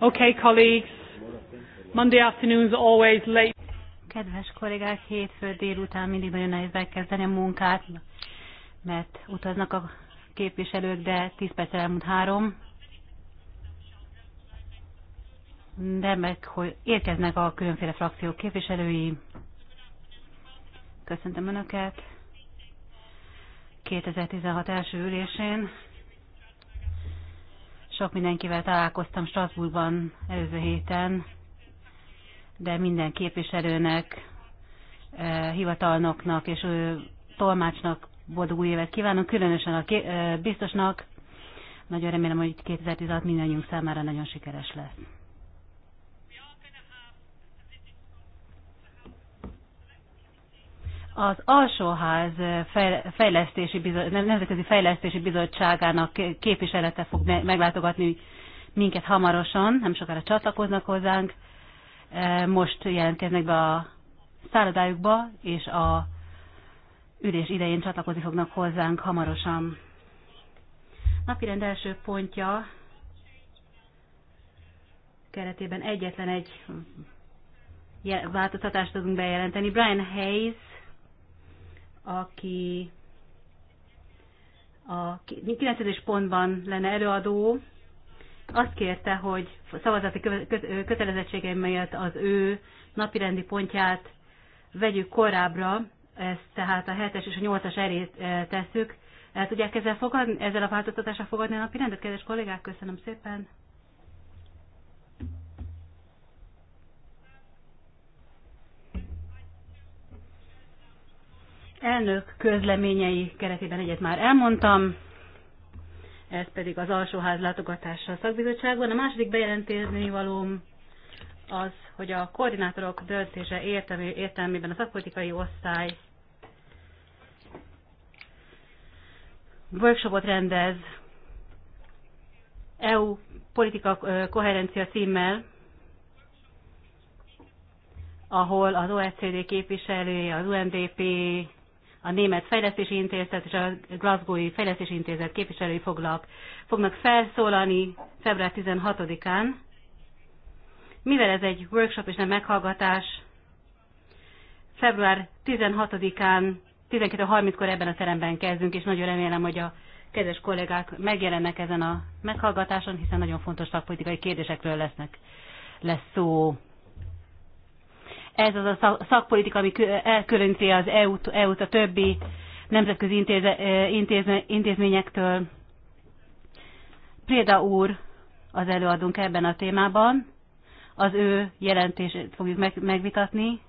Okay, colleagues. Monday afternoon is always late. Kedves kollégák, hétfő délután mindig nagyon nehéz megkezdeni a munkát, mert utaznak a képviselők, de 10 perc elmúlt három. De meg, hogy érkeznek a különféle frakciók képviselői. Köszöntöm Önöket. 2016 első ülésén sok mindenkivel találkoztam Strasbourgban előző héten, de minden képviselőnek, eh, hivatalnoknak és tolmácsnak boldog új évet kívánok, különösen a eh, biztosnak. Nagyon remélem, hogy 2016 mindannyiunk számára nagyon sikeres lesz. az Alsóház fejlesztési bizottság, Nemzetközi Fejlesztési Bizottságának képviselete fog meglátogatni minket hamarosan, nem sokára csatlakoznak hozzánk. E, most jelentkeznek be a szállodájukba, és a ülés idején csatlakozni fognak hozzánk hamarosan. Napirend első pontja keretében egyetlen egy változtatást tudunk bejelenteni. Brian Hayes aki a 9. pontban lenne előadó, azt kérte, hogy szavazati kötelezettségei miatt az ő napirendi pontját vegyük korábbra, ezt tehát a 7-es és a 8-as erét eh, tesszük. El tudják ezzel, fogadni, ezzel a változtatással fogadni a napirendet, kedves kollégák? Köszönöm szépen. elnök közleményei keretében egyet már elmondtam, ez pedig az alsóház látogatása a szakbizottságban. A második bejelentésni valóm az, hogy a koordinátorok döntése értelmében a szakpolitikai osztály workshopot rendez EU politika koherencia címmel, ahol az OECD képviselője, az UNDP, a Német Fejlesztési Intézet és a Glasgowi Fejlesztési Intézet képviselői foglak, fognak felszólalni február 16-án. Mivel ez egy workshop és nem meghallgatás, február 16-án 12.30-kor ebben a teremben kezdünk, és nagyon remélem, hogy a kedves kollégák megjelennek ezen a meghallgatáson, hiszen nagyon fontos szakpolitikai kérdésekről lesznek, lesz szó. Ez az a szakpolitika, ami elkülöníti az EU-t, EU-t a többi nemzetközi intéze, intézme, intézményektől. Préda úr az előadónk ebben a témában. Az ő jelentését fogjuk meg, megvitatni,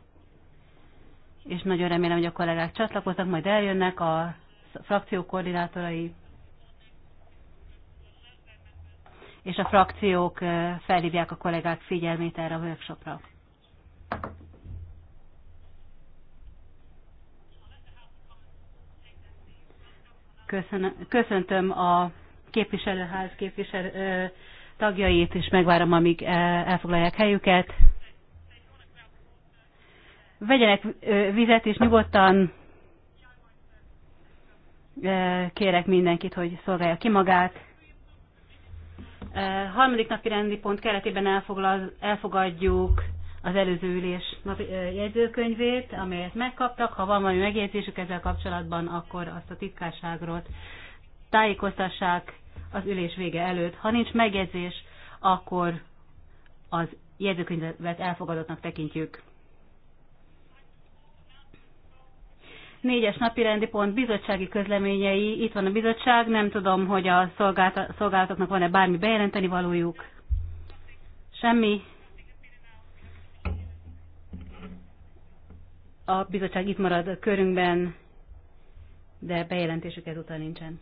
és nagyon remélem, hogy a kollégák csatlakoznak, majd eljönnek a frakció koordinátorai, és a frakciók felhívják a kollégák figyelmét erre a workshopra. Köszönöm, köszöntöm a képviselőház képviselő ö, tagjait, és megvárom, amíg elfoglalják helyüket. Vegyenek ö, vizet, és nyugodtan ö, kérek mindenkit, hogy szolgálja ki magát. Harmadik napi rendi pont keretében elfogadjuk az előző ülés napi, jegyzőkönyvét, amelyet megkaptak. Ha van valami megjegyzésük ezzel kapcsolatban, akkor azt a titkárságról tájékoztassák az ülés vége előtt. Ha nincs megjegyzés, akkor az jegyzőkönyvet elfogadottnak tekintjük. Négyes napi rendi pont bizottsági közleményei. Itt van a bizottság, nem tudom, hogy a szolgálatoknak van-e bármi bejelenteni valójuk. Semmi, A bizottság itt marad a körünkben, de bejelentésük ezúttal nincsen.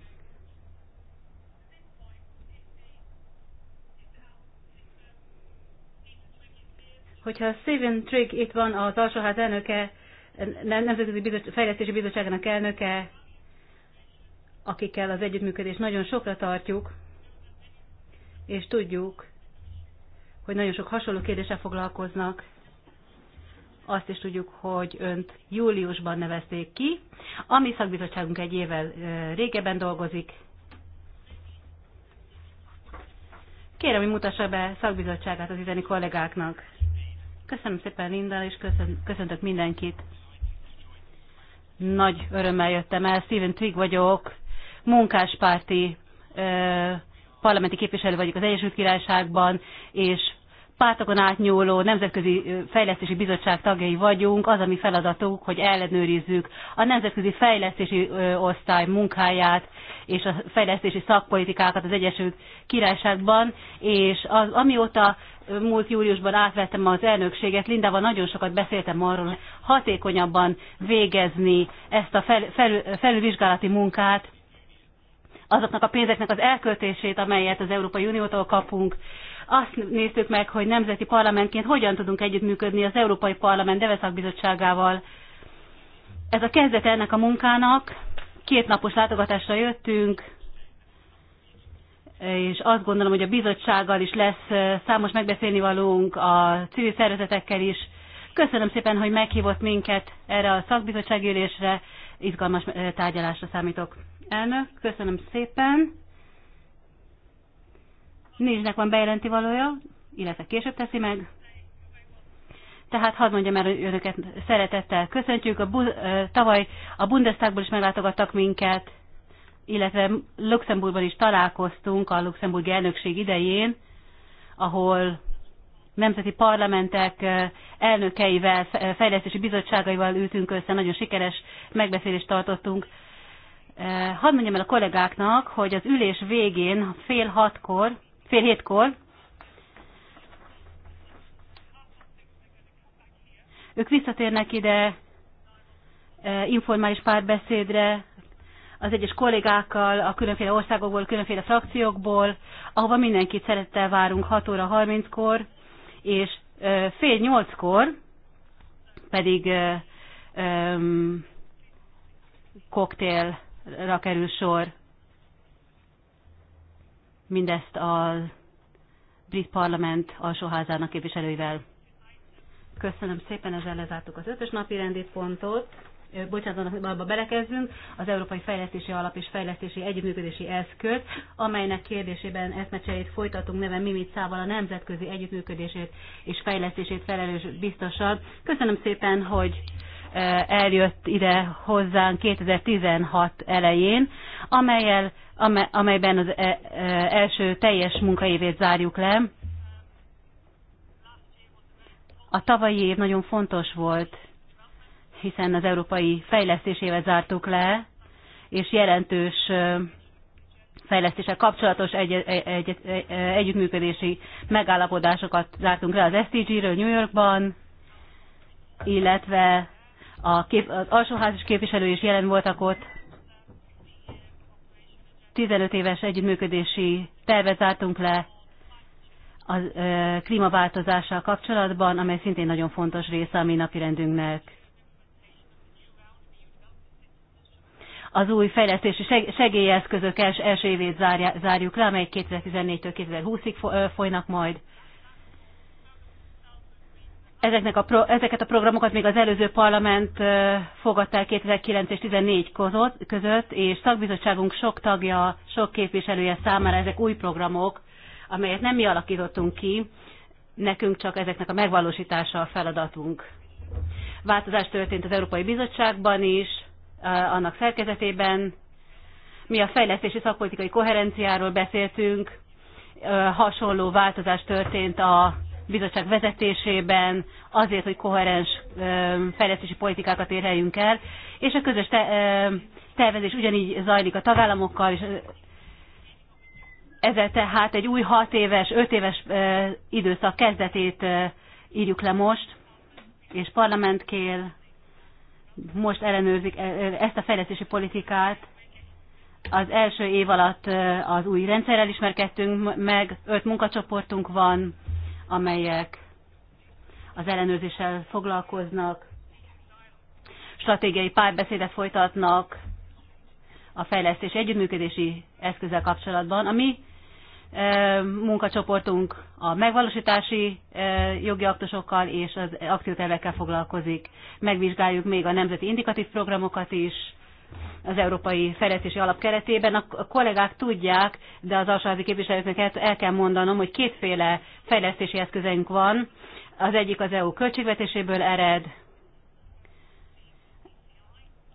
Hogyha Steven Trigg itt van, az alsóház elnöke, Nemzetközi Bizottság, Fejlesztési Bizottságának elnöke, akikkel az együttműködést nagyon sokra tartjuk, és tudjuk, hogy nagyon sok hasonló kérdéssel foglalkoznak, azt is tudjuk, hogy önt júliusban nevezték ki. A mi szakbizottságunk egy évvel régebben dolgozik. Kérem, hogy mutassa be szakbizottságát az itteni kollégáknak. Köszönöm szépen Linda, és köszön, köszöntök mindenkit. Nagy örömmel jöttem el. Steven Twig vagyok, munkáspárti parlamenti képviselő vagyok az Egyesült Királyságban, és pártokon átnyúló Nemzetközi Fejlesztési Bizottság tagjai vagyunk, az a mi feladatunk, hogy ellenőrizzük a Nemzetközi Fejlesztési Osztály munkáját és a fejlesztési szakpolitikákat az Egyesült Királyságban, és az, amióta múlt júliusban átvettem az elnökséget, Lindával nagyon sokat beszéltem arról, hogy hatékonyabban végezni ezt a fel, fel, felülvizsgálati munkát, azoknak a pénzeknek az elköltését, amelyet az Európai Uniótól kapunk, azt néztük meg, hogy nemzeti parlamentként hogyan tudunk együttműködni az Európai Parlament Deveszak Ez a kezdet ennek a munkának. Két napos látogatásra jöttünk, és azt gondolom, hogy a bizottsággal is lesz eh, számos megbeszélni valónk, a civil szervezetekkel is. Köszönöm szépen, hogy meghívott minket erre a szakbizottsági ülésre. Izgalmas eh, tárgyalásra számítok. Elnök, köszönöm szépen. Nincsnek van bejelenti valója, illetve később teszi meg. Tehát hadd mondjam el, hogy önöket szeretettel köszöntjük. A bu- tavaly a Bundestagból is meglátogattak minket, illetve Luxemburgban is találkoztunk a luxemburgi elnökség idején, ahol nemzeti parlamentek elnökeivel, fejlesztési bizottságaival ültünk össze, nagyon sikeres megbeszélést tartottunk. Hadd mondjam el a kollégáknak, hogy az ülés végén fél hatkor fél hétkor. Ők visszatérnek ide e, informális párbeszédre az egyes kollégákkal, a különféle országokból, a különféle frakciókból, ahova mindenkit szeretettel várunk 6 óra 30-kor, és e, fél kor pedig e, koktélra kerül sor mindezt a brit parlament alsóházának képviselőivel. Köszönöm szépen, ezzel lezártuk az ötös napi rendi pontot. Bocsánat, abba belekezdünk, az Európai Fejlesztési Alap és Fejlesztési Együttműködési Eszköz, amelynek kérdésében eszmecserét folytatunk neve szával a nemzetközi együttműködését és fejlesztését felelős biztosan. Köszönöm szépen, hogy eljött ide hozzánk 2016 elején, amelyel amelyben az e, e, első teljes munkaévét zárjuk le. A tavalyi év nagyon fontos volt, hiszen az európai fejlesztésével zártuk le, és jelentős fejlesztése kapcsolatos egy, e, egy, egy, együttműködési megállapodásokat zártunk le az SDG-ről New Yorkban, illetve a kép, az alsóházis képviselő is jelen voltak ott, 15 éves együttműködési tervet zártunk le a klímaváltozással kapcsolatban, amely szintén nagyon fontos része a mi napirendünknek. Az új fejlesztési segélyeszközök első évét zárjuk le, amely 2014-től 2020-ig folynak majd ezeknek a pro, ezeket a programokat még az előző parlament fogadta el 2009 és 2014 között, és szakbizottságunk sok tagja, sok képviselője számára ezek új programok, amelyet nem mi alakítottunk ki, nekünk csak ezeknek a megvalósítása a feladatunk. Változás történt az Európai Bizottságban is, annak szerkezetében. Mi a fejlesztési szakpolitikai koherenciáról beszéltünk, hasonló változás történt a bizottság vezetésében, azért, hogy koherens fejlesztési politikákat érheljünk el, és a közös te, tervezés ugyanígy zajlik a tagállamokkal, és ezzel tehát egy új hat éves, öt éves időszak kezdetét írjuk le most, és kér, most ellenőrzik ezt a fejlesztési politikát. Az első év alatt az új rendszerrel ismerkedtünk meg, öt munkacsoportunk van, amelyek az ellenőrzéssel foglalkoznak, stratégiai párbeszédet folytatnak a fejlesztés együttműködési eszközzel kapcsolatban. A mi e, munkacsoportunk a megvalósítási e, jogi aktusokkal és az akciótervekkel foglalkozik. Megvizsgáljuk még a nemzeti indikatív programokat is, az Európai Fejlesztési Alap keretében. A kollégák tudják, de az alsóházi képviselőknek el kell mondanom, hogy kétféle fejlesztési eszközeink van. Az egyik az EU költségvetéséből ered,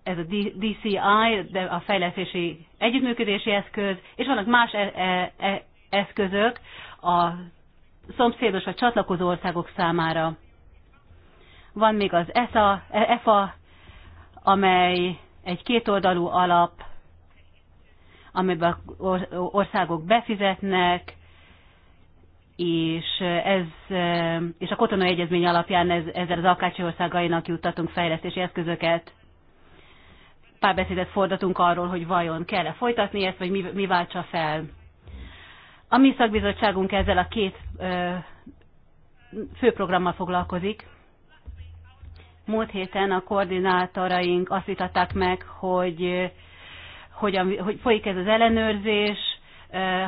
ez a DCI, de a fejlesztési együttműködési eszköz, és vannak más e- e- e- eszközök a szomszédos vagy csatlakozó országok számára. Van még az ESA, EFA, amely egy kétoldalú alap, amiben országok befizetnek, és, ez, és a kotonai egyezmény alapján ez, ezzel az akácsi országainak juttatunk fejlesztési eszközöket. Párbeszédet fordatunk arról, hogy vajon kell-e folytatni ezt, vagy mi, mi váltsa fel. A mi szakbizottságunk ezzel a két ö, főprogrammal foglalkozik, Múlt héten a koordinátoraink azt vitatták meg, hogy hogy hogy folyik ez az ellenőrzés,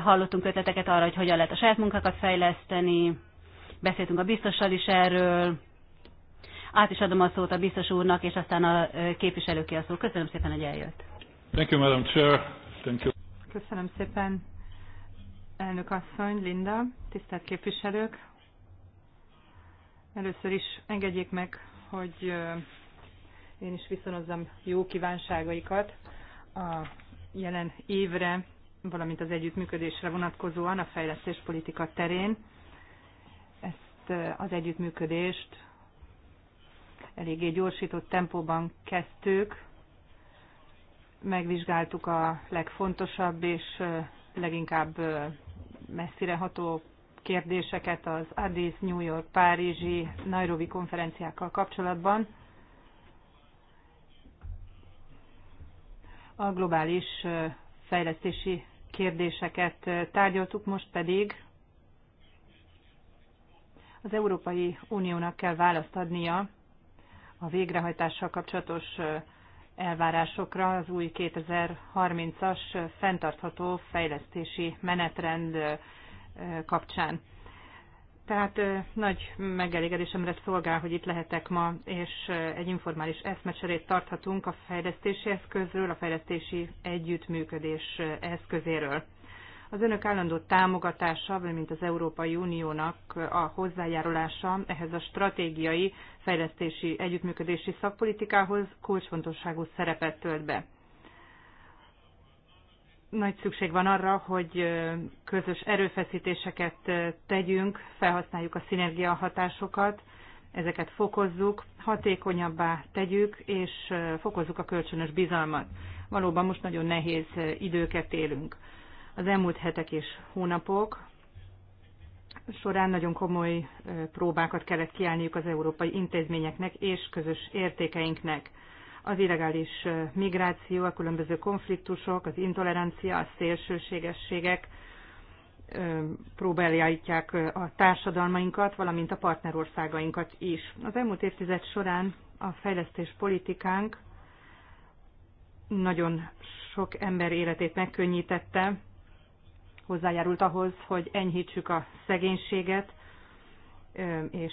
hallottunk ötleteket arra, hogy hogyan lehet a saját munkákat fejleszteni, beszéltünk a biztossal is erről, át is adom a szót a biztos úrnak, és aztán a képviselőké a szó. Köszönöm szépen, hogy eljött. Thank you, Madam Chair. Thank you. Köszönöm szépen, elnök asszony, Linda, tisztelt képviselők. Először is engedjék meg, hogy én is viszonozzam jó kívánságaikat a jelen évre, valamint az együttműködésre vonatkozóan a fejlesztéspolitika terén. Ezt az együttműködést eléggé gyorsított tempóban kezdtük, megvizsgáltuk a legfontosabb és leginkább messzire ható kérdéseket az Addis, New York, Párizsi, Nairobi konferenciákkal kapcsolatban. A globális fejlesztési kérdéseket tárgyaltuk, most pedig az Európai Uniónak kell választ adnia a végrehajtással kapcsolatos elvárásokra az új 2030-as fenntartható fejlesztési menetrend kapcsán. Tehát nagy megelégedésemre szolgál, hogy itt lehetek ma, és egy informális eszmecserét tarthatunk a fejlesztési eszközről, a fejlesztési együttműködés eszközéről. Az önök állandó támogatása, mint az Európai Uniónak a hozzájárulása ehhez a stratégiai fejlesztési együttműködési szakpolitikához kulcsfontosságú szerepet tölt be nagy szükség van arra, hogy közös erőfeszítéseket tegyünk, felhasználjuk a szinergia hatásokat, ezeket fokozzuk, hatékonyabbá tegyük, és fokozzuk a kölcsönös bizalmat. Valóban most nagyon nehéz időket élünk. Az elmúlt hetek és hónapok során nagyon komoly próbákat kellett kiállniuk az európai intézményeknek és közös értékeinknek az illegális migráció, a különböző konfliktusok, az intolerancia, a szélsőségességek próbálják a társadalmainkat, valamint a partnerországainkat is. Az elmúlt évtized során a fejlesztés politikánk nagyon sok ember életét megkönnyítette, hozzájárult ahhoz, hogy enyhítsük a szegénységet, és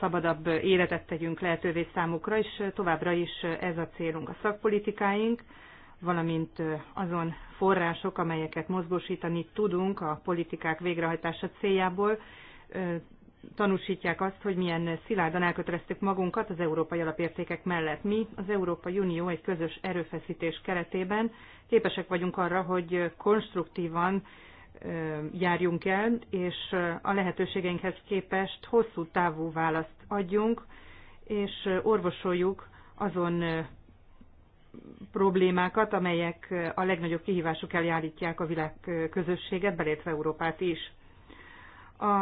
szabadabb életet tegyünk lehetővé számukra, és továbbra is ez a célunk a szakpolitikáink, valamint azon források, amelyeket mozgósítani tudunk a politikák végrehajtása céljából, tanúsítják azt, hogy milyen szilárdan elköteleztük magunkat az európai alapértékek mellett. Mi, az Európai Unió egy közös erőfeszítés keretében képesek vagyunk arra, hogy konstruktívan járjunk el, és a lehetőségeinkhez képest hosszú távú választ adjunk, és orvosoljuk azon problémákat, amelyek a legnagyobb kihívások elé állítják a világ közösséget, belétve Európát is. A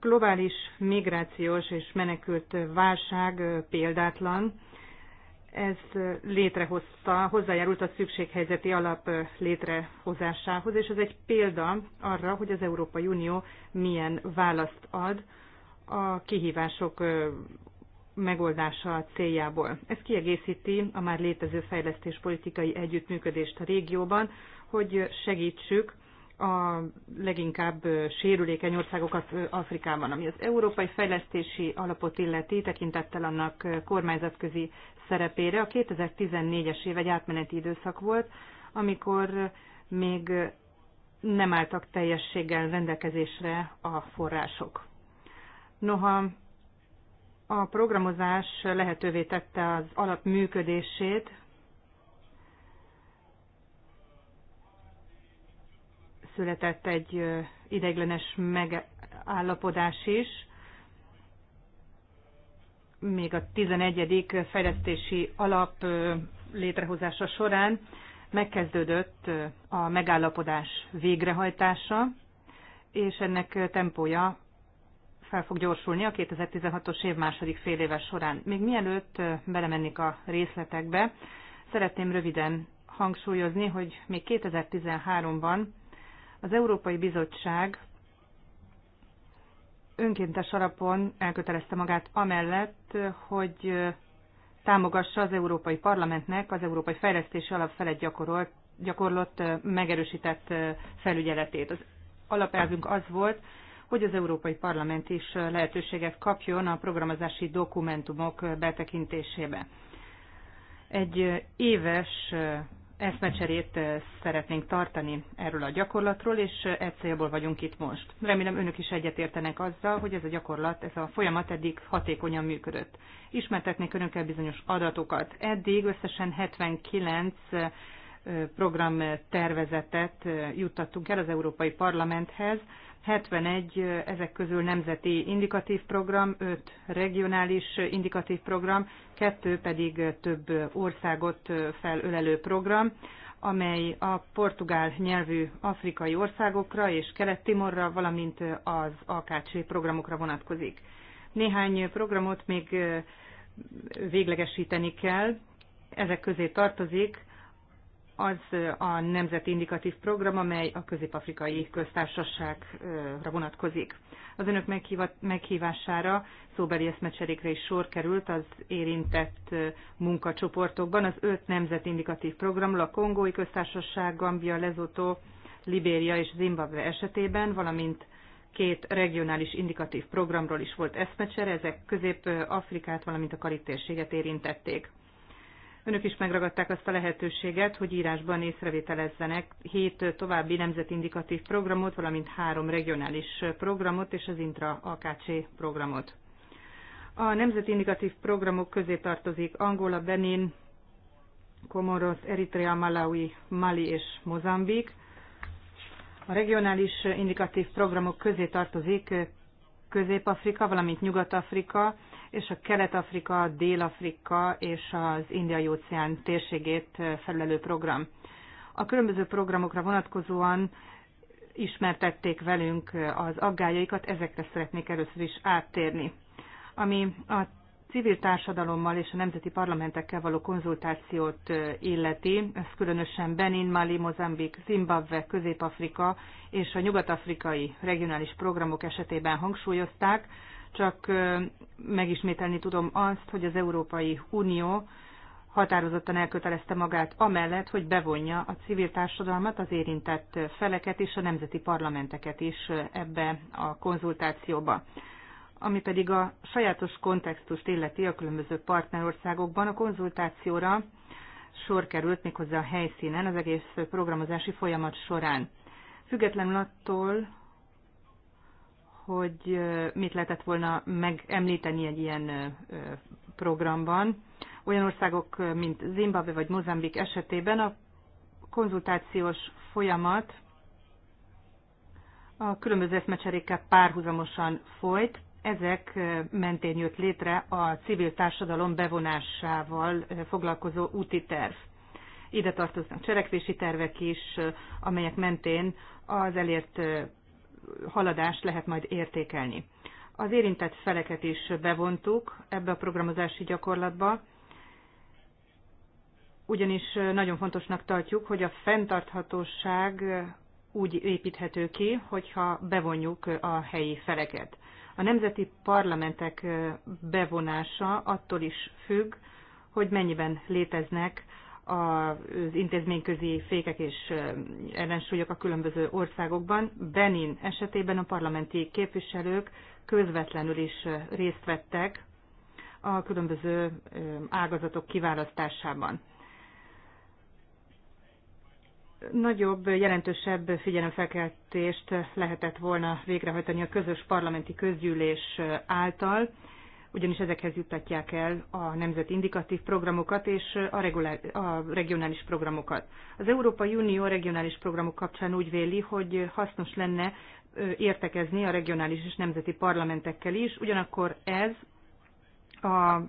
globális migrációs és menekült válság példátlan, ez létrehozta, hozzájárult a szükséghelyzeti alap létrehozásához, és ez egy példa arra, hogy az Európai Unió milyen választ ad a kihívások megoldása céljából. Ez kiegészíti a már létező fejlesztéspolitikai együttműködést a régióban, hogy segítsük a leginkább sérülékeny országokat Afrikában, ami az Európai Fejlesztési Alapot illeti, tekintettel annak kormányzatközi szerepére. A 2014-es év egy átmeneti időszak volt, amikor még nem álltak teljességgel rendelkezésre a források. Noha a programozás lehetővé tette az alapműködését, született egy ideiglenes megállapodás is, még a 11. fejlesztési alap létrehozása során megkezdődött a megállapodás végrehajtása, és ennek tempója fel fog gyorsulni a 2016-os év második fél éve során. Még mielőtt belemennék a részletekbe, szeretném röviden hangsúlyozni, hogy még 2013-ban az Európai Bizottság önkéntes alapon elkötelezte magát amellett, hogy támogassa az Európai Parlamentnek az Európai Fejlesztési Alap felett gyakorolt, gyakorlott megerősített felügyeletét. Az alapelvünk az volt, hogy az Európai Parlament is lehetőséget kapjon a programozási dokumentumok betekintésébe. Egy éves eszmecserét szeretnénk tartani erről a gyakorlatról, és e célból vagyunk itt most. Remélem önök is egyetértenek azzal, hogy ez a gyakorlat, ez a folyamat eddig hatékonyan működött. Ismertetnék önökkel bizonyos adatokat. Eddig összesen 79 programtervezetet juttattunk el az Európai Parlamenthez. 71 ezek közül nemzeti indikatív program, 5 regionális indikatív program, 2 pedig több országot felölelő program, amely a portugál nyelvű afrikai országokra és kelet-timorra, valamint az AKC programokra vonatkozik. Néhány programot még véglegesíteni kell, ezek közé tartozik az a Nemzeti Indikatív Program, amely a Közép-Afrikai Köztársaságra vonatkozik. Az önök meghívására szóbeli eszmecserékre is sor került az érintett munkacsoportokban. Az öt Nemzeti Indikatív Programról a Kongói Köztársaság, Gambia, Lesotho, Libéria és Zimbabwe esetében, valamint két regionális indikatív programról is volt eszmecsere, ezek Közép-Afrikát, valamint a Karib térséget érintették. Önök is megragadták azt a lehetőséget, hogy írásban észrevételezzenek hét további nemzetindikatív programot, valamint három regionális programot és az Intra AKC programot. A nemzetindikatív programok közé tartozik Angola, Benin, Komoros, Eritrea, Malawi, Mali és Mozambik. A regionális indikatív programok közé tartozik Közép-Afrika, valamint Nyugat-Afrika, és a Kelet-Afrika, Dél-Afrika és az Indiai óceán térségét felelő program. A különböző programokra vonatkozóan ismertették velünk az aggájaikat, ezekre szeretnék először is áttérni. Ami a civil társadalommal és a nemzeti parlamentekkel való konzultációt illeti, ez különösen Benin, Mali, Mozambik, Zimbabwe, Közép-Afrika és a nyugat-afrikai regionális programok esetében hangsúlyozták, csak megismételni tudom azt, hogy az Európai Unió határozottan elkötelezte magát amellett, hogy bevonja a civil társadalmat, az érintett feleket és a nemzeti parlamenteket is ebbe a konzultációba ami pedig a sajátos kontextust illeti a különböző partnerországokban a konzultációra sor került méghozzá a helyszínen az egész programozási folyamat során. Függetlenül attól, hogy mit lehetett volna megemlíteni egy ilyen programban, olyan országok, mint Zimbabwe vagy Mozambik esetében a konzultációs folyamat a különböző eszmecserékkel párhuzamosan folyt, ezek mentén jött létre a civil társadalom bevonásával foglalkozó úti terv. Ide tartoznak cselekvési tervek is, amelyek mentén az elért haladást lehet majd értékelni. Az érintett feleket is bevontuk ebbe a programozási gyakorlatba, ugyanis nagyon fontosnak tartjuk, hogy a fenntarthatóság úgy építhető ki, hogyha bevonjuk a helyi feleket. A nemzeti parlamentek bevonása attól is függ, hogy mennyiben léteznek az intézményközi fékek és ellensúlyok a különböző országokban. Benin esetében a parlamenti képviselők közvetlenül is részt vettek a különböző ágazatok kiválasztásában nagyobb, jelentősebb figyelemfelkeltést lehetett volna végrehajtani a közös parlamenti közgyűlés által, ugyanis ezekhez juttatják el a nemzeti indikatív programokat és a, regulár, a regionális programokat. Az Európai Unió regionális programok kapcsán úgy véli, hogy hasznos lenne értekezni a regionális és nemzeti parlamentekkel is, ugyanakkor ez a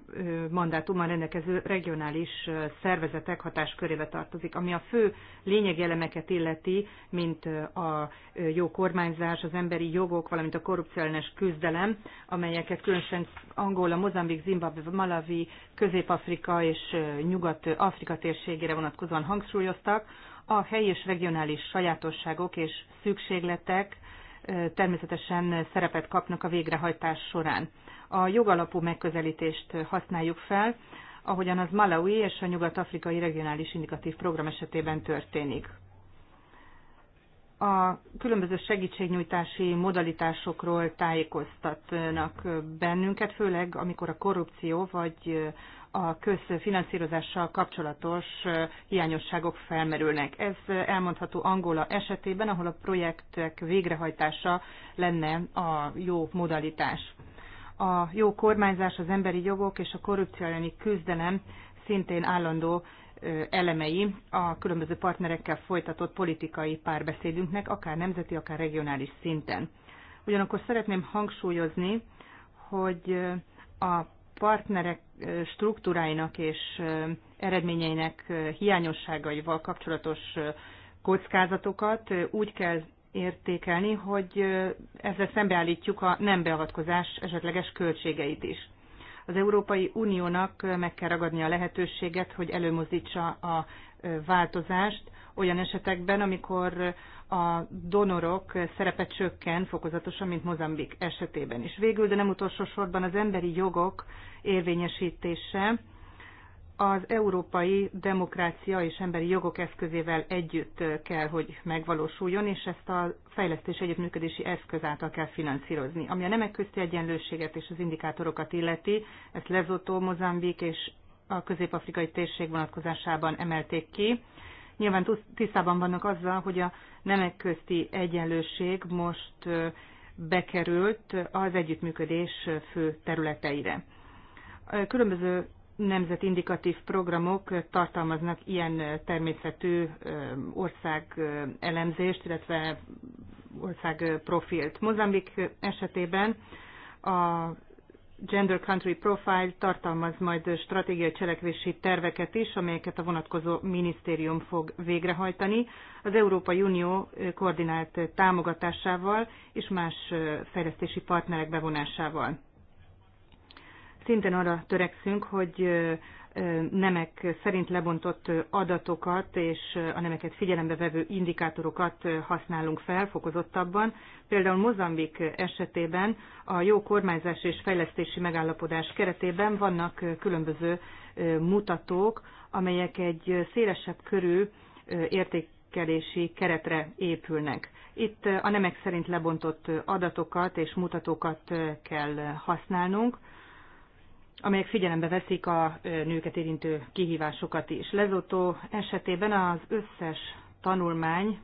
mandátummal rendelkező regionális szervezetek hatáskörébe tartozik, ami a fő lényegi elemeket illeti, mint a jó kormányzás, az emberi jogok, valamint a korrupcióellenes küzdelem, amelyeket különösen Angola, Mozambik, Zimbabwe, Malawi, Közép-Afrika és Nyugat-Afrika térségére vonatkozóan hangsúlyoztak, a helyi és regionális sajátosságok és szükségletek természetesen szerepet kapnak a végrehajtás során a jogalapú megközelítést használjuk fel, ahogyan az Malawi és a Nyugat-Afrikai Regionális Indikatív Program esetében történik. A különböző segítségnyújtási modalitásokról tájékoztatnak bennünket, főleg amikor a korrupció vagy a közfinanszírozással kapcsolatos hiányosságok felmerülnek. Ez elmondható Angola esetében, ahol a projektek végrehajtása lenne a jó modalitás a jó kormányzás, az emberi jogok és a korrupció elleni küzdelem szintén állandó elemei a különböző partnerekkel folytatott politikai párbeszédünknek, akár nemzeti, akár regionális szinten. Ugyanakkor szeretném hangsúlyozni, hogy a partnerek struktúráinak és eredményeinek hiányosságaival kapcsolatos kockázatokat úgy kell értékelni, hogy ezzel szembeállítjuk a nem beavatkozás esetleges költségeit is. Az Európai Uniónak meg kell ragadni a lehetőséget, hogy előmozdítsa a változást olyan esetekben, amikor a donorok szerepe csökken fokozatosan, mint Mozambik esetében is. Végül, de nem utolsó sorban az emberi jogok érvényesítése az európai demokrácia és emberi jogok eszközével együtt kell, hogy megvalósuljon, és ezt a fejlesztés együttműködési eszköz által kell finanszírozni. Ami a nemek közti egyenlőséget és az indikátorokat illeti, ezt Lezotó, Mozambik és a közép-afrikai térség vonatkozásában emelték ki. Nyilván tisztában vannak azzal, hogy a nemek közti egyenlőség most bekerült az együttműködés fő területeire. Különböző nemzet indikatív programok tartalmaznak ilyen természetű ország elemzést, illetve ország profilt. Mozambik esetében a Gender Country Profile tartalmaz majd stratégiai cselekvési terveket is, amelyeket a vonatkozó minisztérium fog végrehajtani az Európai Unió koordinált támogatásával és más fejlesztési partnerek bevonásával. Szintén arra törekszünk, hogy nemek szerint lebontott adatokat és a nemeket figyelembe vevő indikátorokat használunk fel fokozottabban. Például Mozambik esetében a jó kormányzás és fejlesztési megállapodás keretében vannak különböző mutatók, amelyek egy szélesebb körű érték értékelési keretre épülnek. Itt a nemek szerint lebontott adatokat és mutatókat kell használnunk, amelyek figyelembe veszik a nőket érintő kihívásokat is. Lezotó esetében az összes tanulmány,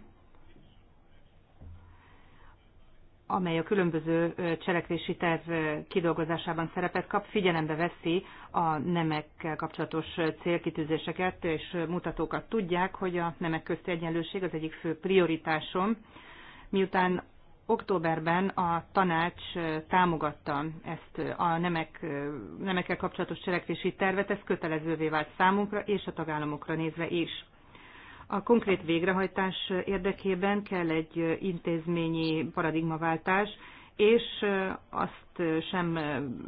amely a különböző cselekvési terv kidolgozásában szerepet kap, figyelembe veszi a nemekkel kapcsolatos célkitűzéseket és mutatókat. Tudják, hogy a nemek közti egyenlőség az egyik fő prioritásom, miután októberben a tanács támogatta ezt a nemek, nemekkel kapcsolatos cselekvési tervet, ez kötelezővé vált számunkra és a tagállamokra nézve is. A konkrét végrehajtás érdekében kell egy intézményi paradigmaváltás, és azt sem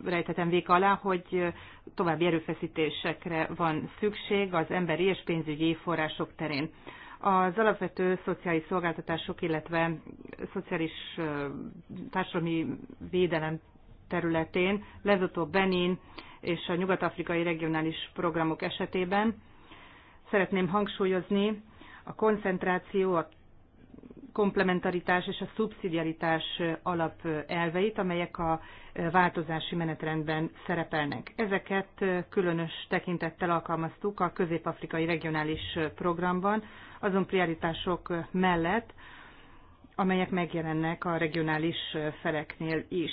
rejtetem vék alá, hogy további erőfeszítésekre van szükség az emberi és pénzügyi források terén az alapvető szociális szolgáltatások, illetve szociális társadalmi védelem területén, Lesotho, Benin és a nyugat-afrikai regionális programok esetében. Szeretném hangsúlyozni a koncentráció, a komplementaritás és a szubszidiaritás alap elveit, amelyek a változási menetrendben szerepelnek. Ezeket különös tekintettel alkalmaztuk a közép-afrikai regionális programban, azon prioritások mellett, amelyek megjelennek a regionális feleknél is.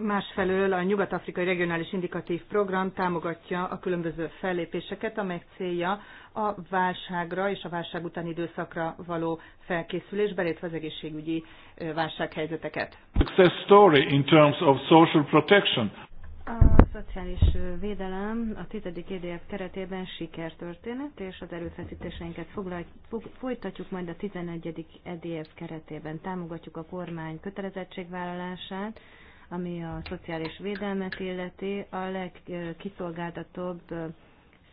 Másfelől a Nyugat-Afrikai Regionális Indikatív Program támogatja a különböző fellépéseket, amelyek célja a válságra és a válság utáni időszakra való felkészülés, belétve az egészségügyi válsághelyzeteket. Success story in terms of social protection. Uh, szociális védelem a tizedik EDF keretében sikertörténet, és az erőfeszítéseinket folytatjuk majd a 11. EDF keretében. Támogatjuk a kormány kötelezettségvállalását, ami a szociális védelmet illeti, a legkiszolgáltatóbb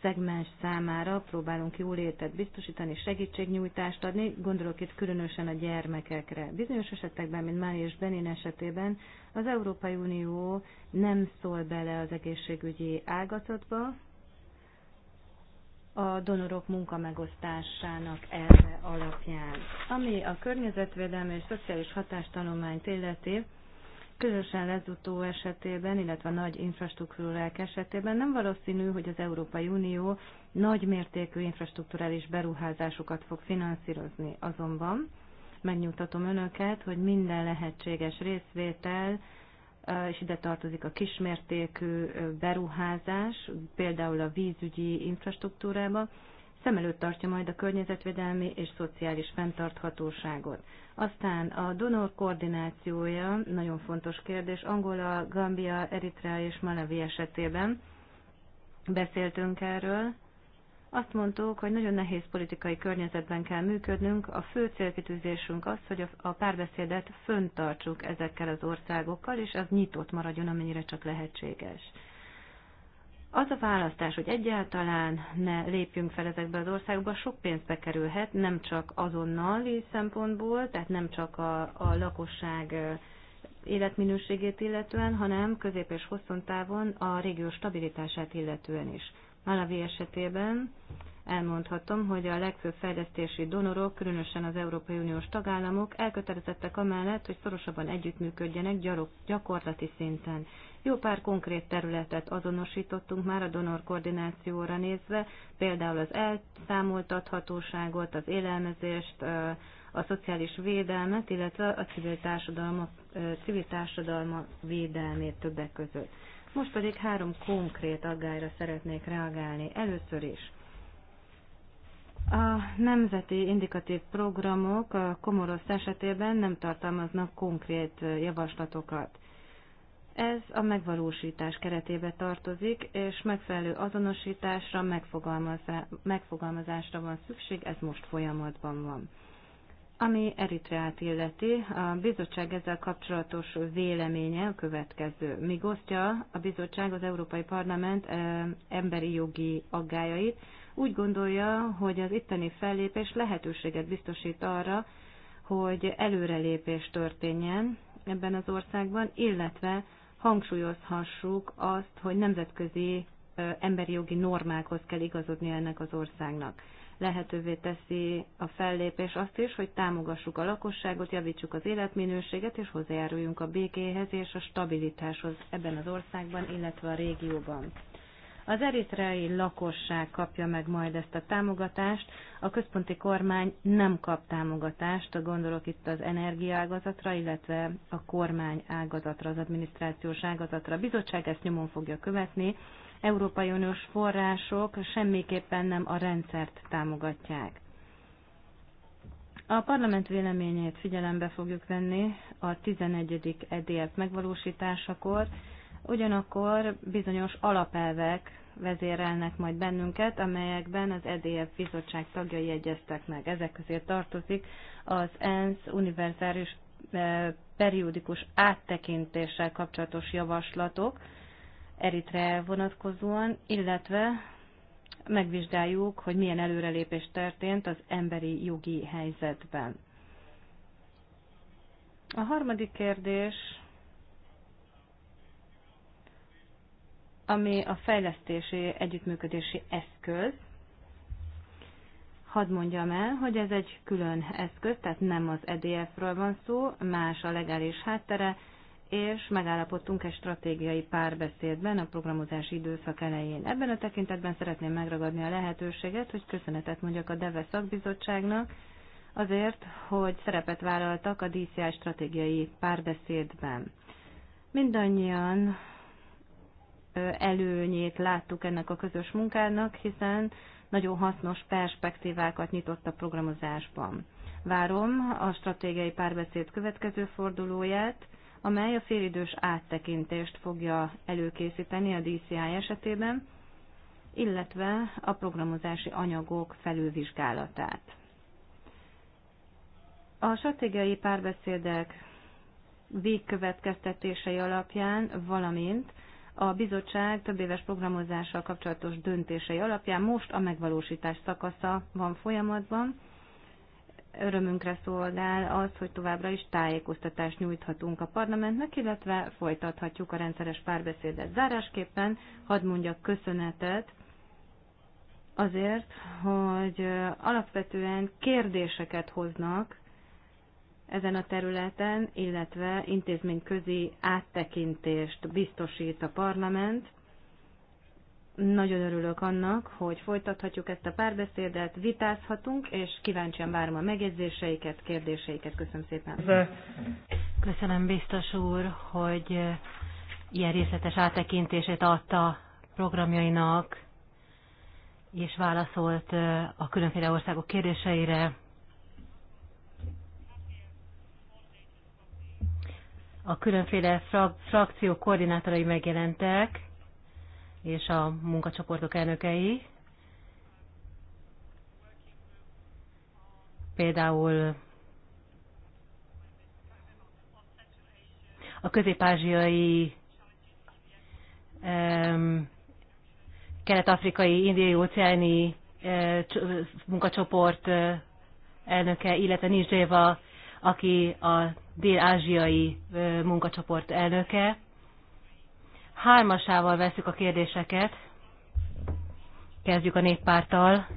szegmens számára próbálunk jólétet biztosítani, segítségnyújtást adni, gondolok itt különösen a gyermekekre. Bizonyos esetekben, mint Máli és Benin esetében, az Európai Unió nem szól bele az egészségügyi ágazatba, a donorok munkamegosztásának elve alapján. Ami a környezetvédelmi és szociális hatástanulmányt illeti, különösen lezutó esetében, illetve nagy infrastruktúrák esetében nem valószínű, hogy az Európai Unió nagy mértékű infrastruktúrális beruházásokat fog finanszírozni. Azonban megnyugtatom önöket, hogy minden lehetséges részvétel, és ide tartozik a kismértékű beruházás, például a vízügyi infrastruktúrába, szem előtt tartja majd a környezetvédelmi és szociális fenntarthatóságot. Aztán a donor koordinációja, nagyon fontos kérdés, Angola, Gambia, Eritrea és Malawi esetében beszéltünk erről, azt mondtuk, hogy nagyon nehéz politikai környezetben kell működnünk. A fő célkitűzésünk az, hogy a párbeszédet föntartsuk ezekkel az országokkal, és az nyitott maradjon, amennyire csak lehetséges. Az a választás, hogy egyáltalán ne lépjünk fel ezekbe az országokba, sok pénzt bekerülhet, nem csak azonnali szempontból, tehát nem csak a, a lakosság életminőségét illetően, hanem közép és hosszú távon a régió stabilitását illetően is. Malawi esetében elmondhatom, hogy a legfőbb fejlesztési donorok, különösen az Európai Uniós tagállamok elkötelezettek amellett, hogy szorosabban együttműködjenek gyakorlati szinten. Jó pár konkrét területet azonosítottunk már a donor koordinációra nézve, például az elszámoltathatóságot, az élelmezést, a szociális védelmet, illetve a civil, társadalma, civil társadalma védelmét többek között. Most pedig három konkrét aggályra szeretnék reagálni. Először is a nemzeti indikatív programok a Komorosz esetében nem tartalmaznak konkrét javaslatokat. Ez a megvalósítás keretébe tartozik, és megfelelő azonosításra, megfogalmazásra van szükség, ez most folyamatban van. Ami Eritreát illeti, a bizottság ezzel kapcsolatos véleménye a következő. Míg osztja a bizottság az Európai Parlament emberi jogi aggájait, úgy gondolja, hogy az itteni fellépés lehetőséget biztosít arra, hogy előrelépés történjen ebben az országban, illetve hangsúlyozhassuk azt, hogy nemzetközi emberi jogi normákhoz kell igazodni ennek az országnak lehetővé teszi a fellépés azt is, hogy támogassuk a lakosságot, javítsuk az életminőséget, és hozzájáruljunk a békéhez és a stabilitáshoz ebben az országban, illetve a régióban. Az eritreai lakosság kapja meg majd ezt a támogatást, a központi kormány nem kap támogatást, A gondolok itt az energiaágazatra, illetve a kormány ágazatra, az adminisztrációs ágazatra. A bizottság ezt nyomon fogja követni, Európai Uniós források semmiképpen nem a rendszert támogatják. A parlament véleményét figyelembe fogjuk venni a 11. edélt megvalósításakor, ugyanakkor bizonyos alapelvek vezérelnek majd bennünket, amelyekben az EDF bizottság tagjai egyeztek meg. Ezek közé tartozik az ENSZ univerzális eh, periódikus áttekintéssel kapcsolatos javaslatok, Eritre vonatkozóan, illetve megvizsgáljuk, hogy milyen előrelépés történt az emberi jogi helyzetben. A harmadik kérdés, ami a fejlesztési együttműködési eszköz, hadd mondjam el, hogy ez egy külön eszköz, tehát nem az EDF-ről van szó, más a legális háttere, és megállapodtunk egy stratégiai párbeszédben a programozási időszak elején. Ebben a tekintetben szeretném megragadni a lehetőséget, hogy köszönetet mondjak a DEVE szakbizottságnak, azért, hogy szerepet vállaltak a DCI stratégiai párbeszédben. Mindannyian előnyét láttuk ennek a közös munkának, hiszen nagyon hasznos perspektívákat nyitott a programozásban. Várom a stratégiai párbeszéd következő fordulóját, amely a félidős áttekintést fogja előkészíteni a DCI esetében, illetve a programozási anyagok felülvizsgálatát. A stratégiai párbeszédek végkövetkeztetései alapján, valamint a bizottság több éves programozással kapcsolatos döntései alapján most a megvalósítás szakasza van folyamatban, örömünkre szolgál az, hogy továbbra is tájékoztatást nyújthatunk a parlamentnek, illetve folytathatjuk a rendszeres párbeszédet. Zárásképpen hadd mondjak köszönetet azért, hogy alapvetően kérdéseket hoznak ezen a területen, illetve intézményközi áttekintést biztosít a parlament, nagyon örülök annak, hogy folytathatjuk ezt a párbeszédet, vitázhatunk, és kíváncsian várom a megjegyzéseiket, kérdéseiket. Köszönöm szépen. Köszönöm biztos úr, hogy ilyen részletes áttekintését adta programjainak, és válaszolt a különféle országok kérdéseire. A különféle frak- frakció koordinátorai megjelentek, és a munkacsoportok elnökei, például a közép-ázsiai, kelet-afrikai, indiai óceáni e, munkacsoport e, elnöke, illetve Nizséva, aki a dél-ázsiai e, munkacsoport elnöke hármasával veszük a kérdéseket. Kezdjük a néppárttal.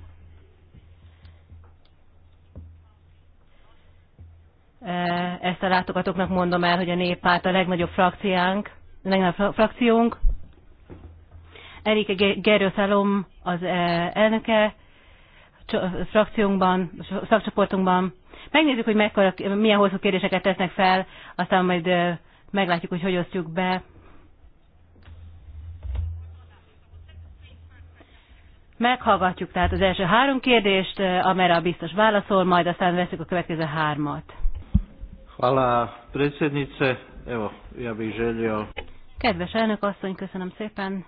Ezt a látogatóknak mondom el, hogy a néppárt a legnagyobb frakciánk, a legnagyobb frakciónk. Erike Gerőszalom az elnöke frakciónkban, szakcsoportunkban. Megnézzük, hogy mekkora, milyen hosszú kérdéseket tesznek fel, aztán majd meglátjuk, hogy hogy osztjuk be Meghallgatjuk tehát az első három kérdést, eh, amelyre a biztos válaszol, majd aztán veszük a következő hármat. Hála, predsednice. Evo, ja bych želio... Kedves elnök asszony, köszönöm szépen.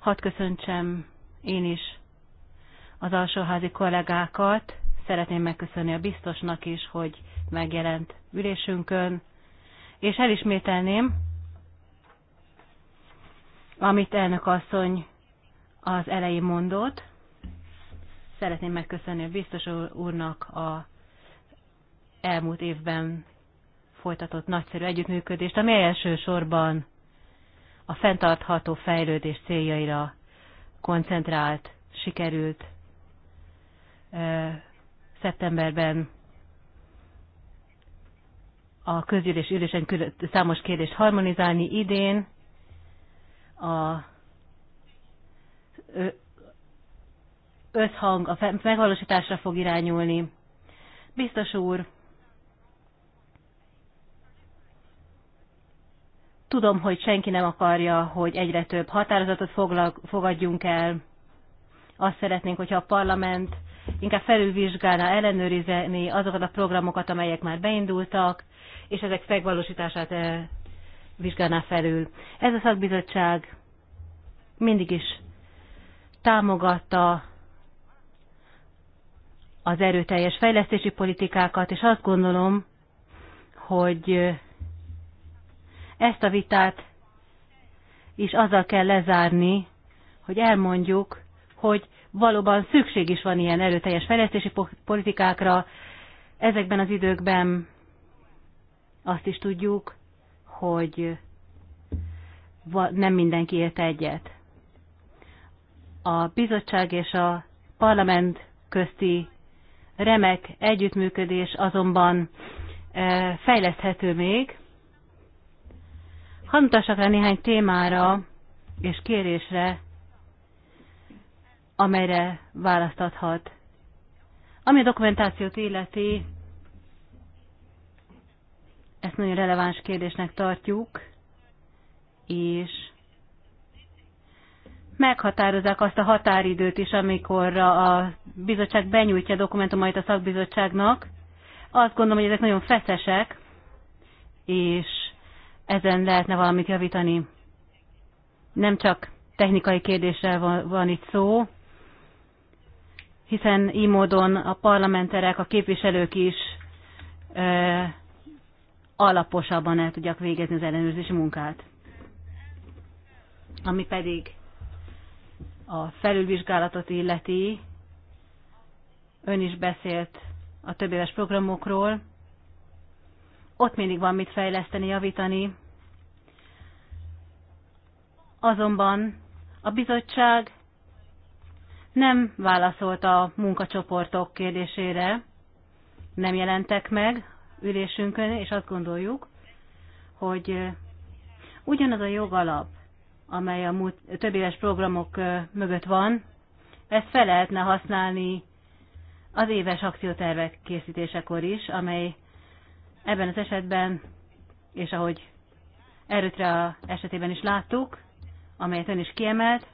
Hadd köszöntsem én is az alsóházi kollégákat. Szeretném megköszönni a biztosnak is, hogy megjelent ülésünkön és elismételném, amit elnök asszony az elején mondott. Szeretném megköszönni a biztos úrnak a elmúlt évben folytatott nagyszerű együttműködést, ami elsősorban a fenntartható fejlődés céljaira koncentrált, sikerült szeptemberben a közgyűlés ülésen számos kérdést harmonizálni idén. A összhang a megvalósításra fog irányulni. Biztos úr, tudom, hogy senki nem akarja, hogy egyre több határozatot fogadjunk el. Azt szeretnénk, hogyha a parlament inkább felülvizsgálna, ellenőrizni azokat a programokat, amelyek már beindultak, és ezek megvalósítását eh, vizsgálná felül. Ez a szakbizottság mindig is támogatta az erőteljes fejlesztési politikákat, és azt gondolom, hogy eh, ezt a vitát is azzal kell lezárni, hogy elmondjuk, hogy valóban szükség is van ilyen erőteljes fejlesztési politikákra ezekben az időkben, azt is tudjuk, hogy nem mindenki ért egyet. A bizottság és a parlament közti remek együttműködés azonban e, fejleszthető még. Hanutassak rá néhány témára és kérésre, amelyre választ adhat. Ami a dokumentációt illeti, ezt nagyon releváns kérdésnek tartjuk, és meghatározzák azt a határidőt is, amikor a bizottság benyújtja a dokumentumait a szakbizottságnak. Azt gondolom, hogy ezek nagyon feszesek, és ezen lehetne valamit javítani. Nem csak technikai kérdéssel van, van itt szó, hiszen így módon a parlamenterek, a képviselők is alaposabban el tudjak végezni az ellenőrzési munkát. Ami pedig a felülvizsgálatot illeti, ön is beszélt a éves programokról, ott mindig van mit fejleszteni, javítani. Azonban a bizottság nem válaszolt a munkacsoportok kérdésére, nem jelentek meg ülésünkön, és azt gondoljuk, hogy ugyanaz a jogalap, amely a múlt, több éves programok mögött van, ezt fel lehetne használni az éves akciótervek készítésekor is, amely ebben az esetben, és ahogy a esetében is láttuk, amelyet ön is kiemelt,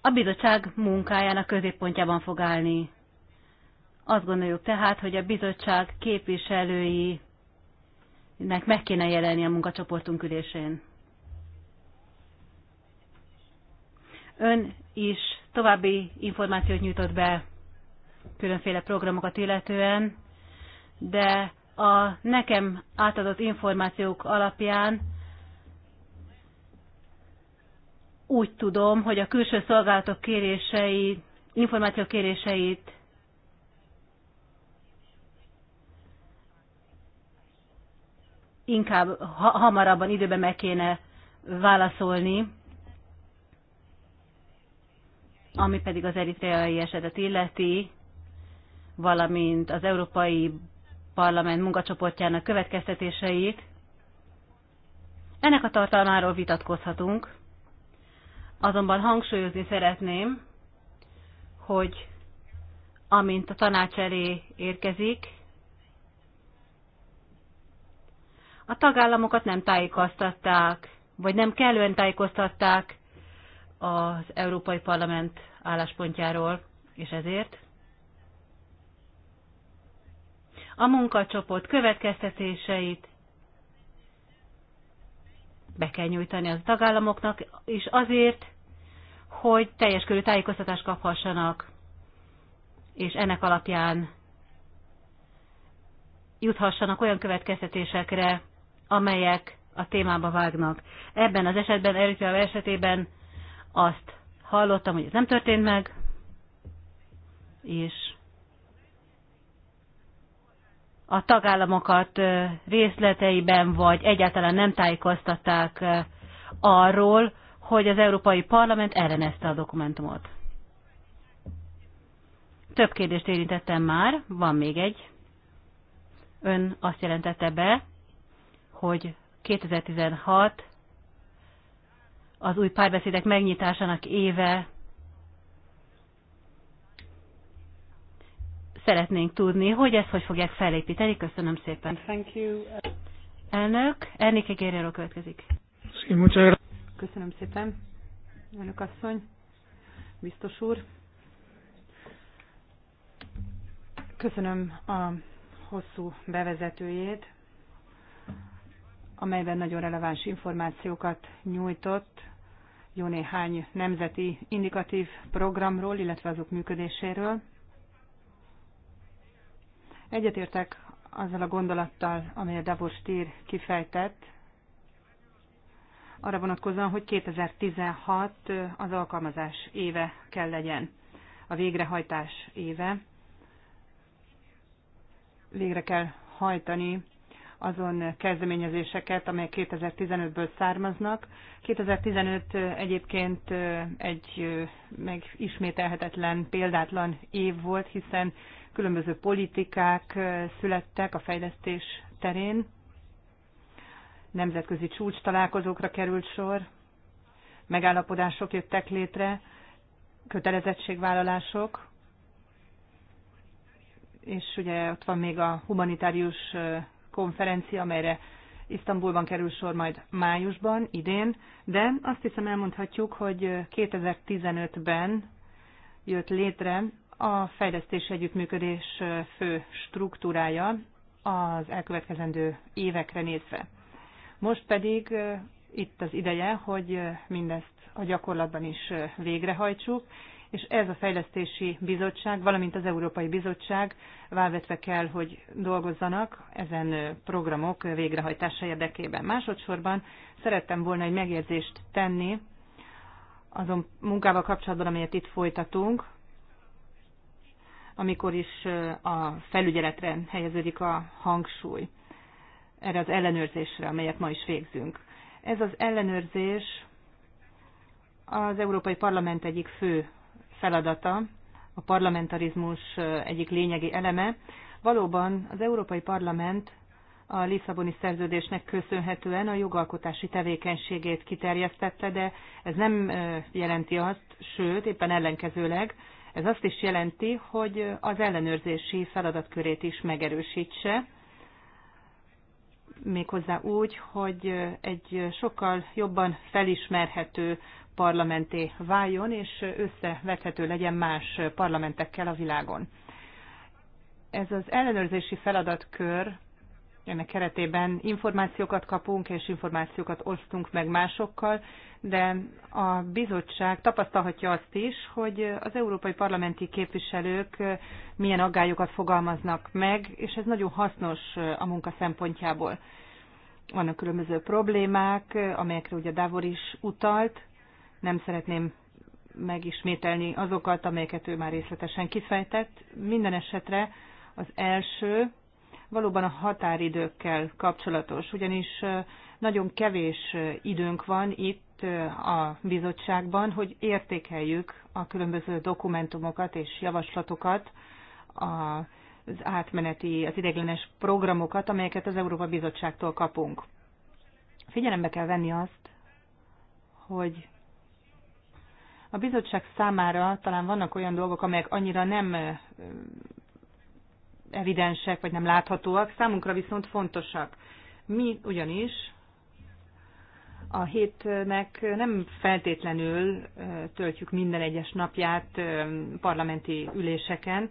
a bizottság munkájának középpontjában fog állni. Azt gondoljuk tehát, hogy a bizottság képviselőinek meg kéne jelenni a munkacsoportunk ülésén. Ön is további információt nyújtott be különféle programokat illetően, de a nekem átadott információk alapján úgy tudom, hogy a külső szolgálatok kérései, információ kéréseit inkább ha, hamarabban időben meg kéne válaszolni, ami pedig az eritreai esetet illeti, valamint az Európai Parlament munkacsoportjának következtetéseit. Ennek a tartalmáról vitatkozhatunk, azonban hangsúlyozni szeretném, hogy amint a tanács elé érkezik, a tagállamokat nem tájékoztatták, vagy nem kellően tájékoztatták az Európai Parlament álláspontjáról, és ezért a munkacsoport következtetéseit be kell nyújtani az tagállamoknak, és azért, hogy teljes körű tájékoztatást kaphassanak, és ennek alapján juthassanak olyan következtetésekre, amelyek a témába vágnak. Ebben az esetben, Eritrea esetében azt hallottam, hogy ez nem történt meg, és a tagállamokat részleteiben vagy egyáltalán nem tájékoztatták arról, hogy az Európai Parlament ellenezte a dokumentumot. Több kérdést érintettem már, van még egy. Ön azt jelentette be, hogy 2016 az új párbeszédek megnyitásának éve szeretnénk tudni, hogy ezt hogy fogják felépíteni. Köszönöm szépen. Thank you. Elnök, Ernike Guerrero következik. Köszönöm szépen, elnök asszony, biztos úr. Köszönöm a hosszú bevezetőjét amelyben nagyon releváns információkat nyújtott jó néhány nemzeti indikatív programról, illetve azok működéséről. Egyetértek azzal a gondolattal, a Davos Tír kifejtett, arra vonatkozóan, hogy 2016 az alkalmazás éve kell legyen, a végrehajtás éve. Végre kell hajtani azon kezdeményezéseket, amelyek 2015-ből származnak. 2015 egyébként egy megismételhetetlen, példátlan év volt, hiszen különböző politikák születtek a fejlesztés terén, nemzetközi csúcs találkozókra került sor, megállapodások jöttek létre, kötelezettségvállalások, és ugye ott van még a humanitárius konferencia, amelyre Isztambulban kerül sor majd májusban, idén, de azt hiszem elmondhatjuk, hogy 2015-ben jött létre a fejlesztés együttműködés fő struktúrája az elkövetkezendő évekre nézve. Most pedig eh, itt az ideje, hogy eh, mindezt a gyakorlatban is eh, végrehajtsuk, és ez a Fejlesztési Bizottság, valamint az Európai Bizottság válvetve kell, hogy dolgozzanak ezen programok végrehajtása érdekében. Másodszorban szerettem volna egy megjegyzést tenni azon munkával kapcsolatban, amelyet itt folytatunk, amikor is eh, a felügyeletre helyeződik a hangsúly, erre az ellenőrzésre, amelyet ma is végzünk. Ez az ellenőrzés az Európai Parlament egyik fő feladata, a parlamentarizmus egyik lényegi eleme. Valóban az Európai Parlament a Lisszaboni szerződésnek köszönhetően a jogalkotási tevékenységét kiterjesztette, de ez nem jelenti azt, sőt, éppen ellenkezőleg, ez azt is jelenti, hogy az ellenőrzési feladatkörét is megerősítse, méghozzá úgy, hogy egy sokkal jobban felismerhető parlamenté váljon, és összevethető legyen más parlamentekkel a világon. Ez az ellenőrzési feladatkör ennek keretében információkat kapunk és információkat osztunk meg másokkal, de a bizottság tapasztalhatja azt is, hogy az európai parlamenti képviselők milyen aggályokat fogalmaznak meg, és ez nagyon hasznos a munka szempontjából. Vannak különböző problémák, amelyekre ugye Davor is utalt, nem szeretném megismételni azokat, amelyeket ő már részletesen kifejtett. Minden esetre az első, valóban a határidőkkel kapcsolatos, ugyanis nagyon kevés időnk van itt a bizottságban, hogy értékeljük a különböző dokumentumokat és javaslatokat az átmeneti, az ideiglenes programokat, amelyeket az Európa Bizottságtól kapunk. Figyelembe kell venni azt, hogy a bizottság számára talán vannak olyan dolgok, amelyek annyira nem evidensek, vagy nem láthatóak, számunkra viszont fontosak. Mi ugyanis a hétnek nem feltétlenül töltjük minden egyes napját parlamenti üléseken.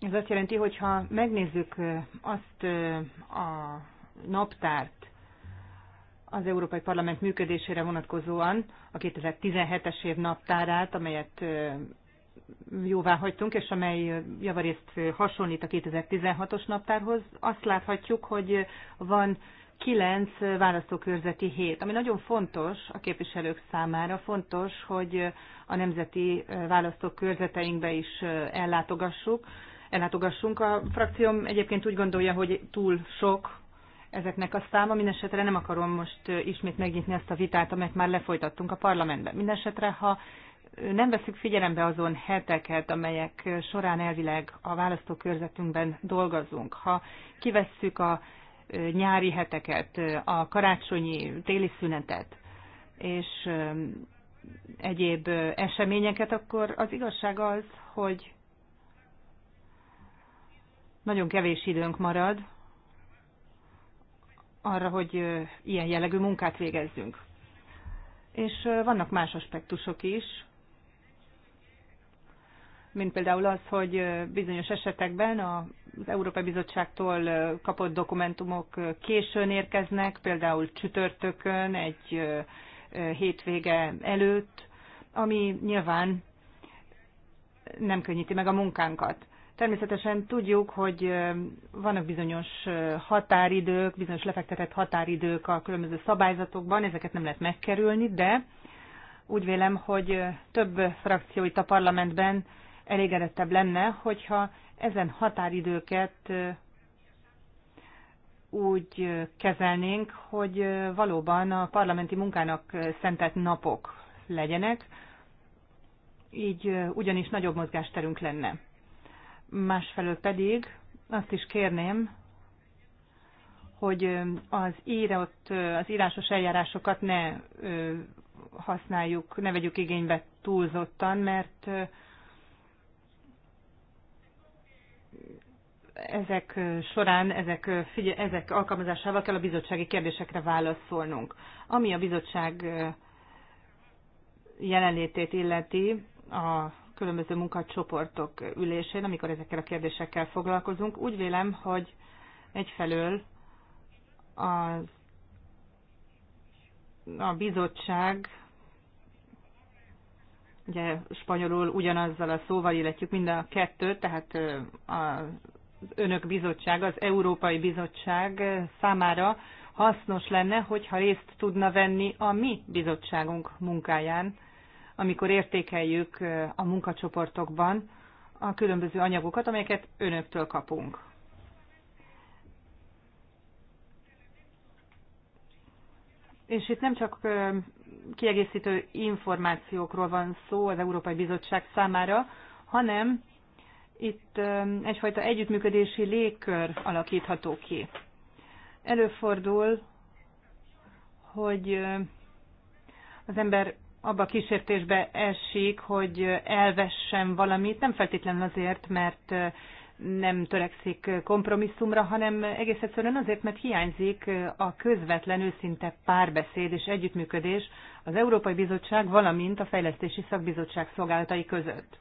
Ez azt jelenti, hogy ha megnézzük azt a naptárt, az Európai Parlament működésére vonatkozóan a 2017-es év naptárát, amelyet jóvá hagytunk, és amely javarészt hasonlít a 2016-os naptárhoz, azt láthatjuk, hogy van kilenc választókörzeti hét, ami nagyon fontos a képviselők számára, fontos, hogy a nemzeti választókörzeteinkbe is ellátogassuk, ellátogassunk. A frakcióm egyébként úgy gondolja, hogy túl sok ezeknek a száma. mindesetre nem akarom most ismét megnyitni ezt a vitát, amelyet már lefolytattunk a parlamentben. Mindenesetre, ha nem veszük figyelembe azon heteket, amelyek során elvileg a választókörzetünkben dolgozunk. Ha kivesszük a nyári heteket, a karácsonyi téli szünetet, és egyéb eseményeket, akkor az igazság az, hogy nagyon kevés időnk marad arra, hogy ilyen jellegű munkát végezzünk. És vannak más aspektusok is, mint például az, hogy bizonyos esetekben az Európai Bizottságtól kapott dokumentumok későn érkeznek, például csütörtökön, egy hétvége előtt, ami nyilván nem könnyíti meg a munkánkat. Természetesen tudjuk, hogy vannak bizonyos határidők, bizonyos lefektetett határidők a különböző szabályzatokban, ezeket nem lehet megkerülni, de úgy vélem, hogy több frakció itt a parlamentben elégedettebb lenne, hogyha ezen határidőket úgy kezelnénk, hogy valóban a parlamenti munkának szentett napok legyenek, így ugyanis nagyobb mozgásterünk lenne. Másfelől pedig azt is kérném, hogy az írott, az írásos eljárásokat ne használjuk, ne vegyük igénybe túlzottan, mert ezek során, ezek, figye, ezek alkalmazásával kell a bizottsági kérdésekre válaszolnunk. Ami a bizottság jelenlétét illeti a különböző munkacsoportok ülésén, amikor ezekkel a kérdésekkel foglalkozunk, úgy vélem, hogy egyfelől az, a bizottság ugye spanyolul ugyanazzal a szóval illetjük mind a kettőt, tehát a önök bizottság, az Európai Bizottság számára hasznos lenne, hogyha részt tudna venni a mi bizottságunk munkáján, amikor értékeljük a munkacsoportokban a különböző anyagokat, amelyeket önöktől kapunk. És itt nem csak kiegészítő információkról van szó az Európai Bizottság számára, hanem itt egyfajta együttműködési légkör alakítható ki. Előfordul, hogy az ember abba a kísértésbe esik, hogy elvessen valamit, nem feltétlenül azért, mert nem törekszik kompromisszumra, hanem egész egyszerűen azért, mert hiányzik a közvetlen őszinte párbeszéd és együttműködés az Európai Bizottság, valamint a Fejlesztési Szakbizottság szolgálatai között.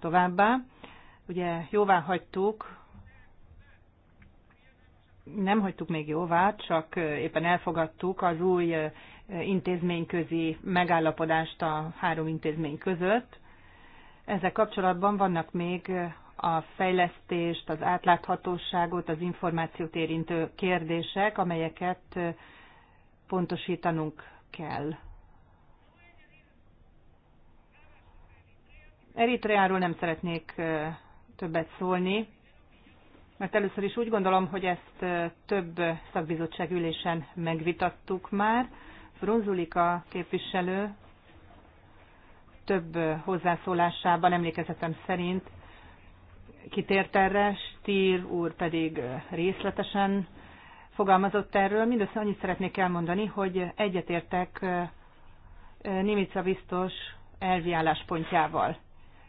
Továbbá Ugye jóvá hagytuk, nem hagytuk még jóvá, csak éppen elfogadtuk az új intézményközi megállapodást a három intézmény között. Ezzel kapcsolatban vannak még a fejlesztést, az átláthatóságot, az információt érintő kérdések, amelyeket pontosítanunk kell. Eritreáról nem szeretnék többet szólni, mert először is úgy gondolom, hogy ezt több szakbizottság ülésen megvitattuk már. Bronzulika képviselő több hozzászólásában emlékezetem szerint kitért erre, Stír úr pedig részletesen fogalmazott erről. Mindössze annyit szeretnék elmondani, hogy egyetértek Nimica biztos elvi álláspontjával.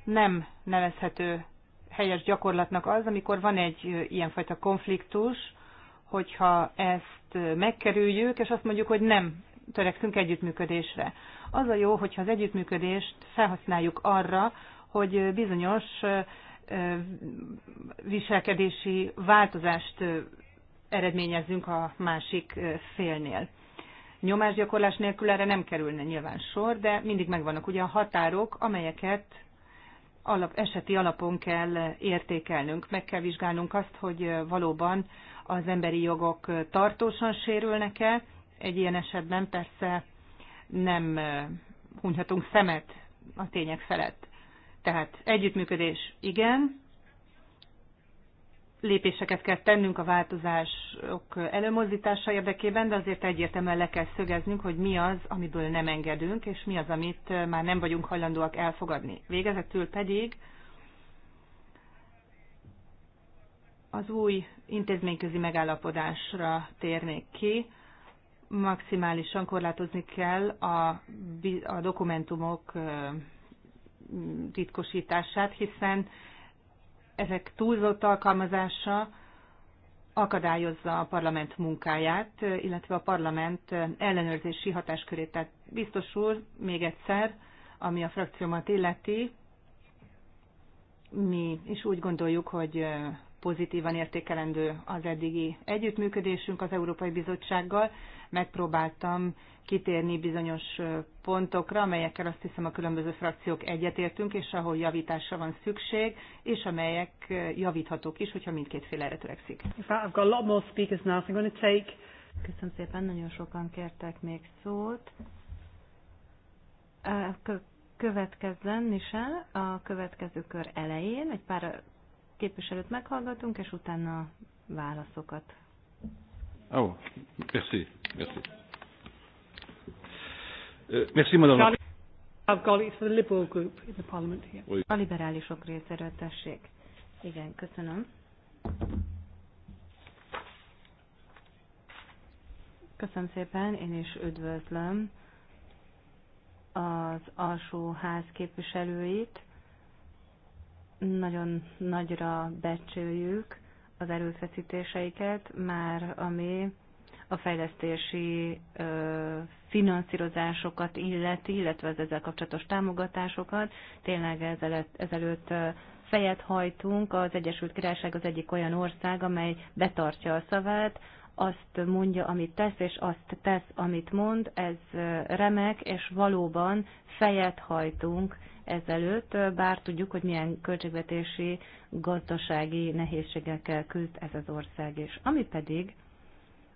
Nem nevezhető helyes gyakorlatnak az, amikor van egy ilyenfajta konfliktus, hogyha ezt megkerüljük, és azt mondjuk, hogy nem törekszünk együttműködésre. Az a jó, hogyha az együttműködést felhasználjuk arra, hogy bizonyos viselkedési változást eredményezzünk a másik félnél. Nyomásgyakorlás nélkül erre nem kerülne nyilván sor, de mindig megvannak ugye a határok, amelyeket alap, eseti alapon kell értékelnünk. Meg kell vizsgálnunk azt, hogy valóban az emberi jogok tartósan sérülnek-e. Egy ilyen esetben persze nem hunyhatunk szemet a tények felett. Tehát együttműködés igen, lépéseket kell tennünk a változások előmozdítása érdekében, de azért egyértelműen le kell szögeznünk, hogy mi az, amiből nem engedünk, és mi az, amit már nem vagyunk hajlandóak elfogadni. Végezetül pedig az új intézményközi megállapodásra térnék ki. Maximálisan korlátozni kell a, a dokumentumok titkosítását, hiszen ezek túlzott alkalmazása akadályozza a parlament munkáját, illetve a parlament ellenőrzési hatáskörét. Tehát biztos úr, még egyszer, ami a frakciómat illeti, mi is úgy gondoljuk, hogy pozitívan értékelendő az eddigi együttműködésünk az Európai Bizottsággal, megpróbáltam kitérni bizonyos pontokra, amelyekkel azt hiszem a különböző frakciók egyetértünk, és ahol javításra van szükség, és amelyek javíthatók is, hogyha mindkét fél erre törekszik. Köszönöm szépen, nagyon sokan kértek még szót. Következzen, Michel, a következő kör elején egy pár képviselőt meghallgatunk, és utána válaszokat Ah bon, merci, merci. Euh, merci, madame Charlie. I've got it for the Liberal group in the Parliament here. Oui. A liberálisok részéről tessék. Igen, köszönöm. Köszönöm szépen, én is üdvözlöm az ház képviselőit. Nagyon nagyra becsüljük az erőfeszítéseiket, már ami a fejlesztési ö, finanszírozásokat illeti, illetve az ezzel kapcsolatos támogatásokat. Tényleg ezelőtt, ezelőtt fejet hajtunk, az Egyesült Királyság az egyik olyan ország, amely betartja a szavát, azt mondja, amit tesz, és azt tesz, amit mond, ez remek, és valóban fejet hajtunk ezelőtt, bár tudjuk, hogy milyen költségvetési, gazdasági nehézségekkel küzd ez az ország is. Ami pedig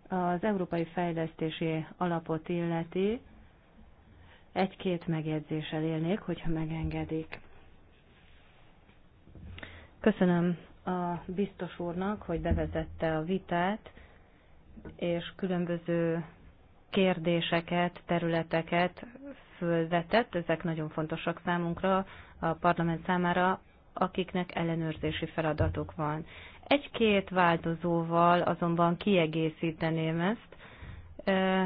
az Európai Fejlesztési Alapot illeti, egy-két megjegyzéssel élnék, hogyha megengedik. Köszönöm a biztos úrnak, hogy bevezette a vitát, és különböző kérdéseket, területeket fölvetett, ezek nagyon fontosak számunkra, a parlament számára, akiknek ellenőrzési feladatuk van. Egy-két változóval azonban kiegészíteném ezt,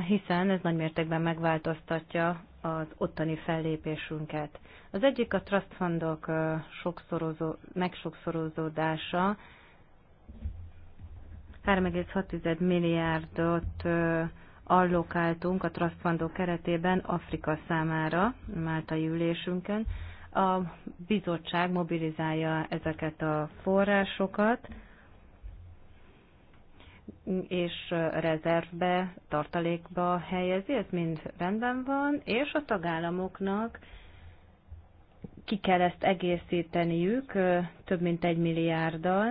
hiszen ez nagy mértékben megváltoztatja az ottani fellépésünket. Az egyik a trust fundok sokszorozó, megsokszorozódása, 3,6 milliárdot allokáltunk a trust keretében Afrika számára, máltai ülésünkön. A bizottság mobilizálja ezeket a forrásokat, és rezervbe, tartalékba helyezi, ez mind rendben van, és a tagállamoknak ki kell ezt egészíteniük több mint egy milliárddal.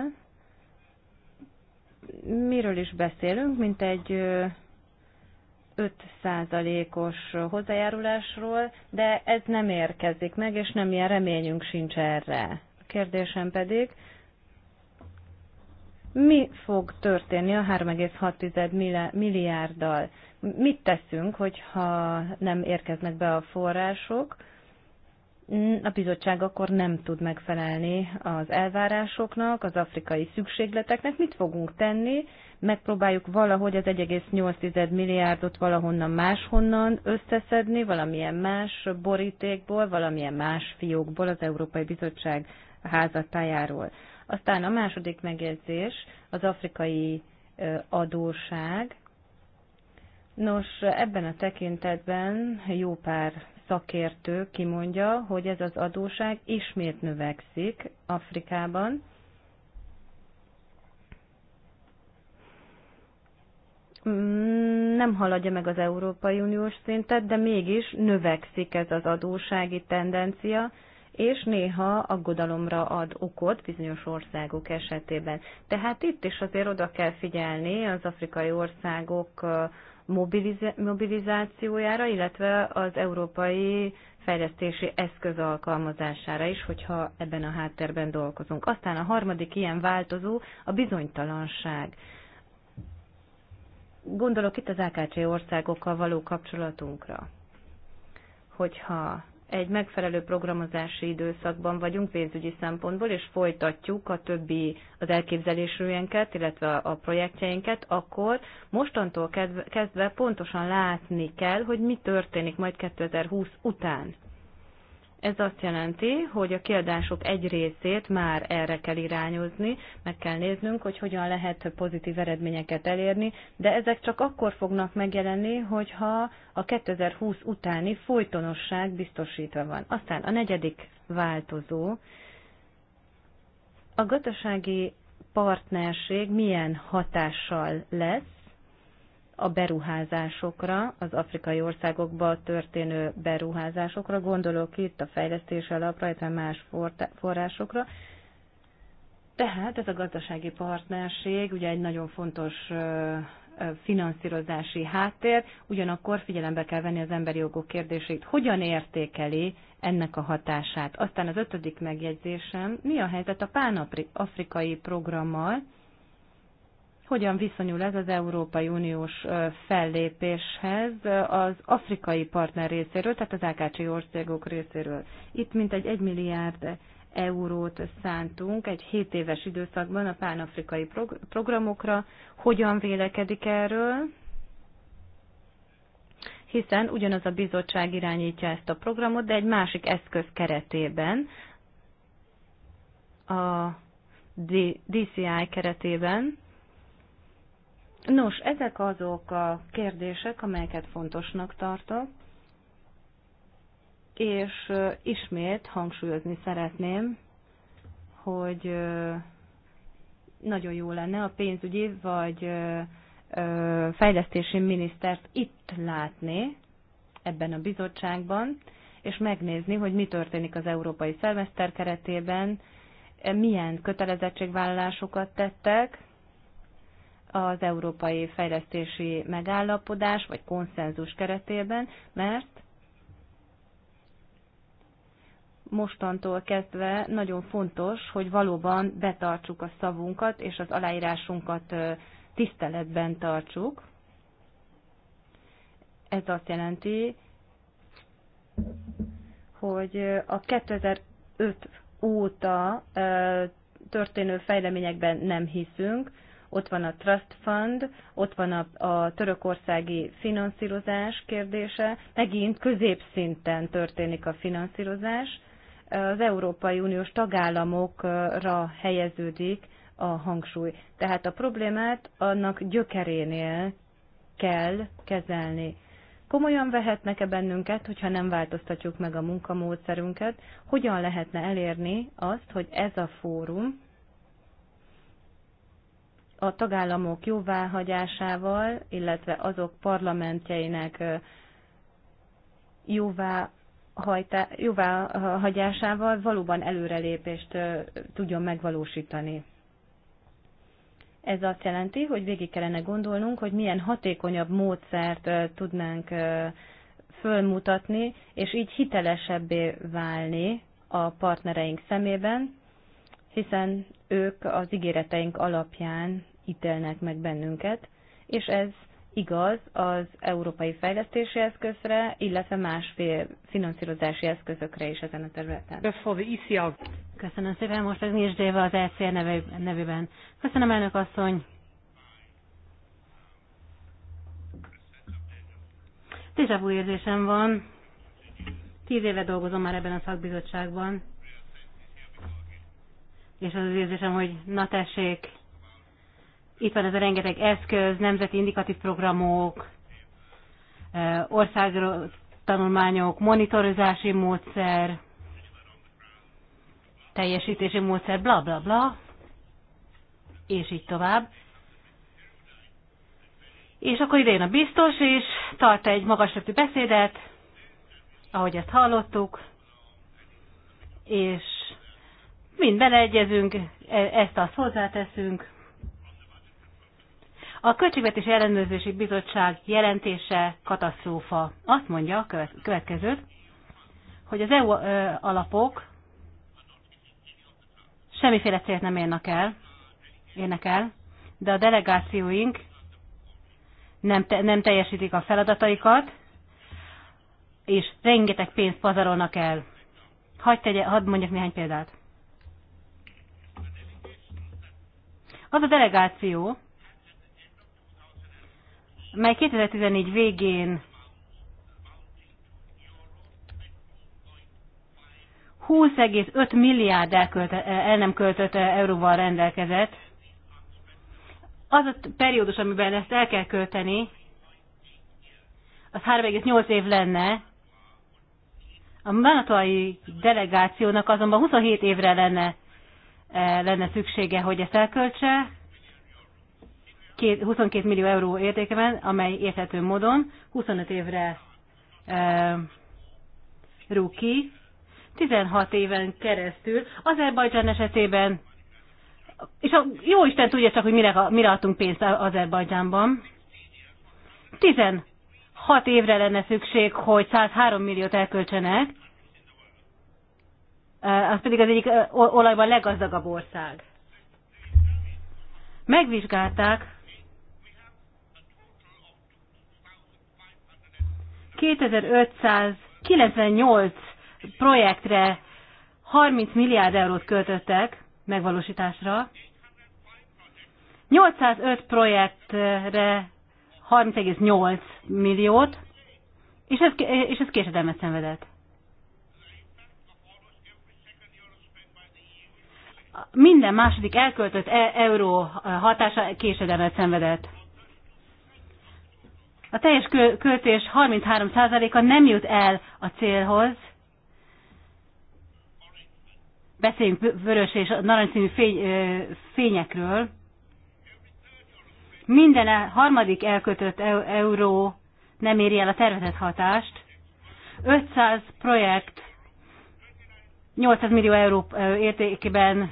Miről is beszélünk? Mint egy 5%-os hozzájárulásról, de ez nem érkezik meg, és nem ilyen reményünk sincs erre. A kérdésem pedig, mi fog történni a 3,6 milliárddal? Mit teszünk, hogyha nem érkeznek be a források? a bizottság akkor nem tud megfelelni az elvárásoknak, az afrikai szükségleteknek. Mit fogunk tenni? Megpróbáljuk valahogy az 1,8 milliárdot valahonnan máshonnan összeszedni, valamilyen más borítékból, valamilyen más fiókból az Európai Bizottság házatájáról. Aztán a második megjegyzés az afrikai adóság. Nos, ebben a tekintetben jó pár szakértő kimondja, hogy ez az adóság ismét növekszik Afrikában. Mm, nem haladja meg az Európai Uniós szintet, de mégis növekszik ez az adósági tendencia, és néha aggodalomra ad okot bizonyos országok esetében. Tehát itt is azért oda kell figyelni az afrikai országok mobiliz- mobilizációjára, illetve az európai fejlesztési eszköz alkalmazására is, hogyha ebben a háttérben dolgozunk. Aztán a harmadik ilyen változó a bizonytalanság. Gondolok itt az AKC országokkal való kapcsolatunkra. Hogyha egy megfelelő programozási időszakban vagyunk pénzügyi szempontból, és folytatjuk a többi az elképzelésrőjénket, illetve a projektjeinket, akkor mostantól kezdve pontosan látni kell, hogy mi történik majd 2020 után. Ez azt jelenti, hogy a kiadások egy részét már erre kell irányozni, meg kell néznünk, hogy hogyan lehet pozitív eredményeket elérni, de ezek csak akkor fognak megjelenni, hogyha a 2020 utáni folytonosság biztosítva van. Aztán a negyedik változó, a gazdasági partnerség milyen hatással lesz, a beruházásokra, az afrikai országokba történő beruházásokra, gondolok itt a fejlesztés alapra, illetve más forrásokra. Tehát ez a gazdasági partnerség ugye egy nagyon fontos finanszírozási háttér, ugyanakkor figyelembe kell venni az emberi jogok kérdését. Hogyan értékeli ennek a hatását? Aztán az ötödik megjegyzésem, mi a helyzet a pánafrikai programmal, hogyan viszonyul ez az Európai Uniós fellépéshez az afrikai partner részéről, tehát az AKC országok részéről. Itt mintegy 1 milliárd eurót szántunk egy 7 éves időszakban a pánafrikai programokra. Hogyan vélekedik erről? Hiszen ugyanaz a bizottság irányítja ezt a programot, de egy másik eszköz keretében, a DCI keretében, Nos, ezek azok a kérdések, amelyeket fontosnak tartok, és ismét hangsúlyozni szeretném, hogy nagyon jó lenne a pénzügyi vagy fejlesztési minisztert itt látni, ebben a bizottságban, és megnézni, hogy mi történik az európai szemeszter keretében, milyen kötelezettségvállalásokat tettek, az európai fejlesztési megállapodás vagy konszenzus keretében, mert mostantól kezdve nagyon fontos, hogy valóban betartsuk a szavunkat és az aláírásunkat tiszteletben tartsuk. Ez azt jelenti, hogy a 2005 óta történő fejleményekben nem hiszünk, ott van a Trust Fund, ott van a, a törökországi finanszírozás kérdése, megint középszinten történik a finanszírozás, az Európai Uniós tagállamokra helyeződik a hangsúly. Tehát a problémát annak gyökerénél kell kezelni. Komolyan vehetnek-e bennünket, hogyha nem változtatjuk meg a munkamódszerünket? Hogyan lehetne elérni azt, hogy ez a fórum a tagállamok jóváhagyásával, illetve azok parlamentjeinek jóvá jóváhagyásával valóban előrelépést tudjon megvalósítani. Ez azt jelenti, hogy végig kellene gondolnunk, hogy milyen hatékonyabb módszert tudnánk fölmutatni, és így hitelesebbé válni a partnereink szemében, hiszen ők az ígéreteink alapján ítélnek meg bennünket, és ez igaz az európai fejlesztési eszközre, illetve más finanszírozási eszközökre is ezen a területen. E Köszönöm szépen, most az Nyisd Déva az ECR nevében. Köszönöm, elnök asszony! Dézsavú érzésem van. Tíz éve dolgozom már ebben a szakbizottságban, és az az érzésem, hogy na tessék, itt van ez a rengeteg eszköz, nemzeti indikatív programok, tanulmányok, monitorozási módszer, teljesítési módszer, bla bla bla, és így tovább. És akkor idejön a biztos, és tart egy magasröptű beszédet, ahogy ezt hallottuk, és mind beleegyezünk, e- ezt azt hozzáteszünk, a Költségvetési Ellenőrzési Bizottság jelentése katasztrófa. Azt mondja a következőt, hogy az EU alapok semmiféle célt nem érnek el, érnek el, de a delegációink nem, te, nem teljesítik a feladataikat, és rengeteg pénzt pazarolnak el. Hadd, tegye, hadd mondjak néhány példát. Az a delegáció, mely 2014 végén 20,5 milliárd el nem költött eh, euróval rendelkezett. Az a periódus, amiben ezt el kell költeni, az 3,8 év lenne. A Manatai delegációnak azonban 27 évre lenne, eh, lenne szüksége, hogy ezt elköltse, 22 millió euró van, amely érthető módon 25 évre e, ruki, 16 éven keresztül, Azerbajdzsán esetében, és a jó Isten tudja csak, hogy mire, mire adtunk pénzt Azerbajdzsánban, 16 évre lenne szükség, hogy 103 milliót elköltsenek, az pedig az egyik olajban leggazdagabb ország. Megvizsgálták 2598 projektre 30 milliárd eurót költöttek megvalósításra, 805 projektre 30,8 milliót, és ez, és ez késedelmet szenvedett. Minden második elköltött e euró hatása késedelmet szenvedett. A teljes költés 33%-a nem jut el a célhoz. Beszéljünk vörös és narancsszínű fény, fényekről. Minden el, harmadik elkötött euró nem éri el a tervezett hatást. 500 projekt 800 millió euró értékében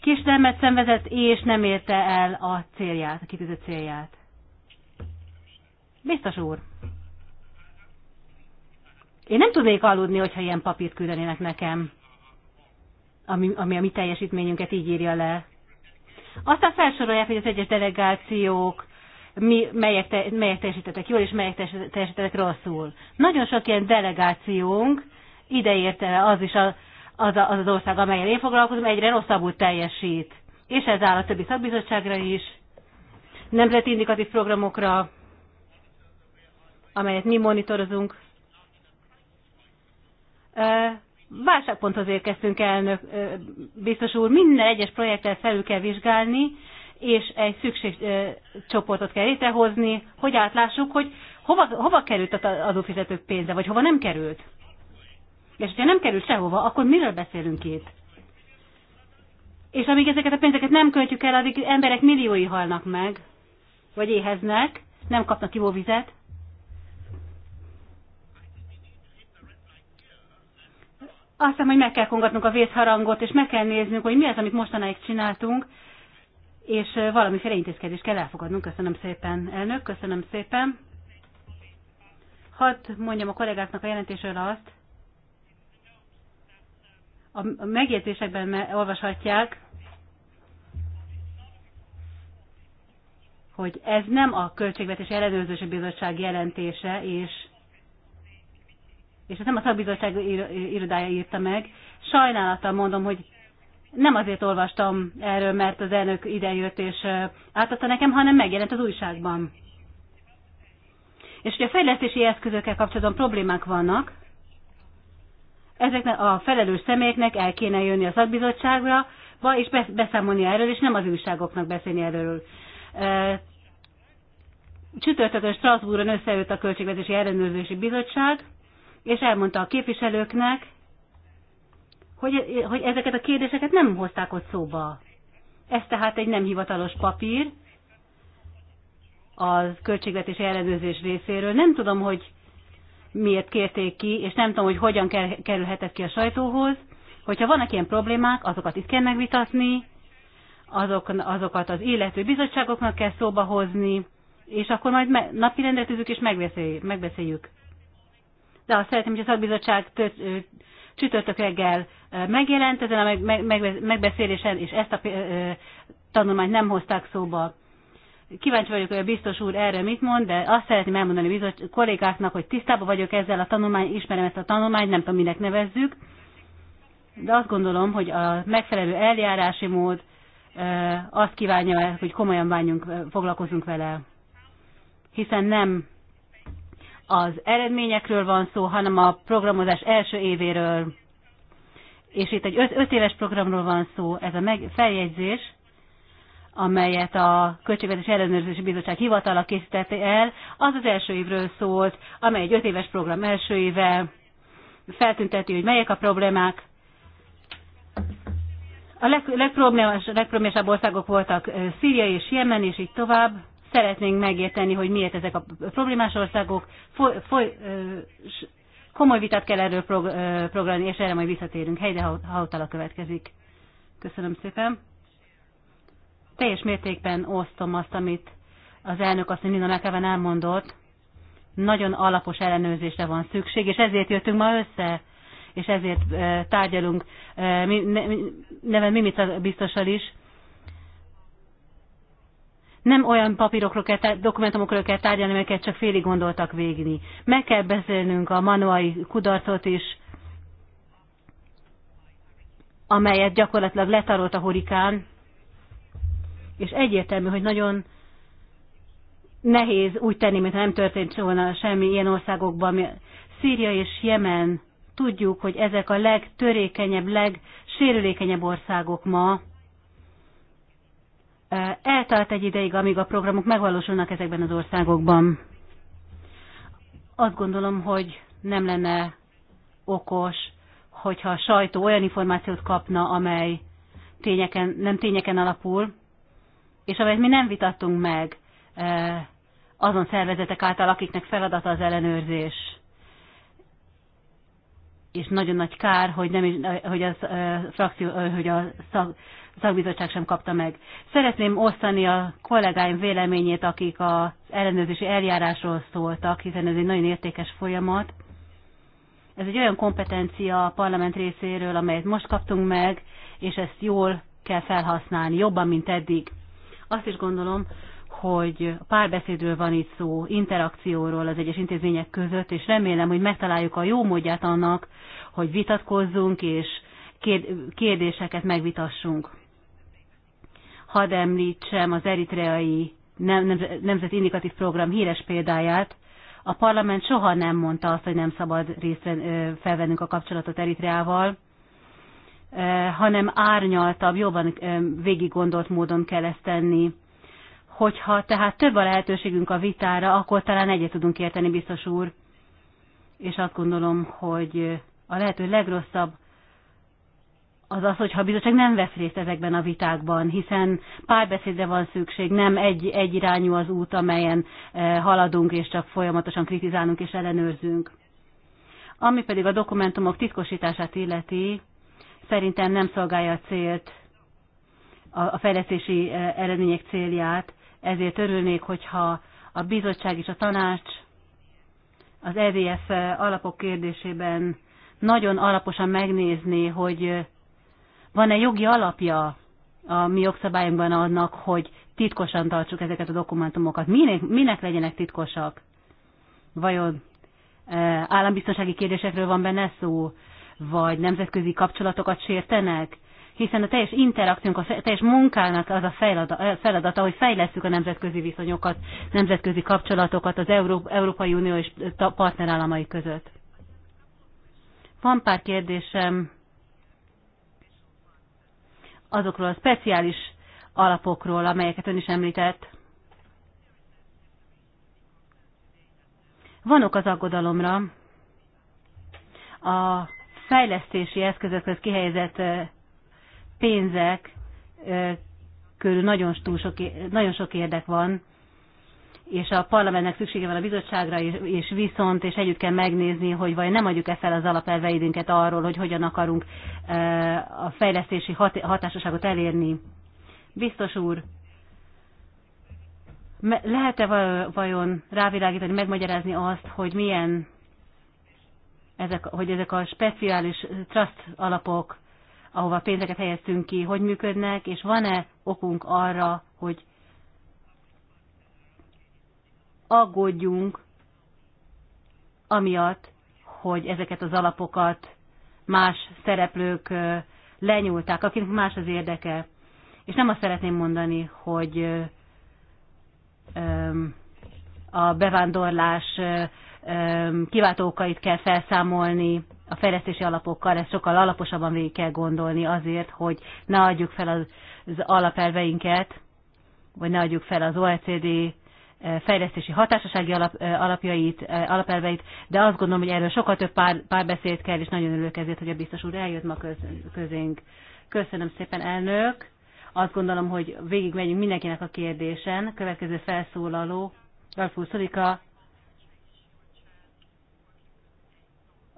kisdelmet szenvezett, és nem érte el a célját, a kitűzött célját. Biztos úr, én nem tudnék aludni, hogyha ilyen papírt küldenének nekem, ami, ami a mi teljesítményünket így írja le. Aztán felsorolják, hogy az egyes delegációk mi, melyek, te, melyek teljesítettek jól, és melyek teljesítettek rosszul. Nagyon sok ilyen delegációnk, ideérte az is a, az, a, az az ország, amelyen én foglalkozom, egyre rosszabbul teljesít. És ez áll a többi szakbizottságra is, nemzeti indikatív programokra, amelyet mi monitorozunk. Válságponthoz érkeztünk, elnök biztos úr. Minden egyes projektet felül kell vizsgálni, és egy szükségcsoportot kell létrehozni, hogy átlássuk, hogy hova, hova került az adófizetők pénze, vagy hova nem került. És hogyha nem került sehova, akkor miről beszélünk itt? És amíg ezeket a pénzeket nem költjük el, addig emberek milliói halnak meg, vagy éheznek, nem kapnak ivóvizet. Azt hiszem, hogy meg kell kongatnunk a vészharangot, és meg kell néznünk, hogy mi az, amit mostanáig csináltunk, és valamiféle intézkedést kell elfogadnunk. Köszönöm szépen, elnök, köszönöm szépen. Hadd mondjam a kollégáknak a jelentésről azt, a megjegyzésekben olvashatják, hogy ez nem a Költségvetési Ellenőrzési Bizottság jelentése, és és ezt nem a szakbizottság irodája írta meg. Sajnálattal mondom, hogy nem azért olvastam erről, mert az elnök idejött és átadta nekem, hanem megjelent az újságban. És hogy a fejlesztési eszközökkel kapcsolatban problémák vannak, ezeknek a felelős személyeknek el kéne jönni a szakbizottságra, és beszámolni erről, és nem az újságoknak beszélni erről. Csütörtökön Strasbourgon összeült a Költségvetési Ellenőrzési Bizottság, és elmondta a képviselőknek, hogy, hogy ezeket a kérdéseket nem hozták ott szóba. Ez tehát egy nem hivatalos papír az költségvetési ellenőrzés részéről. Nem tudom, hogy miért kérték ki, és nem tudom, hogy hogyan kerülhetett ki a sajtóhoz. Hogyha vannak ilyen problémák, azokat itt kell megvitatni, azok, azokat az illető bizottságoknak kell szóba hozni, és akkor majd napirendre tűzük és megbeszéljük de azt szeretném, hogy a szakbizottság csütörtök reggel megjelent ezen a megbeszélésen, és ezt a tanulmányt nem hozták szóba. Kíváncsi vagyok, hogy a biztos úr erre mit mond, de azt szeretném elmondani a bizot, kollégáknak, hogy tisztában vagyok ezzel a tanulmány, ismerem ezt a tanulmányt, nem tudom, minek nevezzük, de azt gondolom, hogy a megfelelő eljárási mód azt kívánja, hogy komolyan bánjunk, foglalkozunk vele. Hiszen nem az eredményekről van szó, hanem a programozás első évéről. És itt egy öt, öt éves programról van szó, ez a meg, feljegyzés, amelyet a Költségvetési Ellenőrzési Bizottság hivatala készítette el, az az első évről szólt, amely egy öt éves program első éve feltünteti, hogy melyek a problémák. A leg, legproblémás, legproblémásabb országok voltak Szíria és Jemen, és így tovább. Szeretnénk megérteni, hogy miért ezek a problémás országok. Foly, foly, komoly vitát kell erről prog, programni, és erre majd visszatérünk. Helyde Hautala következik. Köszönöm szépen. Teljes mértékben osztom azt, amit az elnök azt, hogy Nina McEwen elmondott. Nagyon alapos ellenőrzésre van szükség, és ezért jöttünk ma össze, és ezért tárgyalunk. Neve Mimica biztosal is, nem olyan papírokról kell, dokumentumokról kell tárgyalni, amelyeket csak félig gondoltak végni. Meg kell beszélnünk a manuai kudarcot is, amelyet gyakorlatilag letarolt a hurikán, és egyértelmű, hogy nagyon nehéz úgy tenni, mintha nem történt volna semmi ilyen országokban. Szíria és Jemen, tudjuk, hogy ezek a legtörékenyebb, legsérülékenyebb országok ma, Eh, eltart egy ideig, amíg a programok megvalósulnak ezekben az országokban. Azt gondolom, hogy nem lenne okos, hogyha a sajtó olyan információt kapna, amely tényeken, nem tényeken alapul, és amelyet mi nem vitattunk meg eh, azon szervezetek által, akiknek feladata az ellenőrzés és nagyon nagy kár, hogy, nem, hogy, a, frakció, hogy a szak, szakbizottság sem kapta meg. Szeretném osztani a kollégáim véleményét, akik az ellenőrzési eljárásról szóltak, hiszen ez egy nagyon értékes folyamat. Ez egy olyan kompetencia a parlament részéről, amelyet most kaptunk meg, és ezt jól kell felhasználni, jobban, mint eddig. Azt is gondolom, hogy párbeszédről van itt szó, interakcióról az egyes intézmények között, és remélem, hogy megtaláljuk a jó módját annak, hogy vitatkozzunk és kérdéseket megvitassunk. Hadd említsem az eritreai Nemzeti Indikatív Program híres példáját. A parlament soha nem mondta azt, hogy nem szabad részt felvennünk a kapcsolatot Eritreával, hanem árnyaltabb, jobban végiggondolt módon kell ezt tenni Hogyha tehát több a lehetőségünk a vitára, akkor talán egyet tudunk érteni, biztos úr. És azt gondolom, hogy a lehető legrosszabb az az, hogyha a bizottság nem vesz részt ezekben a vitákban, hiszen párbeszédre van szükség, nem egy, egy irányú az út, amelyen eh, haladunk, és csak folyamatosan kritizálunk és ellenőrzünk. Ami pedig a dokumentumok titkosítását illeti, szerintem nem szolgálja a célt, a, fejlesztési eh, eredmények célját, ezért örülnék, hogyha a bizottság és a tanács az EDF alapok kérdésében nagyon alaposan megnézni, hogy van-e jogi alapja a mi jogszabályunkban annak, hogy titkosan tartsuk ezeket a dokumentumokat. Minek, minek legyenek titkosak? Vajon e, állambiztonsági kérdésekről van benne szó, vagy nemzetközi kapcsolatokat sértenek, hiszen a teljes interakciónk, a teljes munkának az a eh, feladata, hogy fejlesztjük a nemzetközi viszonyokat, nemzetközi kapcsolatokat az Európai Unió és eh, partnerállamai között. Van pár kérdésem azokról a speciális alapokról, amelyeket ön is említett. Vanok az aggodalomra a fejlesztési eszközökhöz kihelyezett eh, pénzek körül nagyon, túl sok, nagyon sok érdek van, és a parlamentnek szüksége van a bizottságra, és viszont, és együtt kell megnézni, hogy vagy nem adjuk-e fel az alapelveidünket arról, hogy hogyan akarunk a fejlesztési hat, hatásosságot elérni. Biztos úr, lehet-e vajon rávilágítani, megmagyarázni azt, hogy milyen ezek, hogy ezek a speciális trust alapok ahova pénzeket helyeztünk ki, hogy működnek, és van-e okunk arra, hogy aggódjunk amiatt, hogy ezeket az alapokat más szereplők lenyúlták, akinek más az érdeke. És nem azt szeretném mondani, hogy a bevándorlás kiváltókait kell felszámolni, a fejlesztési alapokkal ezt sokkal alaposabban végig kell gondolni azért, hogy ne adjuk fel az, az alapelveinket, vagy ne adjuk fel az OECD eh, fejlesztési hatásosági alap, eh, alapjait, eh, alapelveit, de azt gondolom, hogy erről sokkal több pár, párbeszéd kell, és nagyon örülök ezért, hogy a biztos úr eljött ma köz, közénk. Köszönöm szépen, elnök. Azt gondolom, hogy végigmegyünk mindenkinek a kérdésen. Következő felszólaló, Ralfú Szurika,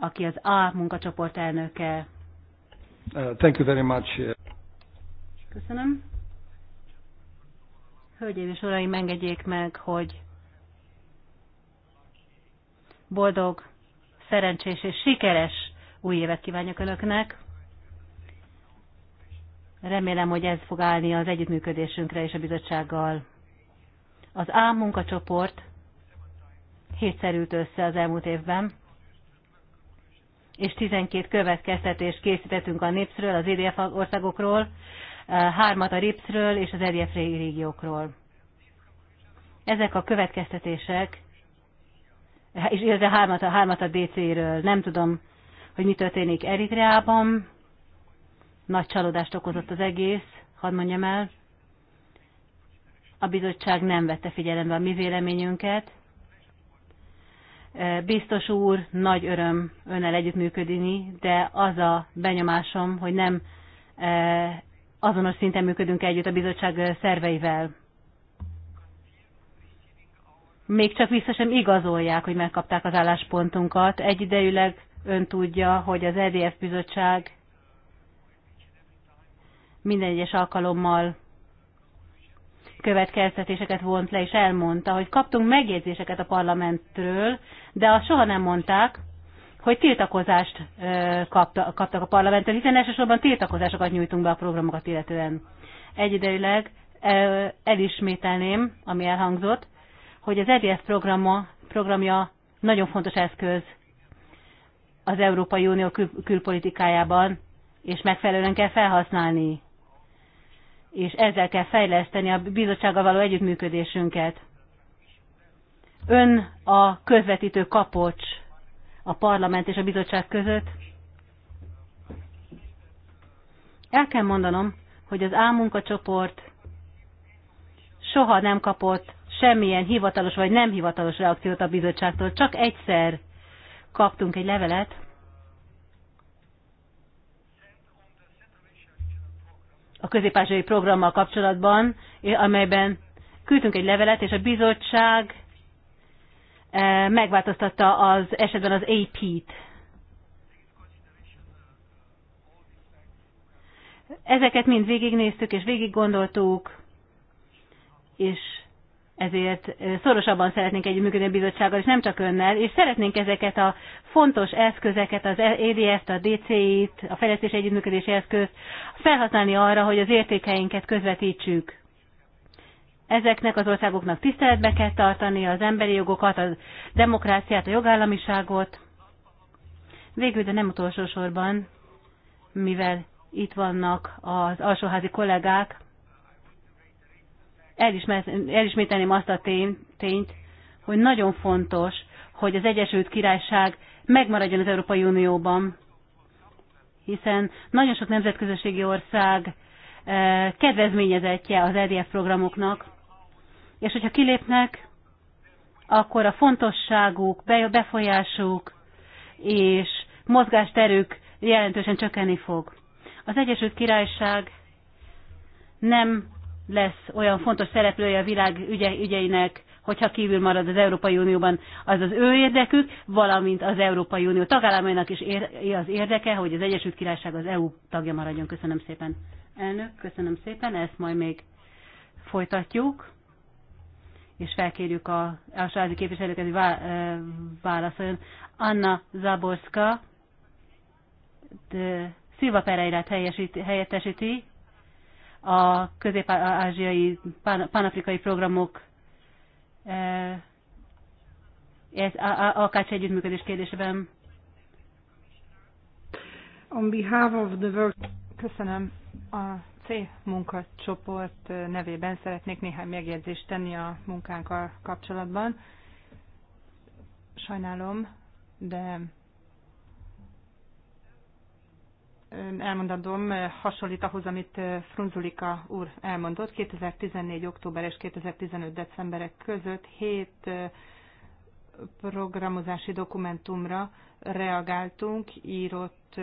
aki az A munkacsoport elnöke. Uh, thank you very much. Köszönöm. Hölgyeim és uraim, engedjék meg, hogy boldog, szerencsés és sikeres új évet kívánok Önöknek. Remélem, hogy ez fog állni az együttműködésünkre és a bizottsággal. Az A munkacsoport hétszerült össze az elmúlt évben, és 12 következtetést készítettünk a NIPS-ről, az EDF országokról, hármat a RIPS-ről és az EDF régiókról. Ezek a következtetések, és illetve hármat, hármat a DC-ről. Nem tudom, hogy mi történik Eritreában. Nagy csalódást okozott az egész, hadd mondjam el. A bizottság nem vette figyelembe a mi véleményünket, Biztos úr, nagy öröm önnel együttműködni, de az a benyomásom, hogy nem azonos szinten működünk együtt a bizottság szerveivel. Még csak vissza sem igazolják, hogy megkapták az álláspontunkat. Egyidejűleg ön tudja, hogy az EDF bizottság minden egyes alkalommal következtetéseket vont le, és elmondta, hogy kaptunk megjegyzéseket a parlamentről, de azt soha nem mondták, hogy tiltakozást kapta, kaptak a parlamenttől, hiszen elsősorban tiltakozásokat nyújtunk be a programokat illetően. Egyidejűleg elismételném, ami elhangzott, hogy az EDF programa, programja nagyon fontos eszköz az Európai Unió kül- külpolitikájában, és megfelelően kell felhasználni és ezzel kell fejleszteni a bizottsággal való együttműködésünket. Ön a közvetítő kapocs a parlament és a bizottság között. El kell mondanom, hogy az álmunkacsoport soha nem kapott semmilyen hivatalos vagy nem hivatalos reakciót a bizottságtól. Csak egyszer kaptunk egy levelet, a középázsai programmal kapcsolatban, eh, amelyben küldtünk egy levelet, és a bizottság eh, megváltoztatta az esetben az AP-t. Ezeket mind végignéztük és végiggondoltuk, és ezért szorosabban szeretnénk együttműködni a bizottsággal, és nem csak önnel, és szeretnénk ezeket a fontos eszközeket, az EDF-t, a dc t a fejlesztés együttműködési eszközt felhasználni arra, hogy az értékeinket közvetítsük. Ezeknek az országoknak tiszteletbe kell tartani az emberi jogokat, a demokráciát, a jogállamiságot. Végül, de nem utolsó sorban, mivel itt vannak az alsóházi kollégák, elismételném azt a tényt, hogy nagyon fontos, hogy az Egyesült Királyság megmaradjon az Európai Unióban, hiszen nagyon sok nemzetközösségi ország e, kedvezményezettje az EDF programoknak, és hogyha kilépnek, akkor a fontosságuk, befolyásuk és mozgásterük jelentősen csökkenni fog. Az Egyesült Királyság nem lesz olyan fontos szereplője a világ ügye, ügyeinek, hogyha kívül marad az Európai Unióban, az az ő érdekük, valamint az Európai Unió tagállamainak is ér, az érdeke, hogy az Egyesült Királyság az EU tagja maradjon. Köszönöm szépen. Elnök, köszönöm szépen, ezt majd még folytatjuk, és felkérjük a sajázi képviselőket, hogy vá, válaszoljon. Anna Zaborska, de Szilva Pereirát helyesít, helyettesíti, a közép-ázsiai, panafrikai programok e, ez AKC együttműködés kérdésében. On behalf of the work... Köszönöm. A C munkacsoport nevében szeretnék néhány megjegyzést tenni a munkánkkal kapcsolatban. Sajnálom, de elmondandóm eh, hasonlít ahhoz, amit eh, Frunzulika úr elmondott. 2014. október és 2015. decemberek között hét eh, programozási dokumentumra reagáltunk, írott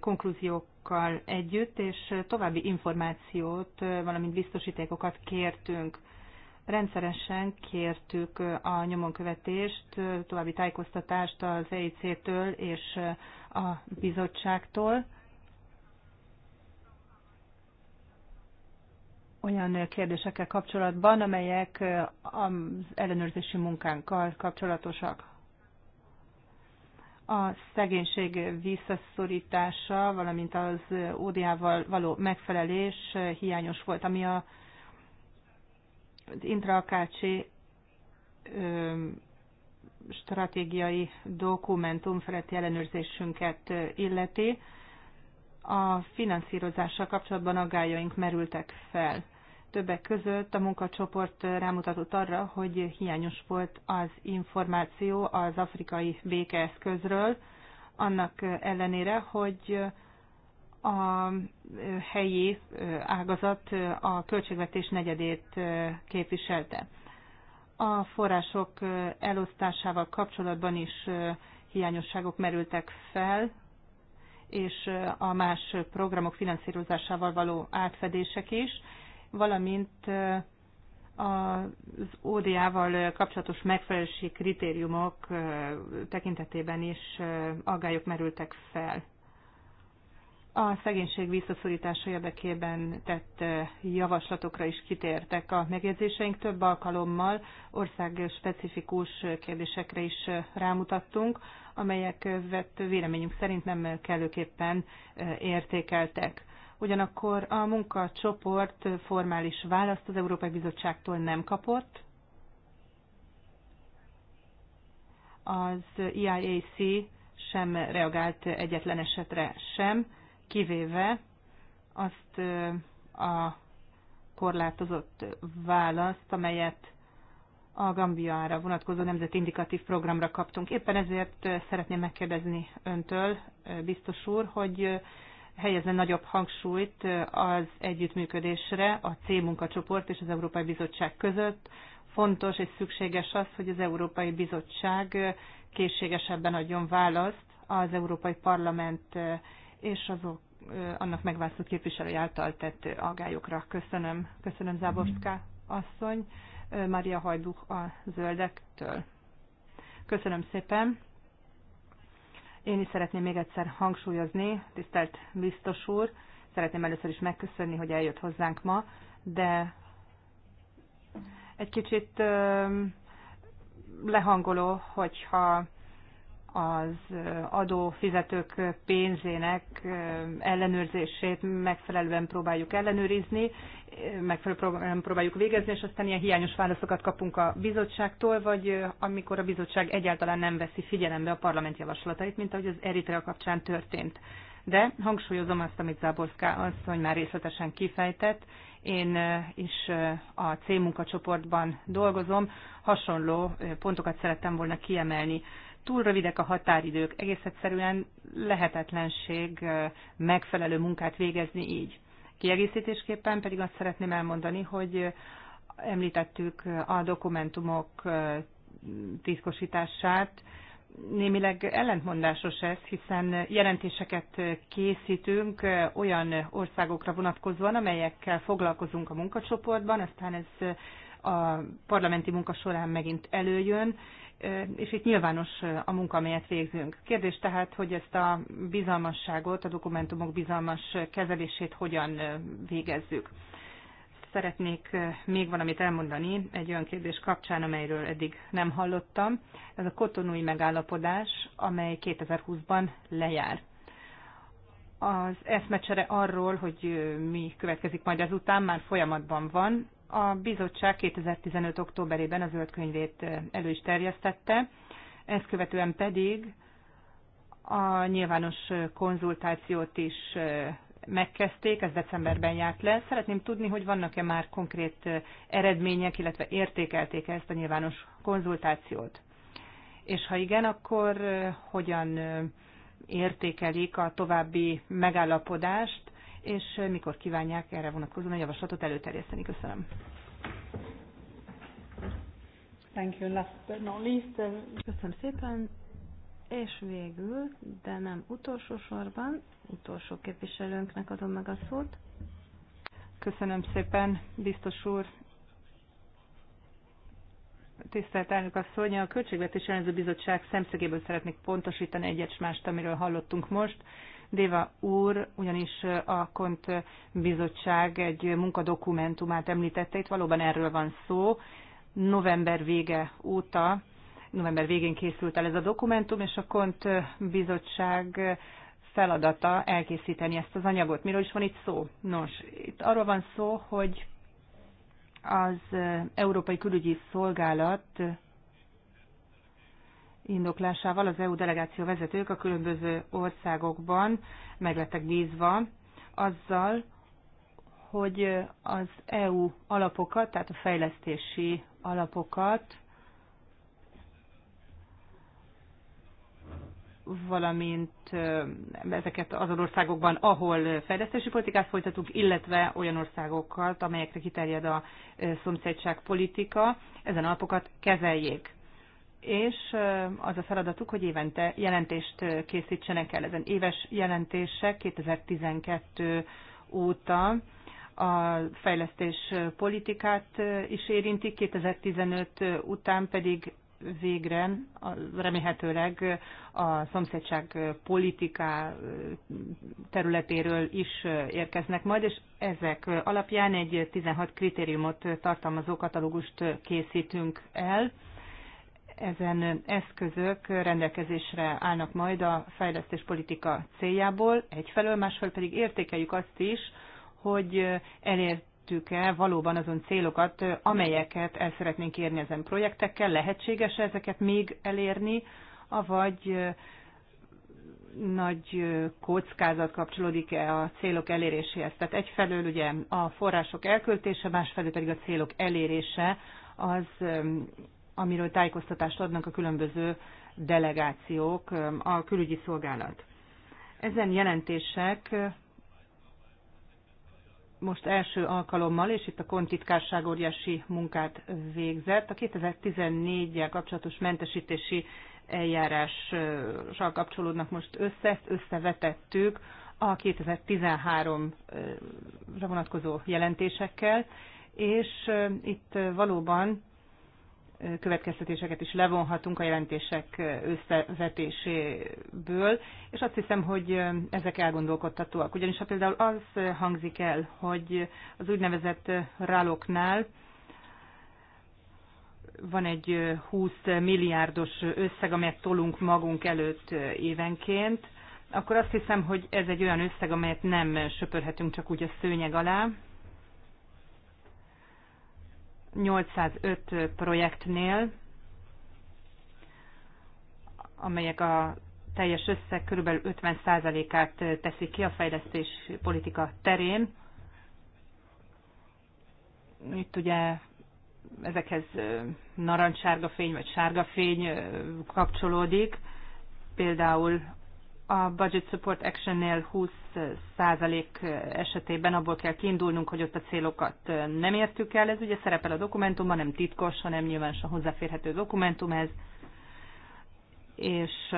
konklúziókkal együtt, és további információt, valamint biztosítékokat kértünk. Rendszeresen kértük a nyomonkövetést, további tájékoztatást az EIC-től és a bizottságtól olyan kérdésekkel kapcsolatban, amelyek az ellenőrzési munkánkkal kapcsolatosak. A szegénység visszaszorítása, valamint az ódiával való megfelelés hiányos volt, ami a, az intraakácsi stratégiai dokumentum feletti ellenőrzésünket illeti, a finanszírozással kapcsolatban aggájaink merültek fel. Többek között a munkacsoport rámutatott arra, hogy hiányos volt az információ az afrikai békeeszközről, annak ellenére, hogy a helyi ágazat a költségvetés negyedét képviselte. A források elosztásával kapcsolatban is hiányosságok merültek fel, és a más programok finanszírozásával való átfedések is, valamint az ODA-val kapcsolatos megfelelési kritériumok tekintetében is aggályok merültek fel a szegénység visszaszorítása érdekében tett eh, javaslatokra is kitértek a megjegyzéseink. Több alkalommal ország specifikus kérdésekre is eh, rámutattunk, amelyek eh, vett véleményünk szerint nem kellőképpen értékeltek. Ugyanakkor a munkacsoport formális választ az Európai Bizottságtól nem kapott. Az IIAC sem reagált egyetlen esetre sem kivéve azt a korlátozott választ, amelyet a Gambiára vonatkozó nemzeti indikatív programra kaptunk. Éppen ezért szeretném megkérdezni öntől, biztos úr, hogy helyezne nagyobb hangsúlyt az együttműködésre a C munkacsoport és az Európai Bizottság között. Fontos és szükséges az, hogy az Európai Bizottság készségesebben adjon választ az Európai Parlament és azok annak megválasztott képviselői által tett agályokra. Köszönöm, köszönöm Záborská asszony, Mária Hajduk a zöldektől. Köszönöm szépen. Én is szeretném még egyszer hangsúlyozni, tisztelt biztos úr, szeretném először is megköszönni, hogy eljött hozzánk ma, de egy kicsit lehangoló, hogyha az adófizetők pénzének ellenőrzését megfelelően próbáljuk ellenőrizni, megfelelően próbáljuk végezni, és aztán ilyen hiányos válaszokat kapunk a bizottságtól, vagy amikor a bizottság egyáltalán nem veszi figyelembe a parlament javaslatait, mint ahogy az Eritrea kapcsán történt. De hangsúlyozom azt, amit Záborská asszony már részletesen kifejtett, én is a C munkacsoportban dolgozom, hasonló pontokat szerettem volna kiemelni túl rövidek a határidők, egész egyszerűen lehetetlenség megfelelő munkát végezni így. Kiegészítésképpen pedig azt szeretném elmondani, hogy említettük a dokumentumok titkosítását, némileg ellentmondásos ez, hiszen jelentéseket készítünk olyan országokra vonatkozóan, amelyekkel foglalkozunk a munkacsoportban, aztán ez a parlamenti munka során megint előjön, és itt nyilvános a munka, amelyet végzünk. Kérdés tehát, hogy ezt a bizalmasságot, a dokumentumok bizalmas kezelését hogyan végezzük. Szeretnék még valamit elmondani egy olyan kérdés kapcsán, amelyről eddig nem hallottam. Ez a kotonúi megállapodás, amely 2020-ban lejár az eszmecsere arról, hogy mi következik majd ezután, már folyamatban van, a bizottság 2015. októberében a zöld könyvét elő is terjesztette, ezt követően pedig a nyilvános konzultációt is megkezdték, ez decemberben járt le. Szeretném tudni, hogy vannak-e már konkrét eredmények, illetve értékelték -e ezt a nyilvános konzultációt. És ha igen, akkor hogyan értékelik a további megállapodást, és mikor kívánják erre vonatkozóan a javaslatot előterjeszteni. Köszönöm. Thank you. Last but not least, uh, Köszönöm szépen. És végül, de nem utolsó sorban, utolsó képviselőnknek adom meg a szót. Köszönöm szépen, biztos úr. Tisztelt elnök asszony, a Költségvetési Ellenző Bizottság szemszögéből szeretnék pontosítani egyet mást, amiről hallottunk most. Déva úr ugyanis a Kont bizottság egy munkadokumentumát említette, itt valóban erről van szó. November vége óta, november végén készült el ez a dokumentum, és a Kont bizottság feladata elkészíteni ezt az anyagot. Miről is van itt szó? Nos, itt arról van szó, hogy az Európai Külügyi Szolgálat indoklásával az EU delegáció vezetők a különböző országokban meglettek bízva azzal, hogy az EU alapokat, tehát a fejlesztési alapokat, valamint ezeket az országokban, ahol fejlesztési politikát folytatunk, illetve olyan országokat, amelyekre kiterjed a politika, ezen alapokat kezeljék és az a feladatuk, hogy évente jelentést készítsenek el. Ezen éves jelentések 2012 óta a fejlesztés politikát is érintik, 2015 után pedig végre remélhetőleg a szomszédság politiká területéről is érkeznek majd, és ezek alapján egy 16 kritériumot tartalmazó katalógust készítünk el ezen eszközök rendelkezésre állnak majd a fejlesztéspolitika céljából, egyfelől, másfelől pedig értékeljük azt is, hogy elértük-e valóban azon célokat, amelyeket el szeretnénk érni ezen projektekkel, lehetséges -e ezeket még elérni, avagy nagy kockázat kapcsolódik-e a célok eléréséhez. Tehát egyfelől ugye a források elköltése, másfelől pedig a célok elérése az amiről tájékoztatást adnak a különböző delegációk, a külügyi szolgálat. Ezen jelentések most első alkalommal, és itt a kontitkárság óriási munkát végzett, a 2014-jel kapcsolatos mentesítési eljárással kapcsolódnak most össze, ezt összevetettük a 2013-ra vonatkozó jelentésekkel, és itt valóban következtetéseket is levonhatunk a jelentések összevetéséből, és azt hiszem, hogy ezek elgondolkodtatóak. Ugyanis ha például az hangzik el, hogy az úgynevezett ráloknál van egy 20 milliárdos összeg, amelyet tolunk magunk előtt évenként, akkor azt hiszem, hogy ez egy olyan összeg, amelyet nem söpörhetünk csak úgy a szőnyeg alá, 805 projektnél, amelyek a teljes összeg kb. 50%-át teszik ki a fejlesztés politika terén. Itt ugye ezekhez narancssárga fény vagy sárga fény kapcsolódik, például a Budget Support Action-nél 20% esetében abból kell kiindulnunk, hogy ott a célokat nem értük el. Ez ugye szerepel a dokumentumban, nem titkos, hanem nyilván a hozzáférhető dokumentum ez. És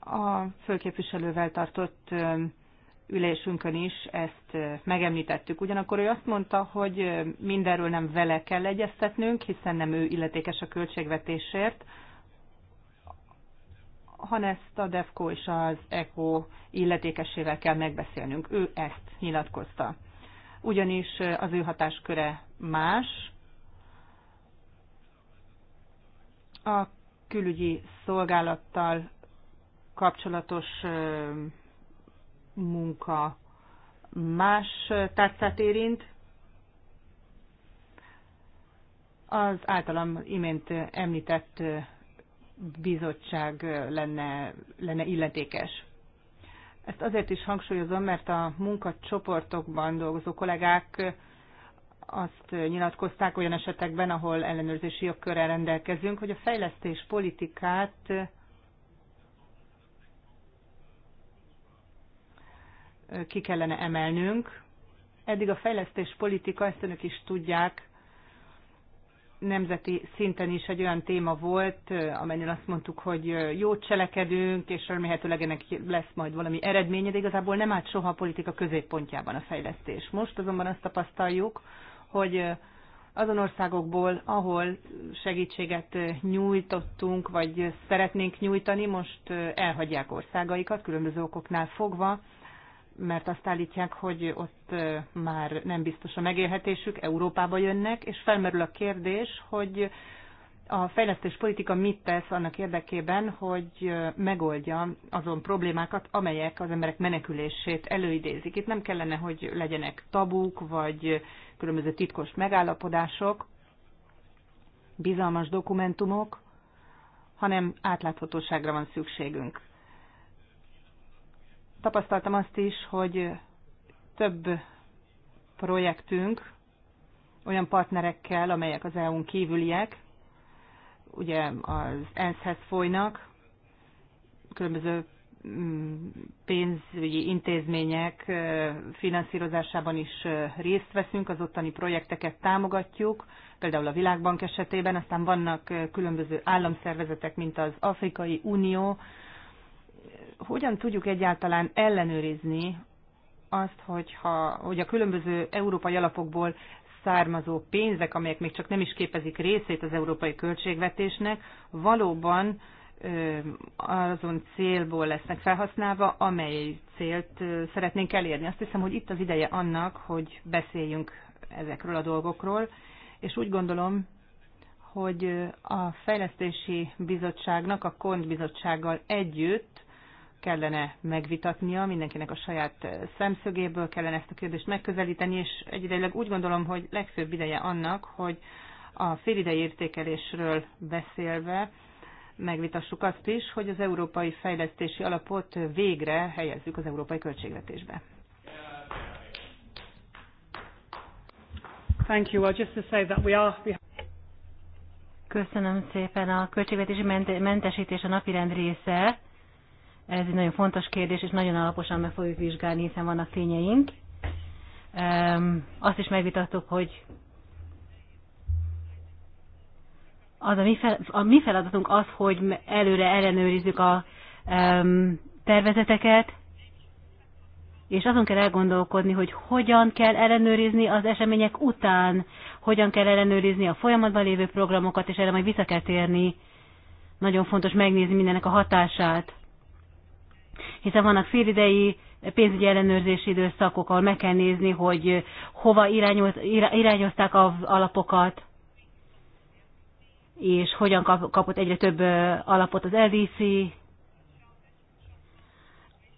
a főképviselővel tartott ülésünkön is ezt megemlítettük. Ugyanakkor ő azt mondta, hogy mindenről nem vele kell egyeztetnünk, hiszen nem ő illetékes a költségvetésért, hanem ezt a DEFCO és az ECO illetékesével kell megbeszélnünk. Ő ezt nyilatkozta. Ugyanis az ő hatásköre más. A külügyi szolgálattal kapcsolatos munka más tárcát érint. Az általam imént említett bizottság lenne, lenne illetékes. Ezt azért is hangsúlyozom, mert a munkacsoportokban dolgozó kollégák azt nyilatkozták olyan esetekben, ahol ellenőrzési jogkörrel rendelkezünk, hogy a fejlesztés politikát ki kellene emelnünk. Eddig a fejlesztés politika, ezt önök is tudják, nemzeti szinten is egy olyan téma volt, amennyel azt mondtuk, hogy jót cselekedünk, és remélhetőleg ennek lesz majd valami eredménye, de igazából nem állt soha a politika középpontjában a fejlesztés. Most azonban azt tapasztaljuk, hogy azon országokból, ahol segítséget nyújtottunk, vagy szeretnénk nyújtani, most elhagyják országaikat különböző okoknál fogva, mert azt állítják, hogy ott már nem biztos a megélhetésük, Európába jönnek, és felmerül a kérdés, hogy a fejlesztés politika mit tesz annak érdekében, hogy megoldja azon problémákat, amelyek az emberek menekülését előidézik. Itt nem kellene, hogy legyenek tabuk, vagy különböző titkos megállapodások, bizalmas dokumentumok, hanem átláthatóságra van szükségünk tapasztaltam azt is, hogy több projektünk olyan partnerekkel, amelyek az EU-n kívüliek, ugye az ENSZ-hez folynak, különböző mm, pénzügyi intézmények finanszírozásában is részt veszünk, az ottani projekteket támogatjuk, például a Világbank esetében, aztán vannak különböző államszervezetek, mint az Afrikai Unió, hogyan tudjuk egyáltalán ellenőrizni azt, hogyha, hogy a különböző európai alapokból származó pénzek, amelyek még csak nem is képezik részét az európai költségvetésnek, valóban azon célból lesznek felhasználva, amely célt szeretnénk elérni. Azt hiszem, hogy itt az ideje annak, hogy beszéljünk ezekről a dolgokról, és úgy gondolom, hogy a Fejlesztési Bizottságnak, a KONT Bizottsággal együtt kellene megvitatnia, mindenkinek a saját szemszögéből kellene ezt a kérdést megközelíteni, és egyidejleg úgy gondolom, hogy legfőbb ideje annak, hogy a félidei értékelésről beszélve megvitassuk azt is, hogy az európai fejlesztési alapot végre helyezzük az európai költségvetésbe. Thank you. Well, just to say that we are... Köszönöm szépen. A költségvetési mentesítés a napirend része. Ez egy nagyon fontos kérdés, és nagyon alaposan meg fogjuk vizsgálni, hiszen vannak tényeink. Azt is megvitattuk, hogy az a mi, fel, a mi feladatunk az, hogy előre ellenőrizzük a um, tervezeteket, és azon kell elgondolkodni, hogy hogyan kell ellenőrizni az események után, hogyan kell ellenőrizni a folyamatban lévő programokat, és erre majd vissza kell térni. Nagyon fontos megnézni mindennek a hatását hiszen vannak félidei pénzügyi ellenőrzési időszakok, ahol meg kell nézni, hogy hova irányoz, irányozták az alapokat, és hogyan kapott egyre több alapot az LDC,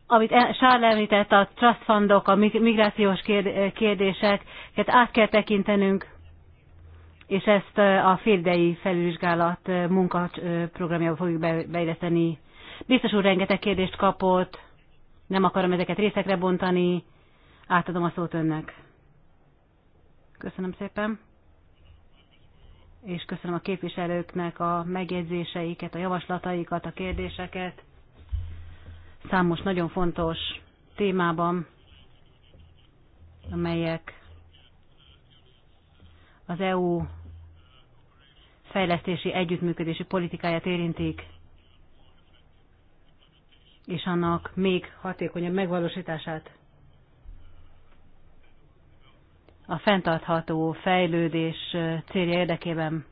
amit e-, Sárl említett, a trust fundok, a migrációs kérdéseket át kell tekintenünk, és ezt a féldei felvizsgálat munkaprogramjába fogjuk beilleszteni. Biztos úr rengeteg kérdést kapott, nem akarom ezeket részekre bontani, átadom a szót önnek. Köszönöm szépen. És köszönöm a képviselőknek a megjegyzéseiket, a javaslataikat, a kérdéseket. Számos nagyon fontos témában, amelyek az EU fejlesztési együttműködési politikáját érintik és annak még hatékonyabb megvalósítását. A fenntartható fejlődés célja érdekében.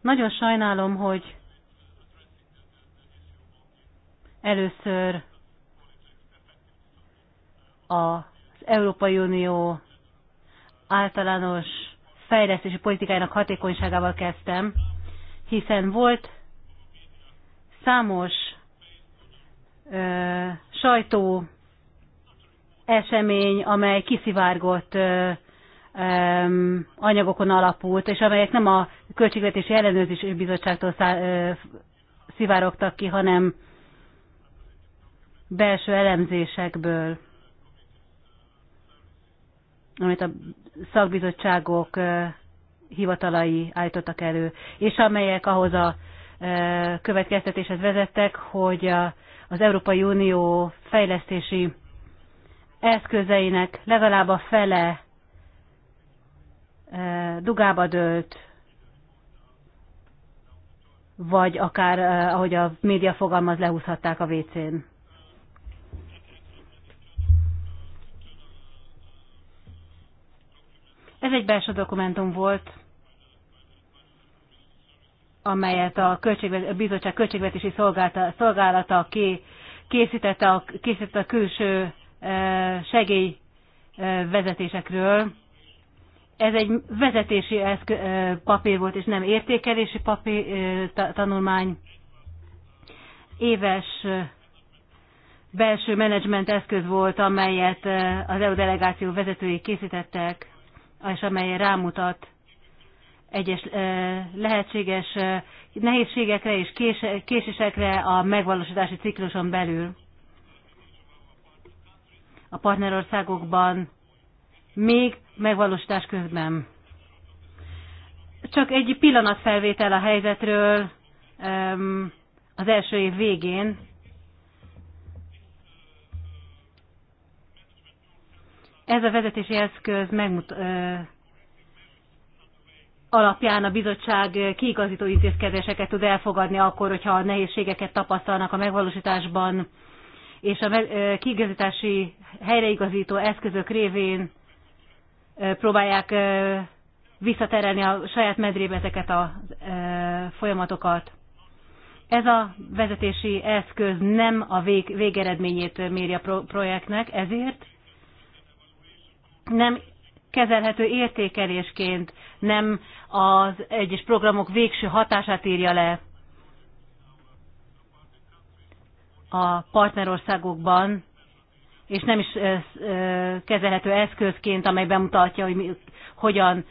Nagyon sajnálom, hogy először az Európai Unió általános fejlesztési politikájának hatékonyságával kezdtem, hiszen volt számos sajtó esemény, amely kiszivárgott anyagokon alapult, és amelyek nem a Költségvetési ellenőrzés Bizottságtól szivárogtak ki, hanem belső elemzésekből, amit a szakbizottságok hivatalai állítottak elő, és amelyek ahhoz a következtetéshez vezettek, hogy a az Európai Unió fejlesztési eszközeinek legalább a fele e, dugába dőlt, vagy akár, e, ahogy a média fogalmaz, lehúzhatták a WC-n. Ez egy belső dokumentum volt, amelyet a, költségvet, a bizottság költségvetési szolgálata, szolgálata ké, készítette, a, készítette a külső e, segélyvezetésekről. E, Ez egy vezetési eszkö, e, papír volt, és nem értékelési papír, tanulmány. Éves belső menedzsment eszköz volt, amelyet az EU delegáció vezetői készítettek, és amely rámutat egyes lehetséges nehézségekre és késésekre a megvalósítási cikluson belül. A partnerországokban még megvalósítás közben. Csak egy pillanatfelvétel a helyzetről az első év végén. Ez a vezetési eszköz megmutatja, alapján a bizottság kiigazító intézkedéseket tud elfogadni akkor, hogyha a nehézségeket tapasztalnak a megvalósításban, és a kiigazítási helyreigazító eszközök révén próbálják visszaterelni a saját medrébe ezeket a folyamatokat. Ez a vezetési eszköz nem a vég, végeredményét méri a projektnek, ezért nem kezelhető értékelésként, nem az egyes programok végső hatását írja le a partnerországokban, és nem is kezelhető eszközként, amely bemutatja, hogy mi, hogyan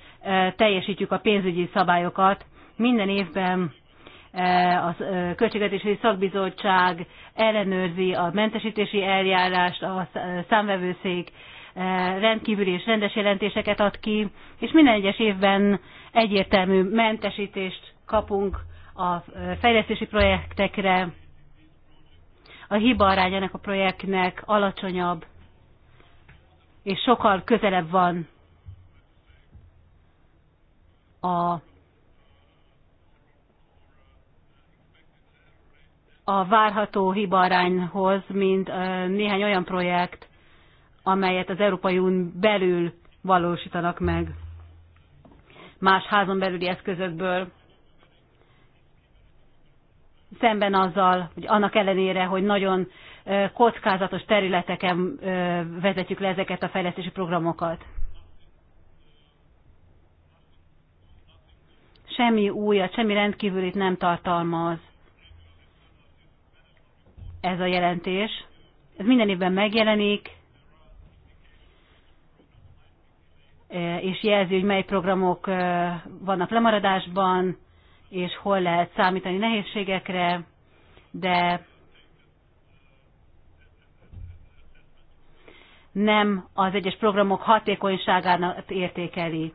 teljesítjük a pénzügyi szabályokat. Minden évben a Költségvetési Szakbizottság ellenőrzi a mentesítési eljárást, a számvevőszék rendkívüli és rendes jelentéseket ad ki, és minden egyes évben egyértelmű mentesítést kapunk a fejlesztési projektekre. A hiba arányának a projektnek alacsonyabb, és sokkal közelebb van a a várható hibarányhoz, mint néhány olyan projekt, amelyet az Európai Unión belül valósítanak meg más házon belüli eszközökből, szemben azzal, hogy annak ellenére, hogy nagyon kockázatos területeken vezetjük le ezeket a fejlesztési programokat. Semmi újat, semmi rendkívülit nem tartalmaz ez a jelentés. Ez minden évben megjelenik, E, és jelzi, hogy mely programok e, vannak lemaradásban, és hol lehet számítani nehézségekre, de nem az egyes programok hatékonyságát értékeli.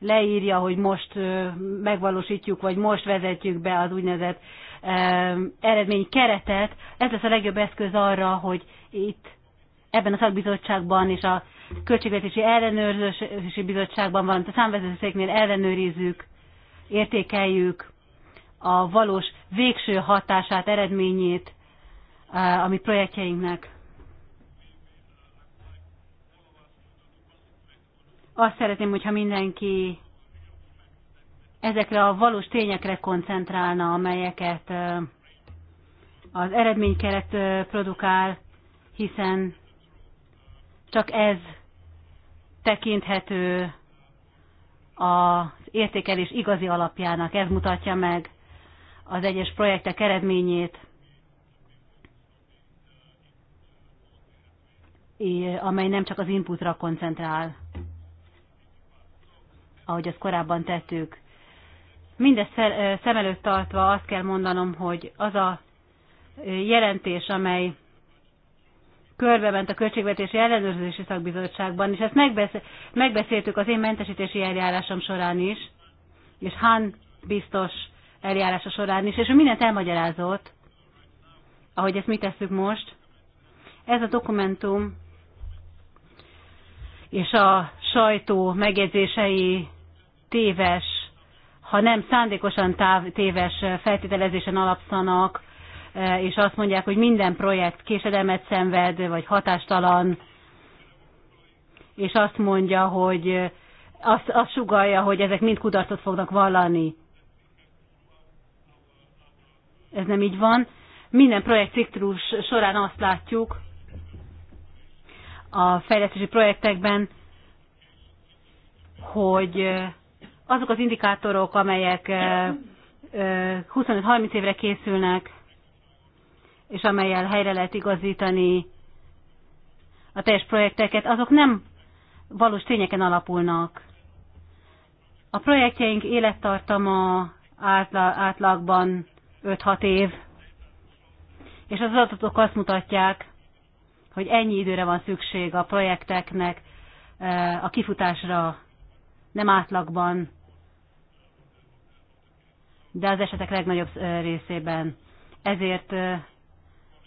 Leírja, hogy most e, megvalósítjuk, vagy most vezetjük be az úgynevezett keretet. Ez lesz a legjobb eszköz arra, hogy itt ebben a szakbizottságban és a Költségvetési Ellenőrzési Bizottságban, valamint a számvezetőszéknél ellenőrizzük, értékeljük a valós végső hatását, eredményét a mi projektjeinknek. Azt szeretném, hogyha mindenki ezekre a valós tényekre koncentrálna, amelyeket az eredménykeret produkál, hiszen csak ez tekinthető az értékelés igazi alapjának. Ez mutatja meg az egyes projektek eredményét, amely nem csak az inputra koncentrál, ahogy azt korábban tettük. Mindezt szem előtt tartva azt kell mondanom, hogy az a jelentés, amely ment a Költségvetési Ellenőrzési Szakbizottságban, és ezt megbeszéltük az én mentesítési eljárásom során is, és Han biztos eljárása során is, és ő mindent elmagyarázott, ahogy ezt mi tesszük most. Ez a dokumentum és a sajtó megjegyzései téves, ha nem szándékosan táv, téves feltételezésen alapszanak, Eh, és azt mondják, hogy minden projekt késedelmet szenved, vagy hatástalan, és azt mondja, hogy eh, azt, azt sugalja, hogy ezek mind kudarcot fognak vallani. Ez nem így van. Minden projekt ciklus során azt látjuk a fejlesztési projektekben, hogy eh, azok az indikátorok, amelyek 25-30 évre készülnek, és amelyel helyre lehet igazítani a teljes projekteket, azok nem valós tényeken alapulnak. A projektjeink élettartama átlagban 5-6 év, és az adatok azt mutatják, hogy ennyi időre van szükség a projekteknek e, a kifutásra, nem átlagban, de az esetek legnagyobb e, részében. Ezért e,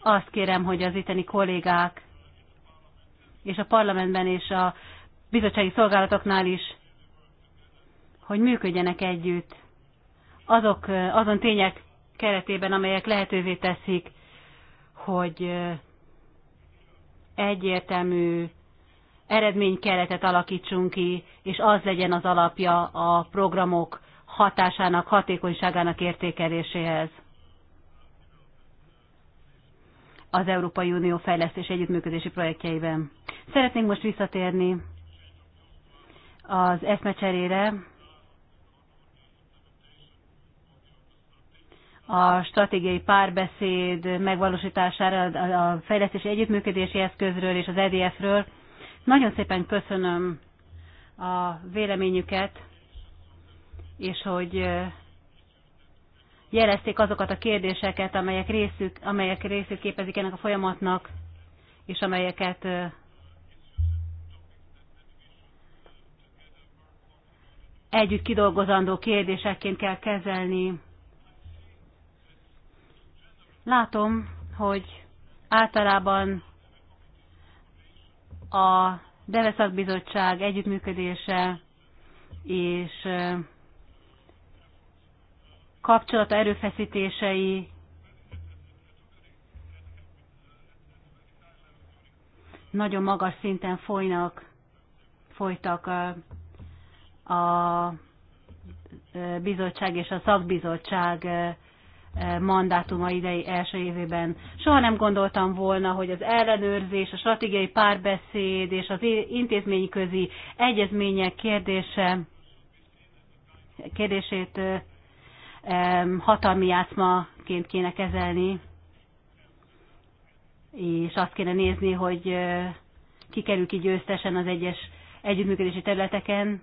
azt kérem, hogy az itteni kollégák és a parlamentben és a bizottsági szolgálatoknál is, hogy működjenek együtt azok, azon tények keretében, amelyek lehetővé teszik, hogy egyértelmű eredménykeretet alakítsunk ki, és az legyen az alapja a programok hatásának, hatékonyságának értékeléséhez. az Európai Unió fejlesztés együttműködési projektjeiben. Szeretnénk most visszatérni az eszmecserére a stratégiai párbeszéd megvalósítására, a fejlesztési együttműködési eszközről és az EDF-ről. Nagyon szépen köszönöm a véleményüket, és hogy jelezték azokat a kérdéseket, amelyek részük, amelyek részük képezik ennek a folyamatnak, és amelyeket együtt kidolgozandó kérdésekként kell kezelni. Látom, hogy általában a Deveszakbizottság együttműködése és kapcsolata erőfeszítései nagyon magas szinten folynak, folytak a, a bizottság és a szakbizottság mandátuma idei első évében. Soha nem gondoltam volna, hogy az ellenőrzés, a stratégiai párbeszéd és az intézményközi egyezmények kérdése, kérdését hatalmi játszmaként kéne kezelni, és azt kéne nézni, hogy kikerül ki győztesen az egyes együttműködési területeken.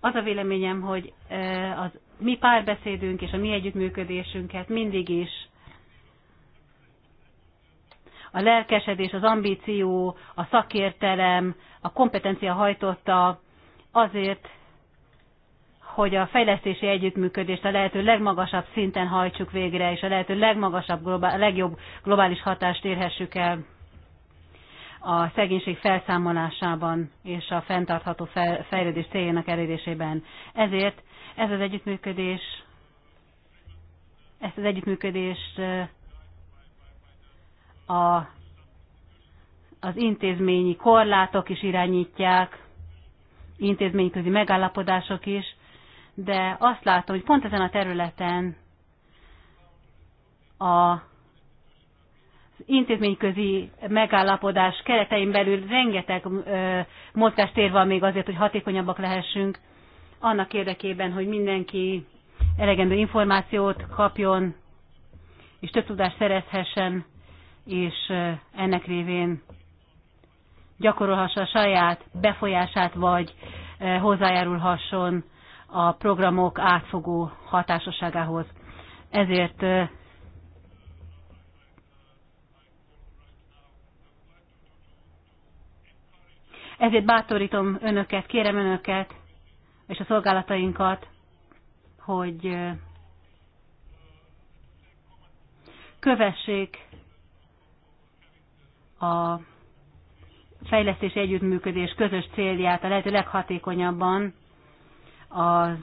Az a véleményem, hogy az mi párbeszédünk és a mi együttműködésünket mindig is a lelkesedés, az ambíció, a szakértelem, a kompetencia hajtotta azért, hogy a fejlesztési együttműködést a lehető legmagasabb szinten hajtsuk végre, és a lehető legmagasabb, globál, legjobb globális hatást érhessük el a szegénység felszámolásában és a fenntartható fejlődés céljának elérésében. Ezért ez az együttműködés, ezt az együttműködést a, az intézményi korlátok is irányítják, intézményközi megállapodások is, de azt látom, hogy pont ezen a területen a intézményközi megállapodás keretein belül rengeteg ö, mozgástér van még azért, hogy hatékonyabbak lehessünk, annak érdekében, hogy mindenki elegendő információt kapjon, és több tudást szerezhessen, és ö, ennek révén gyakorolhassa a saját befolyását, vagy ö, hozzájárulhasson a programok átfogó hatásosságához. Ezért ezért bátorítom önöket, kérem önöket és a szolgálatainkat, hogy kövessék a fejlesztési együttműködés közös célját a lehető leghatékonyabban, az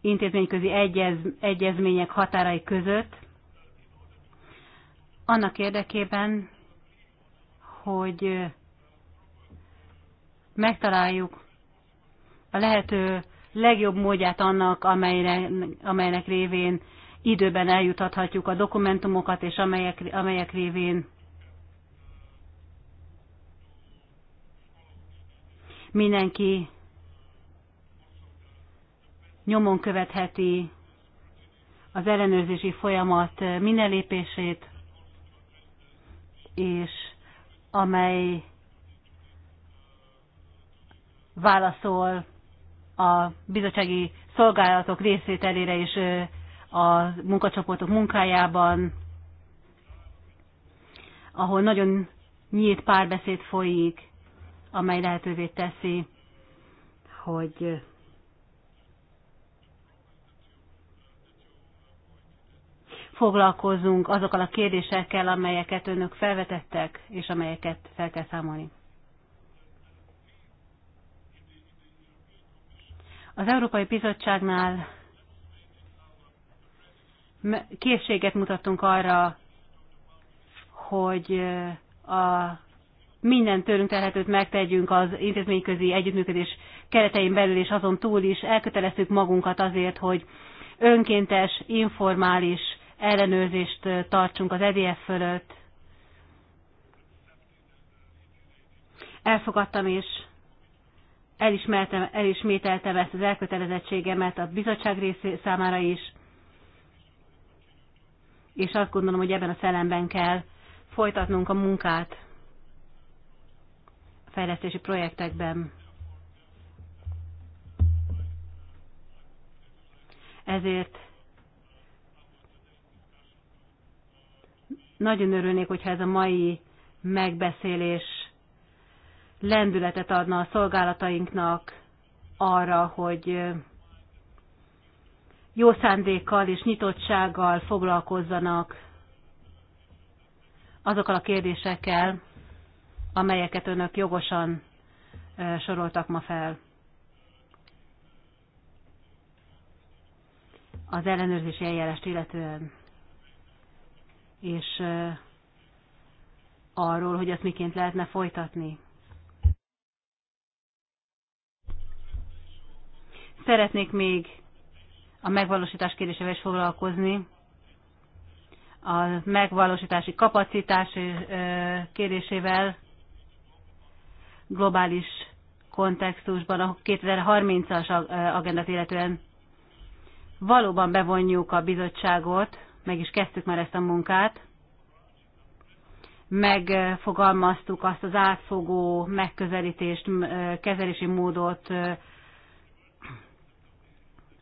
intézményközi egyez, egyezmények határai között, annak érdekében, hogy megtaláljuk a lehető legjobb módját annak, amelyre, amelynek révén időben eljutathatjuk a dokumentumokat, és amelyek, amelyek révén mindenki nyomon követheti az ellenőrzési folyamat minden lépését, és amely válaszol a bizottsági szolgálatok részvételére és a munkacsoportok munkájában, ahol nagyon nyílt párbeszéd folyik, amely lehetővé teszi, hogy foglalkozunk azokkal a kérdésekkel, amelyeket önök felvetettek, és amelyeket fel kell számolni. Az Európai Bizottságnál készséget mutattunk arra, hogy a minden tőlünk telhetőt megtegyünk az intézményközi együttműködés keretein belül és azon túl is. Elköteleztük magunkat azért, hogy önkéntes, informális ellenőrzést tartsunk az EDF fölött. Elfogadtam és elismertem, elismételtem ezt az elkötelezettségemet a bizottság részé számára is, és azt gondolom, hogy ebben a szellemben kell folytatnunk a munkát a fejlesztési projektekben. Ezért Nagyon örülnék, hogyha ez a mai megbeszélés lendületet adna a szolgálatainknak arra, hogy jó szándékkal és nyitottsággal foglalkozzanak azokkal a kérdésekkel, amelyeket önök jogosan soroltak ma fel. Az ellenőrzési eljárást illetően és arról, hogy ezt miként lehetne folytatni. Szeretnék még a megvalósítás kérdésével is foglalkozni, a megvalósítási kapacitás kérdésével globális kontextusban, a 2030-as agendát illetően valóban bevonjuk a bizottságot meg is kezdtük már ezt a munkát. Megfogalmaztuk azt az átfogó megközelítést, kezelési módot,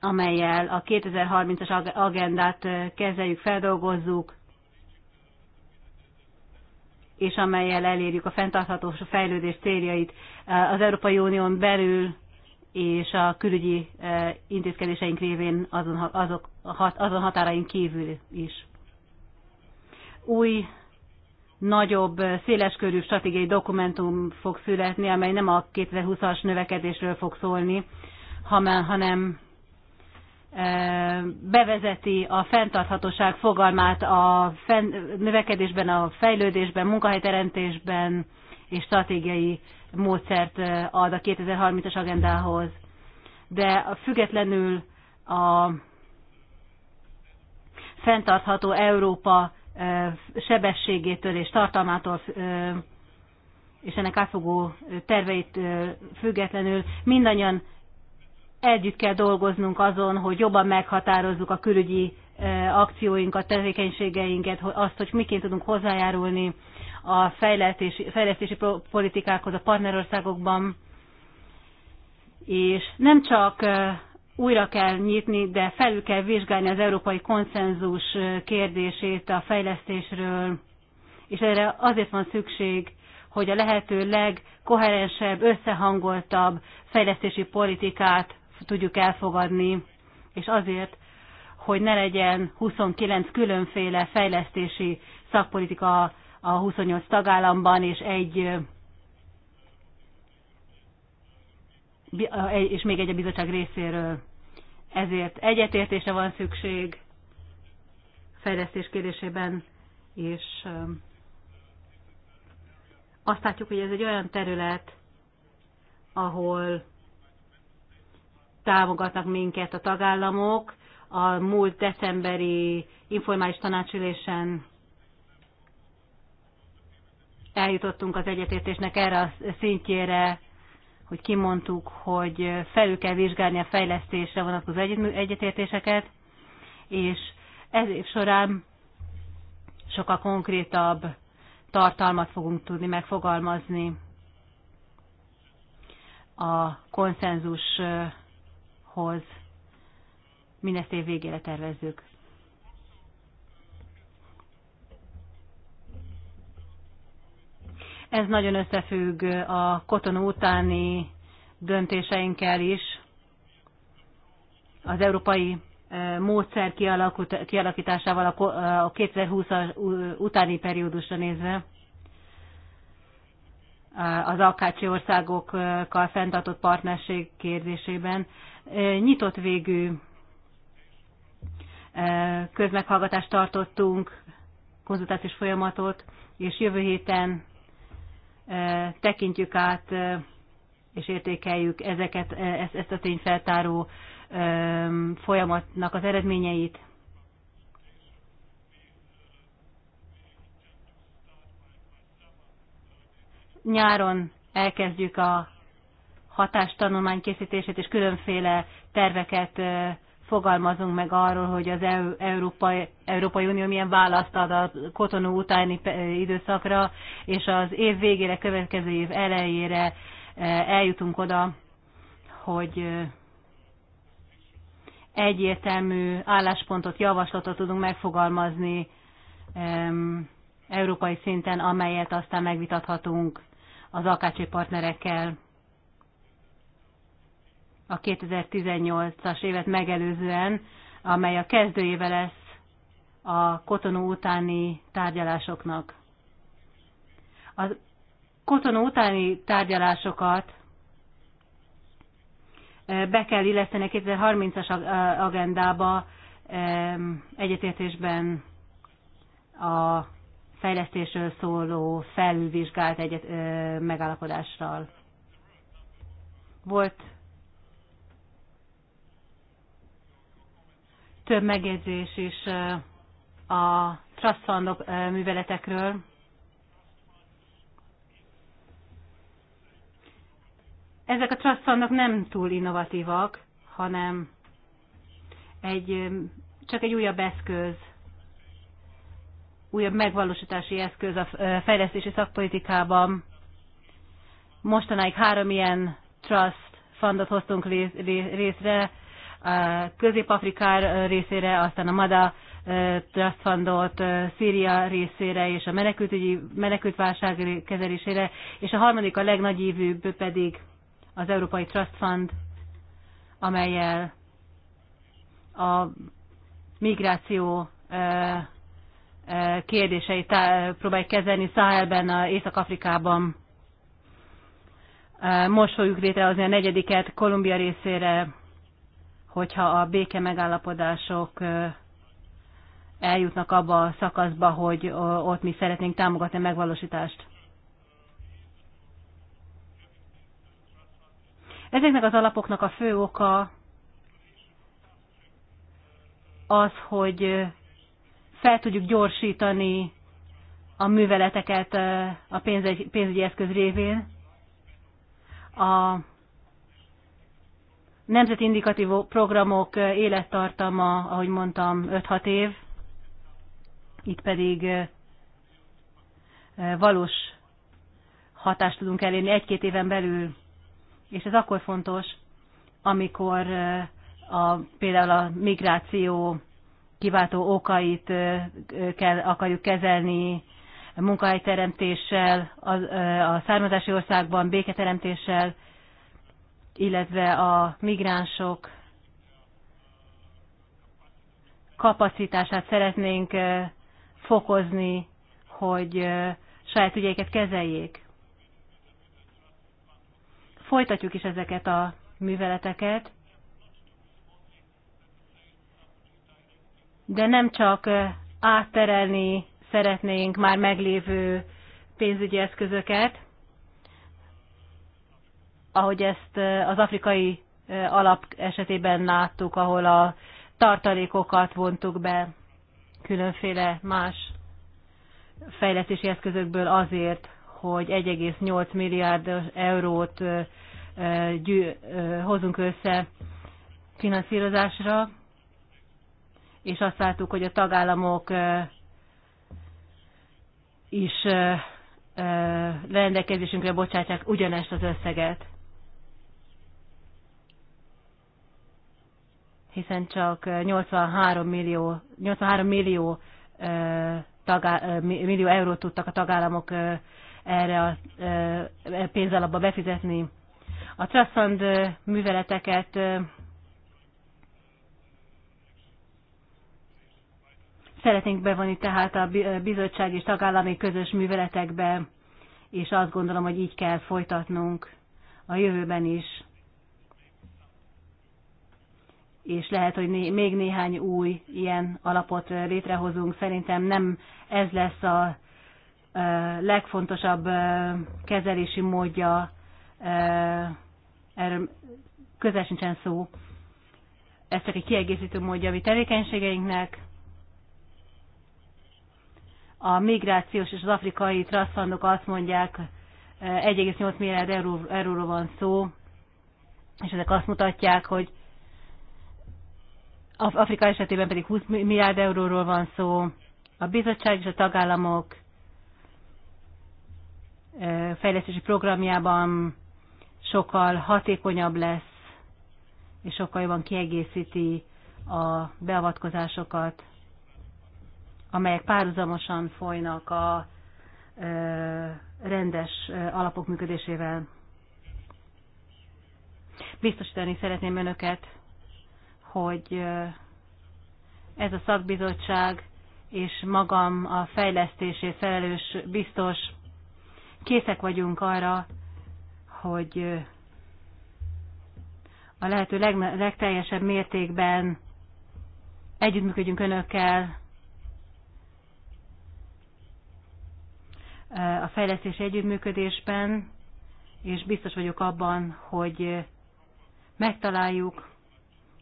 amelyel a 2030-as agendát kezeljük, feldolgozzuk, és amelyel elérjük a fenntartható fejlődés céljait az Európai Unión belül és a külügyi intézkedéseink révén azon, azok azon határain kívül is. Új, nagyobb, széleskörű stratégiai dokumentum fog születni, amely nem a 2020-as növekedésről fog szólni, hanem e, bevezeti a fenntarthatóság fogalmát a fenn, növekedésben, a fejlődésben, munkahelyteremtésben és stratégiai módszert e, ad a 2030-as agendához. De függetlenül a fenntartható Európa sebességétől és tartalmától és ennek átfogó terveit függetlenül mindannyian együtt kell dolgoznunk azon, hogy jobban meghatározzuk a külügyi akcióinkat, tevékenységeinket, azt, hogy miként tudunk hozzájárulni a fejlesztési, fejlesztési politikákhoz a partnerországokban, és nem csak újra kell nyitni, de felül kell vizsgálni az európai konszenzus kérdését a fejlesztésről, és erre azért van szükség, hogy a lehető legkoherensebb, összehangoltabb fejlesztési politikát tudjuk elfogadni, és azért, hogy ne legyen 29 különféle fejlesztési szakpolitika a 28 tagállamban, és egy és még egy a bizottság részéről. Ezért egyetértése van szükség fejlesztés kérdésében, és azt látjuk, hogy ez egy olyan terület, ahol támogatnak minket a tagállamok. A múlt decemberi informális tanácsülésen eljutottunk az egyetértésnek erre a szintjére, hogy kimondtuk, hogy felül kell vizsgálni a fejlesztésre vonatkozó egyetértéseket, és ez év során sokkal konkrétabb tartalmat fogunk tudni megfogalmazni a konszenzushoz. Mindezt év végére tervezzük. Ez nagyon összefügg a kotonó utáni döntéseinkkel is. Az európai e, módszer kialakításával a 2020 e, utáni periódusra nézve e, az alkácsi országokkal fenntartott partnerség kérdésében. Nyitott végű közmeghallgatást tartottunk, konzultációs folyamatot, és jövő héten E, tekintjük át e, és értékeljük ezeket, e, ezt a tényfeltáró folyamatnak az eredményeit. Nyáron elkezdjük a hatástanulmány készítését, és különféle terveket fogalmazunk meg arról, hogy az Európai, Európai Unió milyen választ ad a kotonú utáni eh, időszakra, és az év végére, következő év elejére eh, eljutunk oda, hogy eh, egyértelmű álláspontot, javaslatot tudunk megfogalmazni európai szinten, amelyet aztán megvitathatunk az AKC partnerekkel a 2018-as évet megelőzően, amely a kezdőéve lesz a kotonó utáni tárgyalásoknak. A kotonó utáni tárgyalásokat eh, be kell illeszteni a 2030-as eh, agendába eh, egyetértésben a fejlesztésről szóló felülvizsgált egyet, megállapodással. Volt több megjegyzés is a trust műveletekről. Ezek a trust nem túl innovatívak, hanem egy, csak egy újabb eszköz, újabb megvalósítási eszköz a fejlesztési szakpolitikában. Mostanáig három ilyen trust fundot hoztunk részre, Közép-Afrikár részére, aztán a MADA eh, Trust Fundot eh, Szíria részére és a menekültügyi, menekültválság kezelésére, és a harmadik, a legnagyívűbb pedig az Európai Trust Fund, amelyel a migráció eh, kérdéseit próbálj kezelni Száhelben, Észak-Afrikában. Most fogjuk létrehozni a negyediket Kolumbia részére, hogyha a béke megállapodások eljutnak abba a szakaszba, hogy ott mi szeretnénk támogatni a megvalósítást. Ezeknek az alapoknak a fő oka az, hogy fel tudjuk gyorsítani a műveleteket a pénzügyi eszköz révén. A Nemzeti indikatív programok eh, élettartama, ahogy mondtam, 5-6 év, itt pedig eh, valós hatást tudunk elérni egy-két éven belül, és ez akkor fontos, amikor eh, a, például a migráció kiváltó okait kell, akarjuk kezelni, munkahelyteremtéssel, a, a származási országban béketeremtéssel, illetve a migránsok kapacitását szeretnénk fokozni, hogy saját ügyeiket kezeljék. Folytatjuk is ezeket a műveleteket, de nem csak átterelni szeretnénk már meglévő pénzügyi eszközöket, ahogy ezt eh, az afrikai eh, alap esetében láttuk, ahol a tartalékokat vontuk be különféle más fejlesztési eszközökből azért, hogy 1,8 milliárd eurót eh, gyű, hozunk össze finanszírozásra, és azt láttuk, hogy a tagállamok is rendelkezésünkre bocsátják ugyanezt az összeget. hiszen csak 83 millió, 83 millió, tagá, millió eurót tudtak a tagállamok erre a e, pénzalapba befizetni. A Trasszand műveleteket szeretnénk bevonni tehát a bizottság és tagállami közös műveletekbe, és azt gondolom, hogy így kell folytatnunk a jövőben is és lehet, hogy né- még néhány új ilyen alapot létrehozunk. Szerintem nem ez lesz a legfontosabb kezelési módja, erről közel sincsen szó. Ez csak egy kiegészítő módja a mi tevékenységeinknek. A migrációs és az afrikai trasszandok azt mondják, 1,8 milliárd euró, euróról van szó, és ezek azt mutatják, hogy Afrika esetében pedig 20 milliárd euróról van szó. A bizottság és a tagállamok fejlesztési programjában sokkal hatékonyabb lesz, és sokkal jobban kiegészíti a beavatkozásokat, amelyek párhuzamosan folynak a rendes alapok működésével. Biztosítani szeretném önöket hogy ez a szakbizottság és magam a fejlesztésé felelős biztos készek vagyunk arra, hogy a lehető leg, legteljesebb mértékben együttműködjünk önökkel a fejlesztés együttműködésben, és biztos vagyok abban, hogy megtaláljuk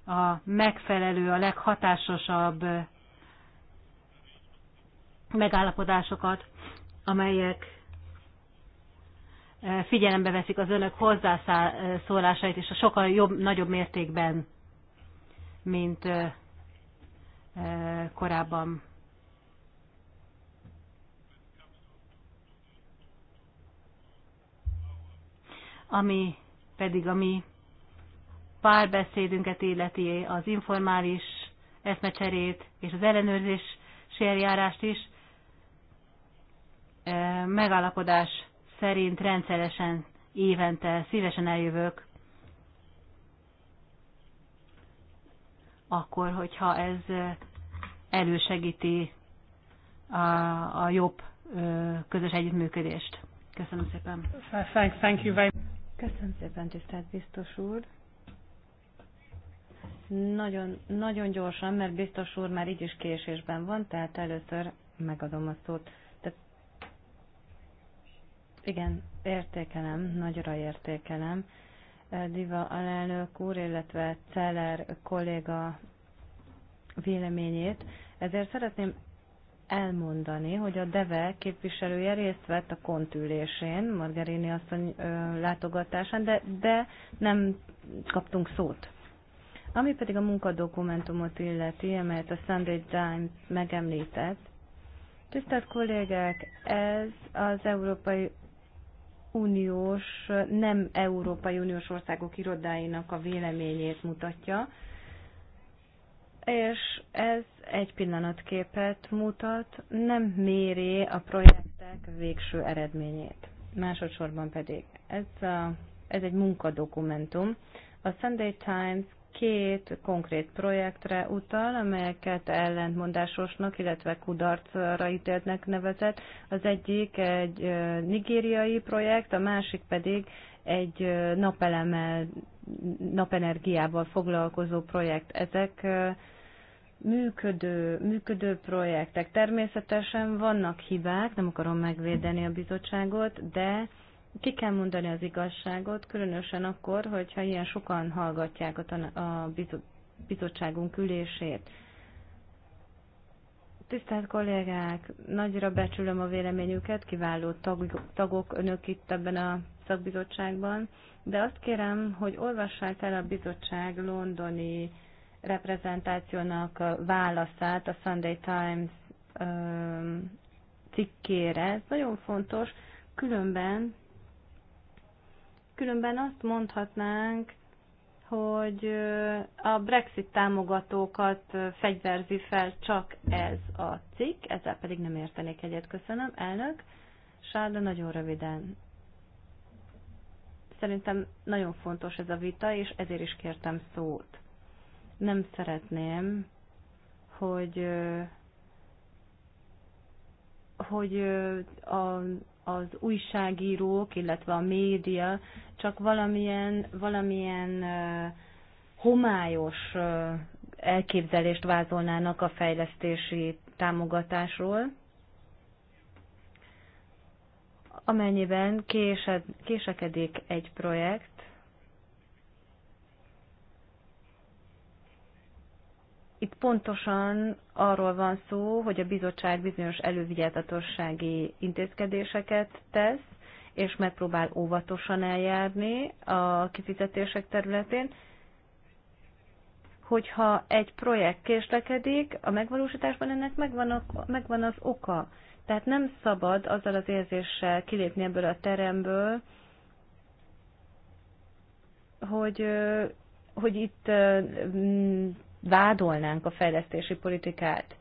a megfelelő, a leghatásosabb megállapodásokat, amelyek eh, figyelembe veszik az önök hozzászólásait, és a sokkal jobb, nagyobb mértékben, mint eh, eh, korábban. Ami pedig a mi párbeszédünket illeti az informális eszmecserét és az ellenőrzés sérjárást is, megállapodás szerint rendszeresen évente szívesen eljövök, akkor, hogyha ez elősegíti a, a jobb közös együttműködést. Köszönöm szépen. Thank you very Köszönöm szépen, tisztelt biztos úr. Nagyon, nagyon gyorsan, mert biztos úr már így is késésben van, tehát először megadom a szót. Tehát igen, értékelem, nagyra értékelem. Eh, Diva alelnök úr, illetve Celler kolléga véleményét. Ezért szeretném elmondani, hogy a DEVE képviselője részt vett a kontülésén, Margarini asszony ö, látogatásán, de, de nem kaptunk szót. Ami pedig a munkadokumentumot illeti, amelyet a Sunday Times megemlített, tisztelt kollégák, ez az Európai Uniós, nem Európai Uniós országok irodáinak a véleményét mutatja, és ez egy pillanatképet mutat, nem méri a projektek végső eredményét. Másodszorban pedig ez, a, ez egy munkadokumentum. A Sunday Times két konkrét projektre utal, amelyeket ellentmondásosnak, illetve kudarcra ítéltnek nevezett. Az egyik egy nigériai projekt, a másik pedig egy napelemmel, napenergiával foglalkozó projekt. Ezek működő, működő projektek. Természetesen vannak hibák, nem akarom megvédeni a bizottságot, de ki kell mondani az igazságot, különösen akkor, hogyha ilyen sokan hallgatják a, a bizottságunk ülését. Tisztelt kollégák, nagyra becsülöm a véleményüket, kiváló tagok, tagok önök itt ebben a szakbizottságban, de azt kérem, hogy olvassák el a bizottság londoni reprezentációnak válaszát a Sunday Times cikkére. Ez nagyon fontos, különben különben azt mondhatnánk, hogy a Brexit támogatókat fegyverzi fel csak ez a cikk, ezzel pedig nem értenék egyet. Köszönöm, elnök. Sárda, nagyon röviden. Szerintem nagyon fontos ez a vita, és ezért is kértem szót. Nem szeretném, hogy hogy a az újságírók, illetve a média csak valamilyen, valamilyen homályos elképzelést vázolnának a fejlesztési támogatásról, amennyiben késed, késekedik egy projekt, Itt pontosan arról van szó, hogy a bizottság bizonyos elővigyeltatossági intézkedéseket tesz, és megpróbál óvatosan eljárni a kifizetések területén, hogyha egy projekt késlekedik, a megvalósításban ennek megvan, a, megvan az oka. Tehát nem szabad azzal az érzéssel kilépni ebből a teremből, hogy, hogy itt vádolnánk a fejlesztési politikát.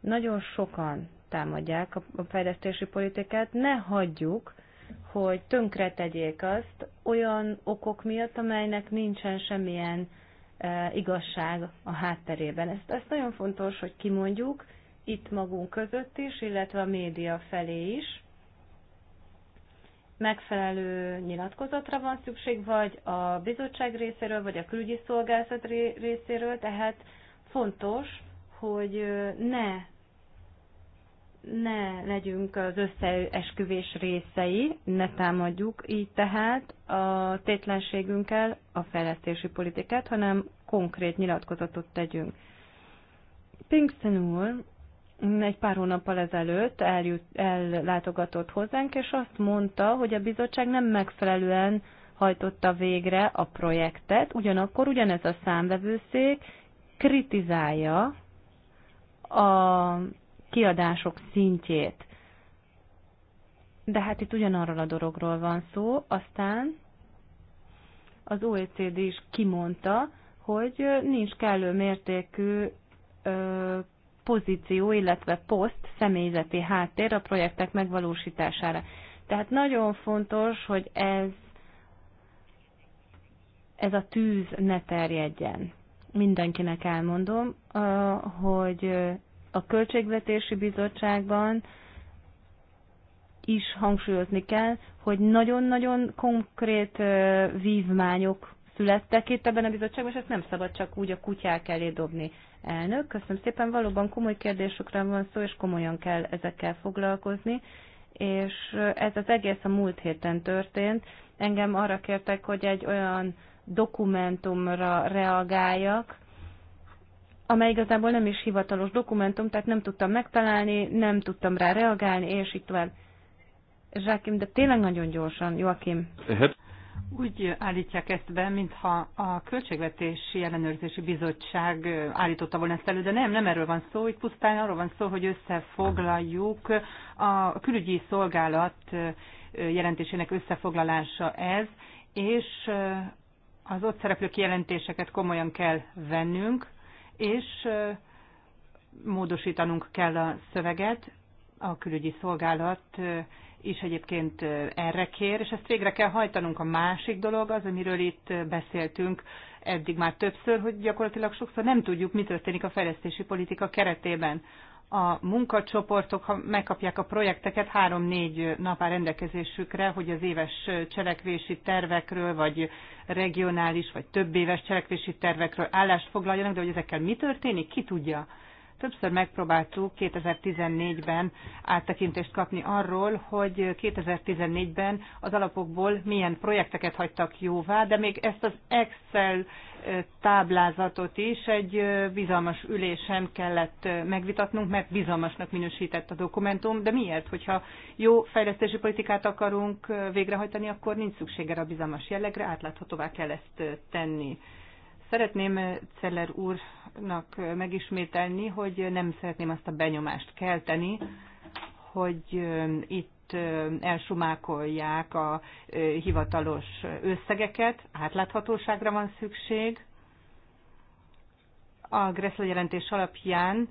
Nagyon sokan támadják a fejlesztési politikát, ne hagyjuk, hogy tönkre tegyék azt olyan okok miatt, amelynek nincsen semmilyen e, igazság a hátterében. Ezt, ezt nagyon fontos, hogy kimondjuk itt magunk között is, illetve a média felé is, megfelelő nyilatkozatra van szükség, vagy a bizottság részéről, vagy a külügyi szolgálat részéről, tehát fontos, hogy ne, ne legyünk az összeesküvés részei, ne támadjuk így tehát a tétlenségünkkel a fejlesztési politikát, hanem konkrét nyilatkozatot tegyünk. Pinkston úr egy pár hónappal ezelőtt eljut, ellátogatott hozzánk, és azt mondta, hogy a bizottság nem megfelelően hajtotta végre a projektet, ugyanakkor ugyanez a számvevőszék kritizálja a kiadások szintjét. De hát itt ugyanarról a dologról van szó, aztán az OECD is kimondta, hogy nincs kellő mértékű pozíció, illetve poszt, személyzeti háttér a projektek megvalósítására. Tehát nagyon fontos, hogy ez, ez a tűz ne terjedjen. Mindenkinek elmondom, hogy a Költségvetési Bizottságban is hangsúlyozni kell, hogy nagyon-nagyon konkrét vívmányok születtek itt ebben a bizottságban, és ezt nem szabad csak úgy a kutyák elé dobni. Elnök, köszönöm szépen, valóban komoly kérdésekre van szó, és komolyan kell ezekkel foglalkozni, és ez az egész a múlt héten történt. Engem arra kértek, hogy egy olyan dokumentumra reagáljak, amely igazából nem is hivatalos dokumentum, tehát nem tudtam megtalálni, nem tudtam rá reagálni, és itt van. Zsákim, de tényleg nagyon gyorsan, Joakim. Hát, úgy állítják ezt be, mintha a Költségvetési Ellenőrzési Bizottság állította volna ezt elő, de nem, nem erről van szó, itt pusztán arról van szó, hogy összefoglaljuk a külügyi szolgálat jelentésének összefoglalása ez, és az ott szereplő kijelentéseket komolyan kell vennünk, és módosítanunk kell a szöveget, a külügyi szolgálat is egyébként erre kér, és ezt végre kell hajtanunk. A másik dolog az, amiről itt beszéltünk eddig már többször, hogy gyakorlatilag sokszor nem tudjuk, mi történik a fejlesztési politika keretében. A munkacsoportok, ha megkapják a projekteket, három-négy nap áll rendelkezésükre, hogy az éves cselekvési tervekről, vagy regionális, vagy több éves cselekvési tervekről állást foglaljanak, de hogy ezekkel mi történik, ki tudja Többször megpróbáltuk 2014-ben áttekintést kapni arról, hogy 2014-ben az alapokból milyen projekteket hagytak jóvá, de még ezt az Excel táblázatot is egy bizalmas ülésen kellett megvitatnunk, mert bizalmasnak minősített a dokumentum, de miért? Hogyha jó fejlesztési politikát akarunk végrehajtani, akkor nincs szükség erre a bizalmas jellegre, átláthatóvá kell ezt tenni. Szeretném Celler úr kollégáknak megismételni, hogy nem szeretném azt a benyomást kelteni, hogy itt elsumákolják a hivatalos összegeket, átláthatóságra van szükség. A Gressel jelentés alapján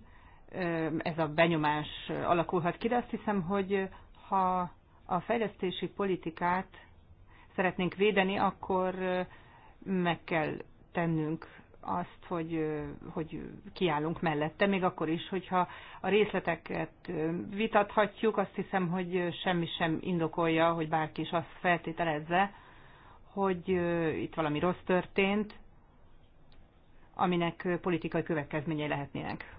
ez a benyomás alakulhat ki, de azt hiszem, hogy ha a fejlesztési politikát szeretnénk védeni, akkor meg kell tennünk azt, hogy, hogy kiállunk mellette, még akkor is, hogyha a részleteket vitathatjuk, azt hiszem, hogy semmi sem indokolja, hogy bárki is azt feltételezze, hogy itt valami rossz történt, aminek politikai következményei lehetnének.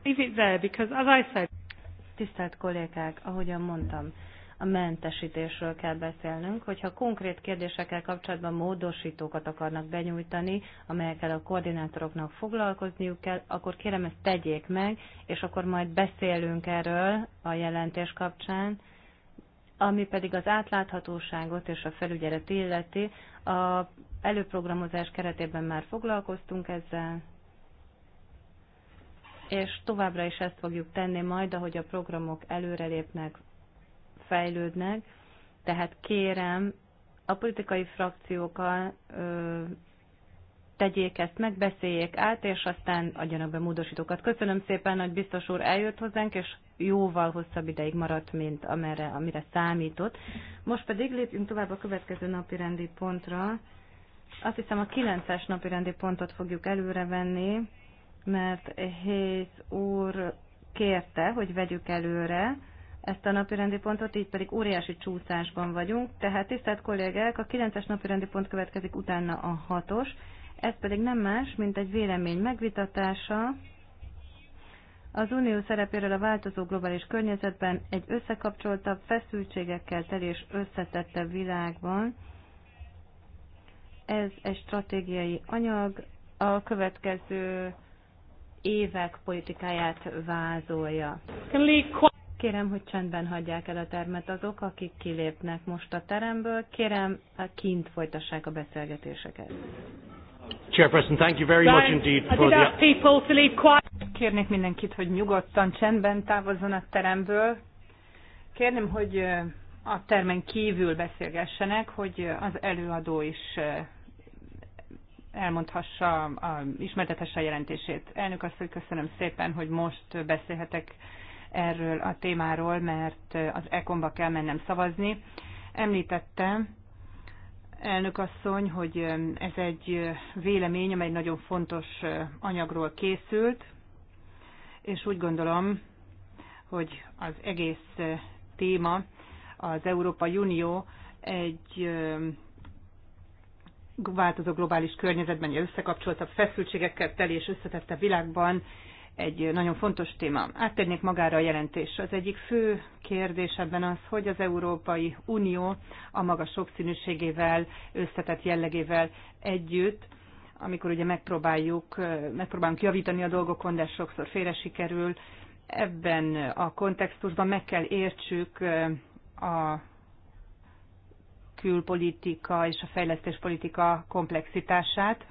Tisztelt kollégák, ahogyan mondtam, a mentesítésről kell beszélnünk. Hogyha konkrét kérdésekkel kapcsolatban módosítókat akarnak benyújtani, amelyekkel a koordinátoroknak foglalkozniuk kell, akkor kérem ezt tegyék meg, és akkor majd beszélünk erről a jelentés kapcsán. Ami pedig az átláthatóságot és a felügyelet illeti, a előprogramozás keretében már foglalkoztunk ezzel, és továbbra is ezt fogjuk tenni majd, ahogy a programok előrelépnek, fejlődnek, tehát kérem, a politikai frakciókkal ö, tegyék ezt meg, beszéljék át, és aztán adjanak be módosítókat. Köszönöm szépen, hogy biztos úr eljött hozzánk, és jóval hosszabb ideig maradt, mint amerre, amire számított. Most pedig lépjünk tovább a következő napi rendi pontra. Azt hiszem a 9-es napi rendi pontot fogjuk előrevenni, mert Héz úr kérte, hogy vegyük előre, ezt a napirendi pontot, így pedig óriási csúszásban vagyunk. Tehát tisztelt kollégák, a 9-es napirendi pont következik utána a 6-os, ez pedig nem más, mint egy vélemény megvitatása az unió szerepéről a változó globális környezetben egy összekapcsoltabb, feszültségekkel teli és összetettebb világban. Ez egy stratégiai anyag, a következő évek politikáját vázolja. Kérem, hogy csendben hagyják el a termet azok, akik kilépnek most a teremből. Kérem, kint folytassák a beszélgetéseket. Chairperson, thank you very much indeed for the... Kérnék mindenkit, hogy nyugodtan, csendben távozzon a teremből. Kérném, hogy a termen kívül beszélgessenek, hogy az előadó is elmondhassa, ismertethesse a jelentését. Elnök asszony, köszönöm szépen, hogy most beszélhetek erről a témáról, mert az ECOM-ba kell mennem szavazni. Említette elnök asszony, hogy ez egy vélemény, amely nagyon fontos anyagról készült, és úgy gondolom, hogy az egész téma az Európai Unió egy változó globális környezetben, egy összekapcsoltabb feszültségekkel teli és összetette világban egy nagyon fontos téma. Áttérnék magára a jelentésre. Az egyik fő kérdés ebben az, hogy az Európai Unió a maga sokszínűségével, összetett jellegével együtt amikor ugye megpróbáljuk, megpróbálunk javítani a dolgokon, de sokszor félre sikerül. Ebben a kontextusban meg kell értsük a külpolitika és a fejlesztéspolitika komplexitását,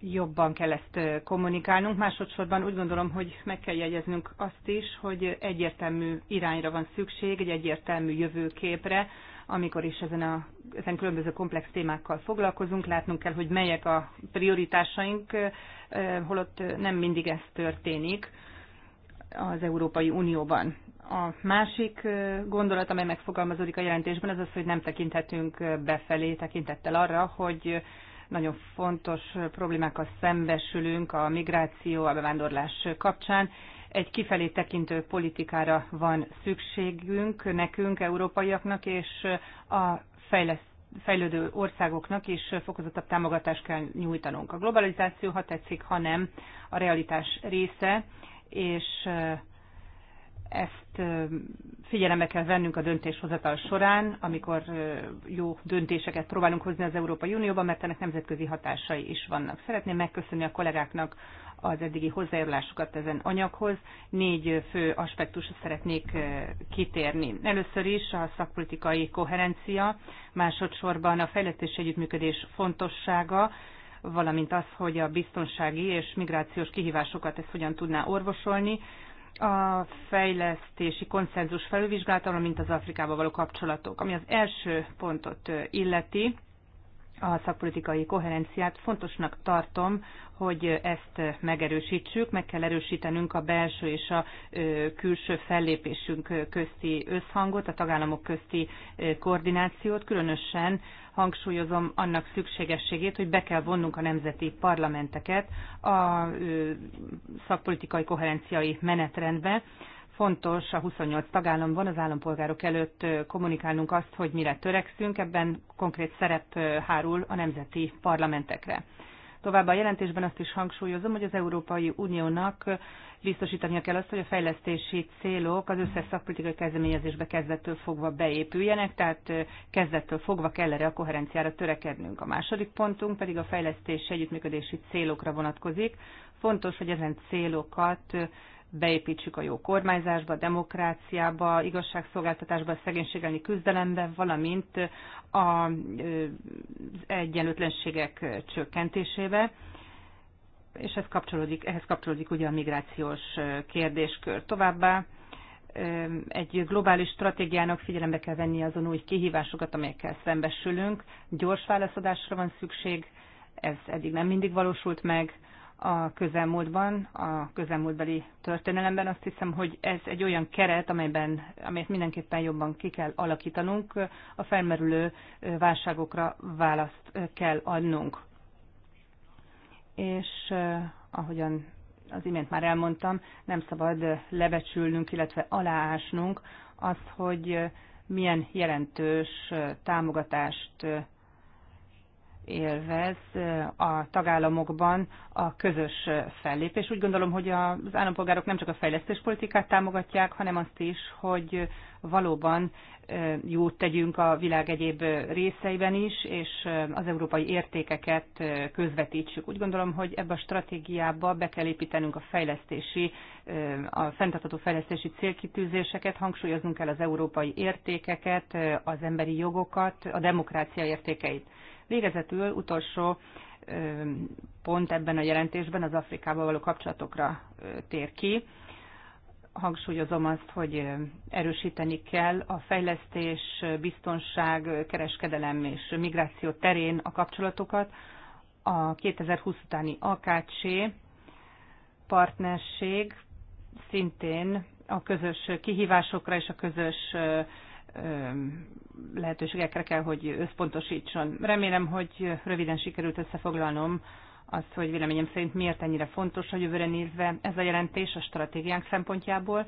jobban kell ezt kommunikálnunk. Másodszorban úgy gondolom, hogy meg kell jegyeznünk azt is, hogy egyértelmű irányra van szükség, egy egyértelmű jövőképre, amikor is ezen, a, ezen különböző komplex témákkal foglalkozunk, látnunk kell, hogy melyek a prioritásaink, holott nem mindig ez történik az Európai Unióban. A másik gondolat, amely megfogalmazódik a jelentésben, az az, hogy nem tekinthetünk befelé, tekintettel arra, hogy nagyon fontos problémákkal szembesülünk a migráció, a bevándorlás kapcsán. Egy kifelé tekintő politikára van szükségünk nekünk, európaiaknak, és a fejlesztés fejlődő országoknak is fokozottabb támogatást kell nyújtanunk. A globalizáció, ha tetszik, ha nem, a realitás része, és ezt figyelembe kell vennünk a döntéshozatal során, amikor jó döntéseket próbálunk hozni az Európai Unióban, mert ennek nemzetközi hatásai is vannak. Szeretném megköszönni a kollégáknak az eddigi hozzájárulásukat ezen anyaghoz. Négy fő aspektusra szeretnék kitérni. Először is a szakpolitikai koherencia, másodszorban a fejlesztés együttműködés fontossága, valamint az, hogy a biztonsági és migrációs kihívásokat ezt hogyan tudná orvosolni, a fejlesztési konszenzus felülvizsgálata, valamint az Afrikába való kapcsolatok. Ami az első pontot illeti, a szakpolitikai koherenciát. Fontosnak tartom, hogy ezt megerősítsük, meg kell erősítenünk a belső és a külső fellépésünk közti összhangot, a tagállamok közti koordinációt, különösen hangsúlyozom annak szükségességét, hogy be kell vonnunk a nemzeti parlamenteket a szakpolitikai koherenciai menetrendbe. Fontos a 28 tagállamban az állampolgárok előtt kommunikálnunk azt, hogy mire törekszünk, ebben konkrét szerep hárul a nemzeti parlamentekre. Továbbá a jelentésben azt is hangsúlyozom, hogy az Európai Uniónak biztosítania kell azt, hogy a fejlesztési célok az összes szakpolitikai kezdeményezésbe kezdettől fogva beépüljenek, tehát kezdettől fogva kell erre a koherenciára törekednünk. A második pontunk pedig a fejlesztési együttműködési célokra vonatkozik. Fontos, hogy ezen célokat beépítsük a jó kormányzásba, demokráciába, igazságszolgáltatásba, a szegénység elleni küzdelembe, valamint az egyenlőtlenségek csökkentésébe és ez kapcsolódik, ehhez kapcsolódik ugye a migrációs kérdéskör. Továbbá egy globális stratégiának figyelembe kell venni azon új kihívásokat, amelyekkel szembesülünk. Gyors válaszadásra van szükség, ez eddig nem mindig valósult meg, a közelmúltban, a közelmúltbeli történelemben. Azt hiszem, hogy ez egy olyan keret, amelyben, amelyet mindenképpen jobban ki kell alakítanunk, a felmerülő válságokra választ kell adnunk. És ahogyan az imént már elmondtam, nem szabad lebecsülnünk, illetve aláásnunk azt, hogy milyen jelentős támogatást élvez a tagállamokban a közös fellépés. Úgy gondolom, hogy az állampolgárok nem csak a fejlesztéspolitikát támogatják, hanem azt is, hogy valóban jót tegyünk a világ egyéb részeiben is, és az európai értékeket közvetítsük. Úgy gondolom, hogy ebbe a stratégiába be kell építenünk a fejlesztési, a fenntartható fejlesztési célkitűzéseket, hangsúlyoznunk kell az európai értékeket, az emberi jogokat, a demokrácia értékeit. Végezetül utolsó pont ebben a jelentésben az Afrikával való kapcsolatokra tér ki. Hangsúlyozom azt, hogy erősíteni kell a fejlesztés, biztonság, kereskedelem és migráció terén a kapcsolatokat. A 2020 utáni AKC partnerség szintén a közös kihívásokra és a közös lehetőségekre kell, hogy összpontosítson. Remélem, hogy röviden sikerült összefoglalnom azt, hogy véleményem szerint miért ennyire fontos a jövőre nézve ez a jelentés a stratégiánk szempontjából.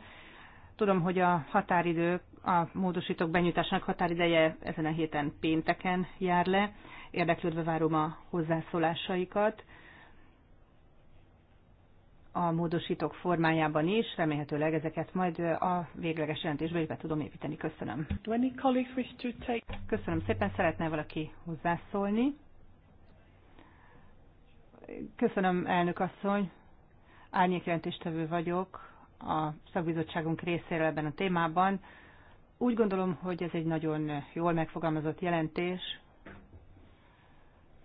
Tudom, hogy a határidő, a módosítók benyújtásának határideje ezen a héten pénteken jár le. Érdeklődve várom a hozzászólásaikat a módosítók formájában is, remélhetőleg ezeket majd a végleges jelentésbe is be tudom építeni. Köszönöm. Köszönöm szépen, szeretne valaki hozzászólni. Köszönöm, elnök asszony. jelentéstevő vagyok a szakbizottságunk részéről ebben a témában. Úgy gondolom, hogy ez egy nagyon jól megfogalmazott jelentés,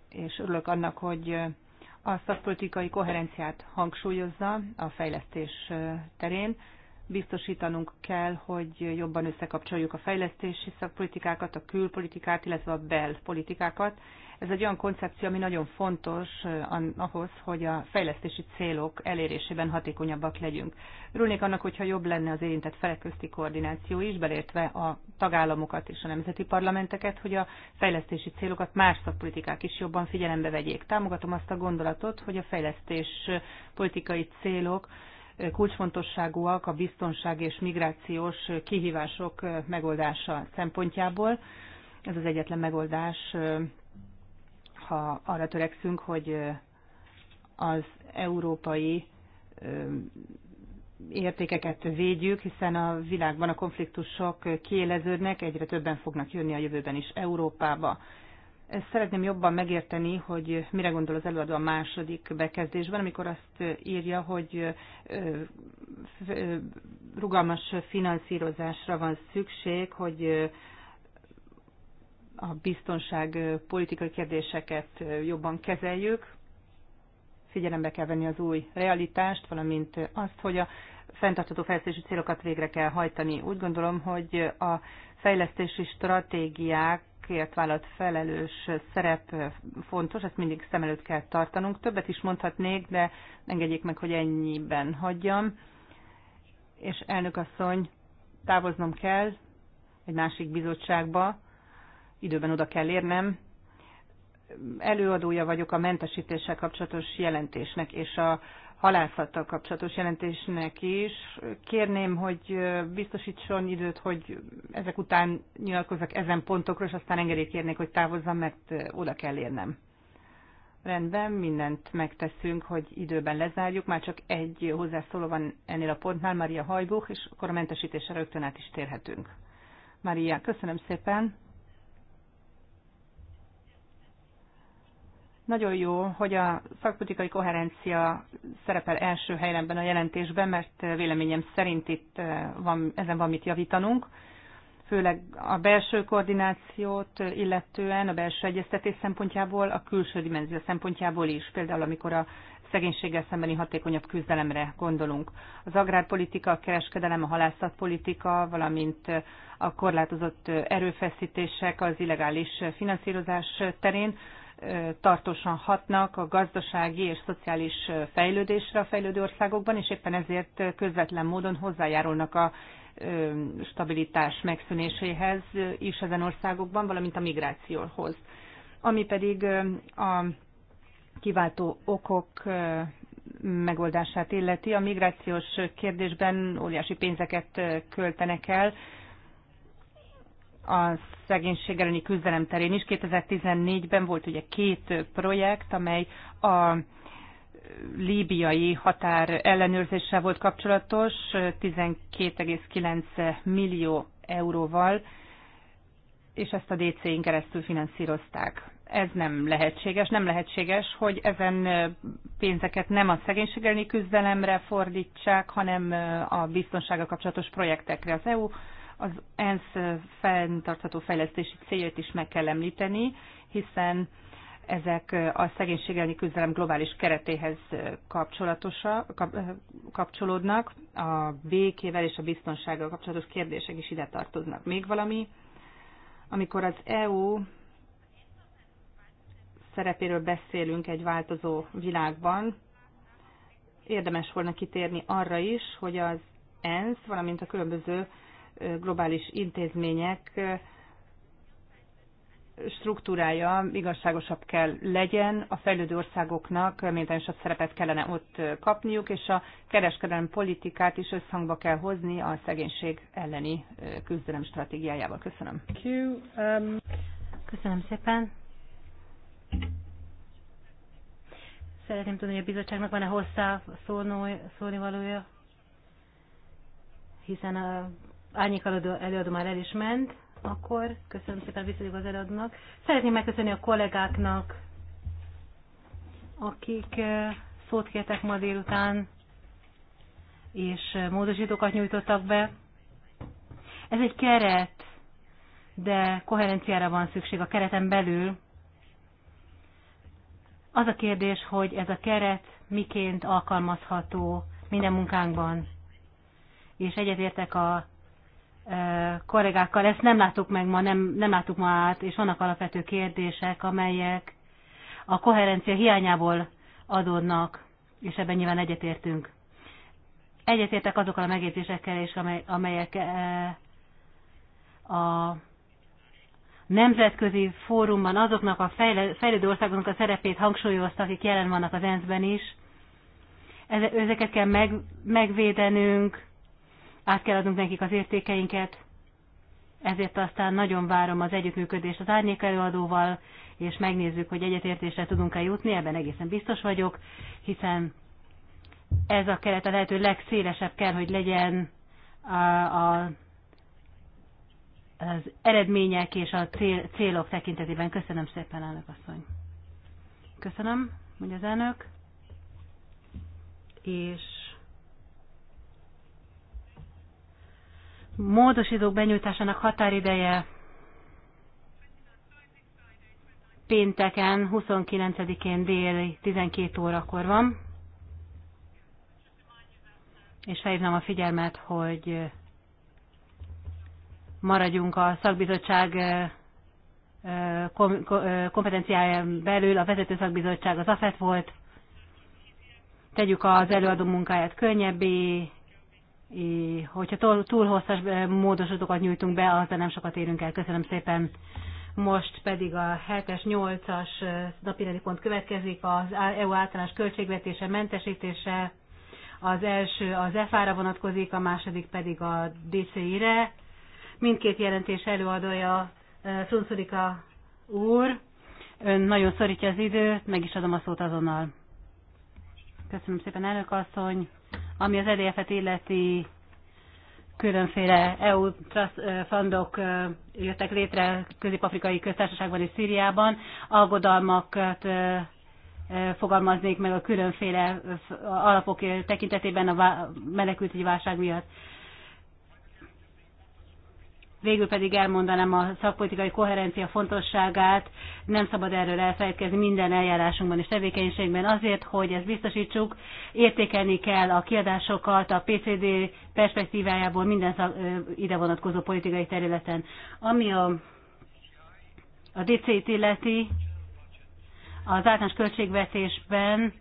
és örülök annak, hogy a szakpolitikai koherenciát hangsúlyozza a fejlesztés terén, biztosítanunk kell, hogy jobban összekapcsoljuk a fejlesztési szakpolitikákat, a külpolitikát, illetve a belpolitikákat. Ez egy olyan koncepció, ami nagyon fontos eh, ahhoz, hogy a fejlesztési célok elérésében hatékonyabbak legyünk. Örülnék annak, hogyha jobb lenne az érintett felek közti koordináció is, belértve a tagállamokat és a nemzeti parlamenteket, hogy a fejlesztési célokat más szakpolitikák is jobban figyelembe vegyék. Támogatom azt a gondolatot, hogy a fejlesztés eh, politikai célok kulcsfontosságúak a biztonság és migrációs kihívások megoldása szempontjából. Ez az egyetlen megoldás, ha arra törekszünk, hogy az európai értékeket védjük, hiszen a világban a konfliktusok kiéleződnek, egyre többen fognak jönni a jövőben is Európába. Ezt szeretném jobban megérteni, hogy mire gondol az előadó a második bekezdésben, amikor azt írja, hogy rugalmas finanszírozásra van szükség, hogy a biztonság politikai kérdéseket jobban kezeljük, figyelembe kell venni az új realitást, valamint azt, hogy a fenntartható fejlesztési célokat végre kell hajtani. Úgy gondolom, hogy a fejlesztési stratégiák kért vállalt felelős szerep fontos, ezt mindig szem előtt kell tartanunk. Többet is mondhatnék, de engedjék meg, hogy ennyiben hagyjam. És elnök asszony, távoznom kell egy másik bizottságba, időben oda kell érnem. Előadója vagyok a mentesítéssel kapcsolatos jelentésnek, és a halászattal kapcsolatos jelentésnek is. Kérném, hogy biztosítson időt, hogy ezek után nyilatkozzak ezen pontokról, és aztán engedélyt kérnék, hogy távozzam, mert oda kell érnem. Rendben, mindent megteszünk, hogy időben lezárjuk. Már csak egy hozzászóló van ennél a pontnál, Maria Hajbuch, és akkor a mentesítésre rögtön át is térhetünk. Maria, köszönöm szépen. Nagyon jó, hogy a szakpolitikai koherencia szerepel első helyen a jelentésben, mert véleményem szerint itt eh, van, ezen van mit javítanunk, főleg a belső koordinációt illetően, a belső egyeztetés szempontjából, a külső dimenzió szempontjából is, például amikor a szegénységgel szembeni hatékonyabb küzdelemre gondolunk. Az agrárpolitika, a kereskedelem, a halászatpolitika, valamint eh, a korlátozott eh, erőfeszítések az illegális finanszírozás terén tartósan hatnak a gazdasági és szociális fejlődésre a fejlődő országokban, és éppen ezért közvetlen módon hozzájárulnak a stabilitás megszűnéséhez is ezen országokban, valamint a migrációhoz. Ami pedig a kiváltó okok megoldását illeti. A migrációs kérdésben óriási pénzeket költenek el, a szegénység elleni küzdelem terén is. 2014-ben volt ugye két projekt, amely a líbiai határ ellenőrzéssel volt kapcsolatos, 12,9 millió euróval, és ezt a DC-n keresztül finanszírozták. Ez nem lehetséges, nem lehetséges, hogy ezen pénzeket nem a szegénységelni küzdelemre fordítsák, hanem a biztonsága kapcsolatos projektekre. Az EU az ENSZ fenntartható fejlesztési céljait is meg kell említeni, hiszen ezek a szegénység elleni küzdelem globális keretéhez kapcsolódnak, a békével és a biztonsággal kapcsolatos kérdések is ide tartoznak. Még valami, amikor az EU szerepéről beszélünk egy változó világban, érdemes volna kitérni arra is, hogy az ENSZ, valamint a különböző globális intézmények struktúrája igazságosabb kell legyen, a fejlődő országoknak méltányosabb szerepet kellene ott kapniuk, és a kereskedelmi politikát is összhangba kell hozni a szegénység elleni küzdelem stratégiájával. Köszönöm. Um, Köszönöm szépen. Szeretném tudni, hogy a bizottságnak van-e hozzá szólni valója, hiszen a árnyék előadó már el is ment, akkor köszönöm szépen viszonylag az előadónak. Szeretném megköszönni a kollégáknak, akik szót kértek ma délután, és módosítókat nyújtottak be. Ez egy keret, de koherenciára van szükség a kereten belül. Az a kérdés, hogy ez a keret miként alkalmazható minden munkánkban. És egyetértek a kollégákkal ezt nem láttuk meg ma, nem, nem láttuk ma át, és vannak alapvető kérdések, amelyek a koherencia hiányából adódnak, és ebben nyilván egyetértünk. Egyetértek azokkal a megjegyzésekkel is, amely, amelyek eh, a nemzetközi fórumban azoknak a fejlődő országoknak a szerepét hangsúlyozta, akik jelen vannak az ENSZ-ben is. Ezeket kell meg, megvédenünk, át kell adnunk nekik az értékeinket, ezért aztán nagyon várom az együttműködést az árnyék előadóval, és megnézzük, hogy egyetértésre tudunk-e jutni, ebben egészen biztos vagyok, hiszen ez a keret a lehető legszélesebb kell, hogy legyen a, a, az eredmények és a cél, célok tekintetében. Köszönöm szépen, elnök asszony. Köszönöm, mondja az elnök. És Módosítók benyújtásának határideje pénteken, 29-én déli 12 órakor van. És felhívnám a figyelmet, hogy maradjunk a szakbizottság kompetenciáján belül, a vezető szakbizottság az AFET volt, tegyük az előadó munkáját könnyebbé, hogyha túl, túl hosszas eh, módosítókat nyújtunk be, azzal nem sokat érünk el. Köszönöm szépen. Most pedig a 7-es, 8-as eh, napirendi pont következik, az EU általános költségvetése, mentesítése. Az első az EFA-ra vonatkozik, a második pedig a DCI-re. Mindkét jelentés előadója eh, Szunszurika úr. Ön nagyon szorítja az időt, meg is adom a szót azonnal. Köszönöm szépen, elnök asszony. Ami az EDF-et illeti különféle EU fundok jöttek létre Közép-Afrikai Köztársaságban és Szíriában, aggodalmakat fogalmaznék meg a különféle alapok tekintetében a menekültügyi válság miatt. Végül pedig elmondanám a szakpolitikai koherencia fontosságát, nem szabad erről elfelejtkezni minden eljárásunkban és tevékenységben azért, hogy ezt biztosítsuk, értékelni kell a kiadásokat a PCD perspektívájából minden szak, ide vonatkozó politikai területen. Ami a, a DC-t illeti, az általános költségvetésben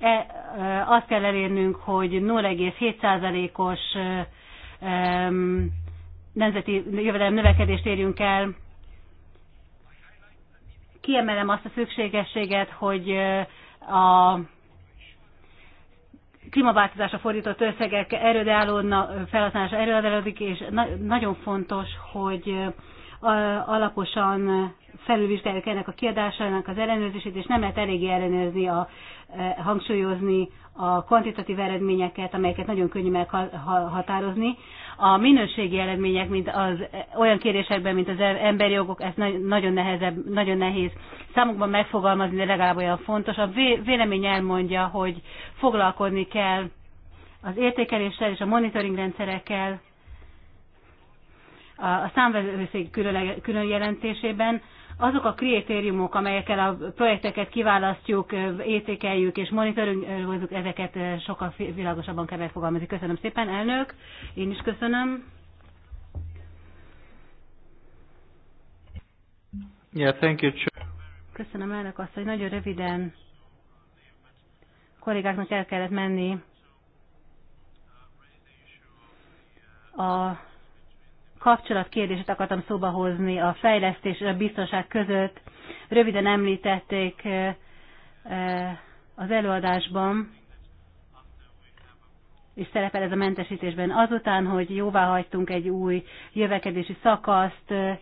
e, azt kell elérnünk, hogy 0,7%-os nemzeti jövedelem növekedést érjünk el. Kiemelem azt a szükségességet, hogy a klímaváltozásra fordított összegek erődeálló felhasználása erődeállódik, és na nagyon fontos, hogy alaposan felülvizsgáljuk ennek a kiadásának az ellenőrzését, és nem lehet eléggé ellenőrzni, a, hangsúlyozni a kvantitatív eredményeket, amelyeket nagyon könnyű meghatározni a minőségi eredmények, mint az olyan kérésekben, mint az e- emberi jogok, ez nagyon, nehezebb, nagyon nehéz számukban megfogalmazni, de legalább olyan fontos. A vélemény elmondja, hogy foglalkozni kell az értékeléssel és a monitoring rendszerekkel, a számvevőszék külön jelentésében azok a kritériumok, amelyekkel a projekteket kiválasztjuk, értékeljük és monitorozzuk, ezeket sokkal világosabban kell megfogalmazni. Köszönöm szépen, elnök. Én is köszönöm. Yeah, thank you. Köszönöm elnök azt, hogy nagyon röviden kollégáknak el kellett menni a kapcsolatkérdését akartam szóba hozni a fejlesztés és a biztonság között. Röviden említették eh, eh, az előadásban, és szerepel ez a mentesítésben. Azután, hogy jóvá hagytunk egy új jövekedési szakaszt eh,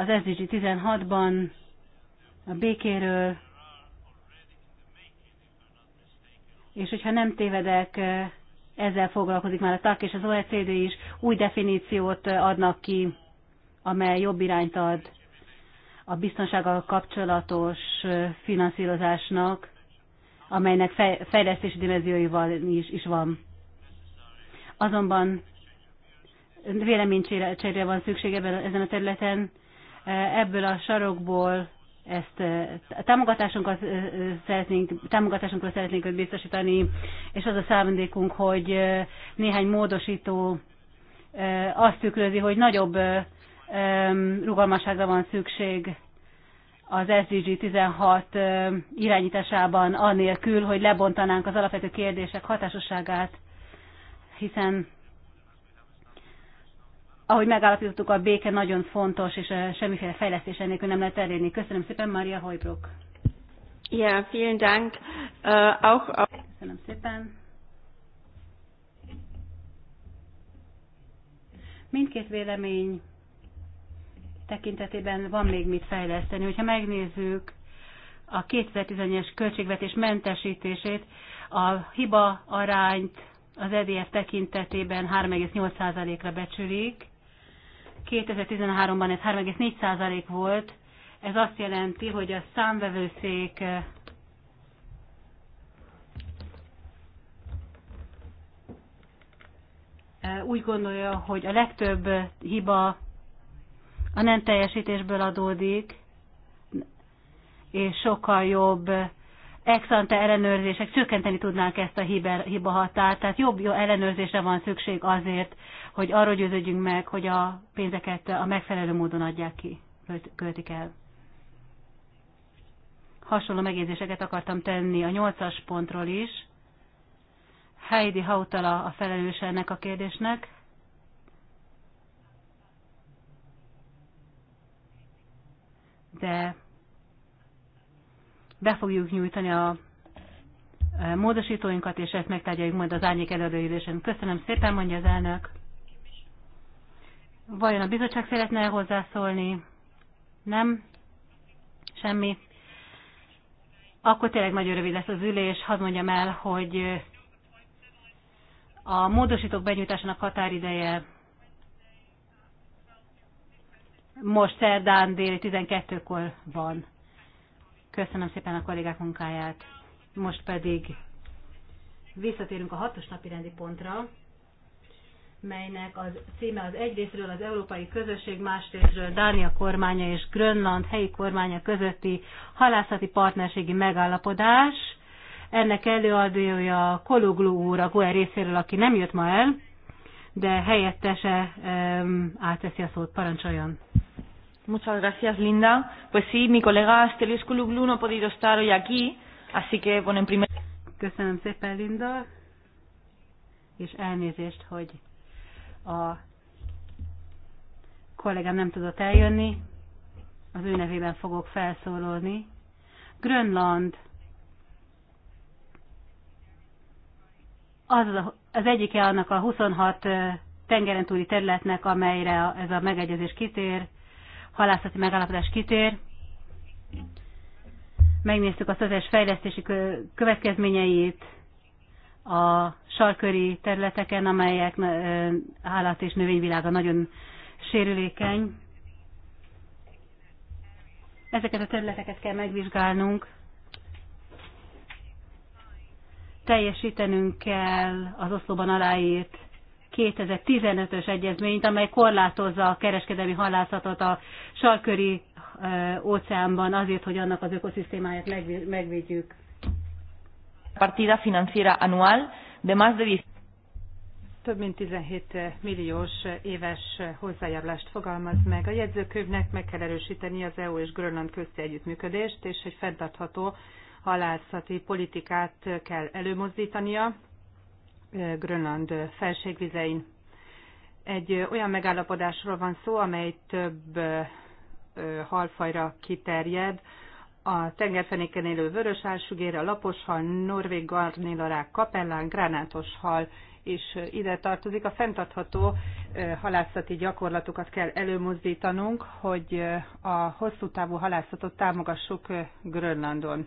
az SDG 16-ban, a békéről, és hogyha nem tévedek, ezzel foglalkozik már a TAK és az OECD is, új definíciót adnak ki, amely jobb irányt ad a biztonsággal kapcsolatos finanszírozásnak, amelynek fejlesztési dimenzióival is, is van. Azonban véleménycserére van szükség ebben, ezen a területen. Ebből a sarokból ezt eh, támogatásunkat eh, eh, szeretnénk, támogatásunkról szeretnénk őt biztosítani, és az a szándékunk, hogy néhány módosító azt tükrözi, hogy nagyobb rugalmasságra van szükség az SDG 16 irányításában, anélkül, hogy lebontanánk az alapvető kérdések hatásosságát, hiszen ahogy megállapítottuk, a béke nagyon fontos, és eh, semmiféle fejlesztés nélkül nem lehet elérni. Köszönöm szépen, Maria Hojbrok. Ja, vielen Dank. Uh, auch, auch. Köszönöm szépen. Mindkét vélemény tekintetében van még mit fejleszteni. Hogyha megnézzük a 2010-es költségvetés mentesítését, a hiba arányt az EDF tekintetében 3,8%-ra becsülik, 2013-ban ez 3,4% volt. Ez azt jelenti, hogy a számvevőszék eh, eh, úgy gondolja, hogy a legtöbb hiba a nem teljesítésből adódik, és sokkal jobb exante ellenőrzések csökkenteni tudnánk ezt a hiba határt, tehát jobb, jobb ellenőrzésre van szükség azért, hogy arról győződjünk meg, hogy a pénzeket a megfelelő módon adják ki, költik el. Hasonló megjegyzéseket akartam tenni a nyolcas pontról is. Heidi Hautala a felelőse ennek a kérdésnek. De be fogjuk nyújtani a módosítóinkat, és ezt megtárgyaljuk majd az árnyék előadóülésen. Köszönöm szépen, mondja az elnök. Vajon a bizottság szeretne hozzászólni? Nem? Semmi? Akkor tényleg nagyon rövid lesz az ülés. Hadd mondjam el, hogy a módosítók benyújtásának határideje most szerdán déli 12-kor van. Köszönöm szépen a kollégák munkáját. Most pedig visszatérünk a hatos napi rendi pontra melynek az címe az egyrésztről az Európai Közösség, másrésztről Dánia kormánya és Grönland helyi kormánya közötti halászati partnerségi megállapodás. Ennek előadója Kologlu úr a Goer részéről, aki nem jött ma el, de helyettese um, átveszi a szót. Parancsoljon! Muchas gracias, Linda. Pues sí, mi colega Astelios Kuluglu no podido estar hoy aquí, así que, bueno, en primer... Köszönöm szépen, Linda, és elnézést, hogy a kollégám nem tudott eljönni, az ő nevében fogok felszólalni. Grönland az, az egyike annak a 26 tengeren túli területnek, amelyre ez a megegyezés kitér, halászati megállapodás kitér. Megnéztük az összes fejlesztési következményeit, a sarköri területeken, amelyek állat és növényvilága nagyon sérülékeny. Ezeket a területeket kell megvizsgálnunk. Teljesítenünk kell az oszlóban aláírt 2015-ös egyezményt, amely korlátozza a kereskedelmi halászatot a sarköri óceánban azért, hogy annak az ökoszisztémáját megvédjük partida financiera anual de más de több mint 17 milliós éves hozzájárulást fogalmaz meg. A jegyzőkövnek meg kell erősíteni az EU és Grönland közti együttműködést, és egy fenntartható halászati politikát kell előmozdítania Grönland felségvizein. Egy olyan megállapodásról van szó, amely több halfajra kiterjed, a tengerfenéken élő vörös álsugére, a hal, norvég garnélarák, kapellán, hal is ide tartozik. A fenntartható halászati gyakorlatokat kell előmozdítanunk, hogy a hosszú távú halászatot támogassuk Grönlandon.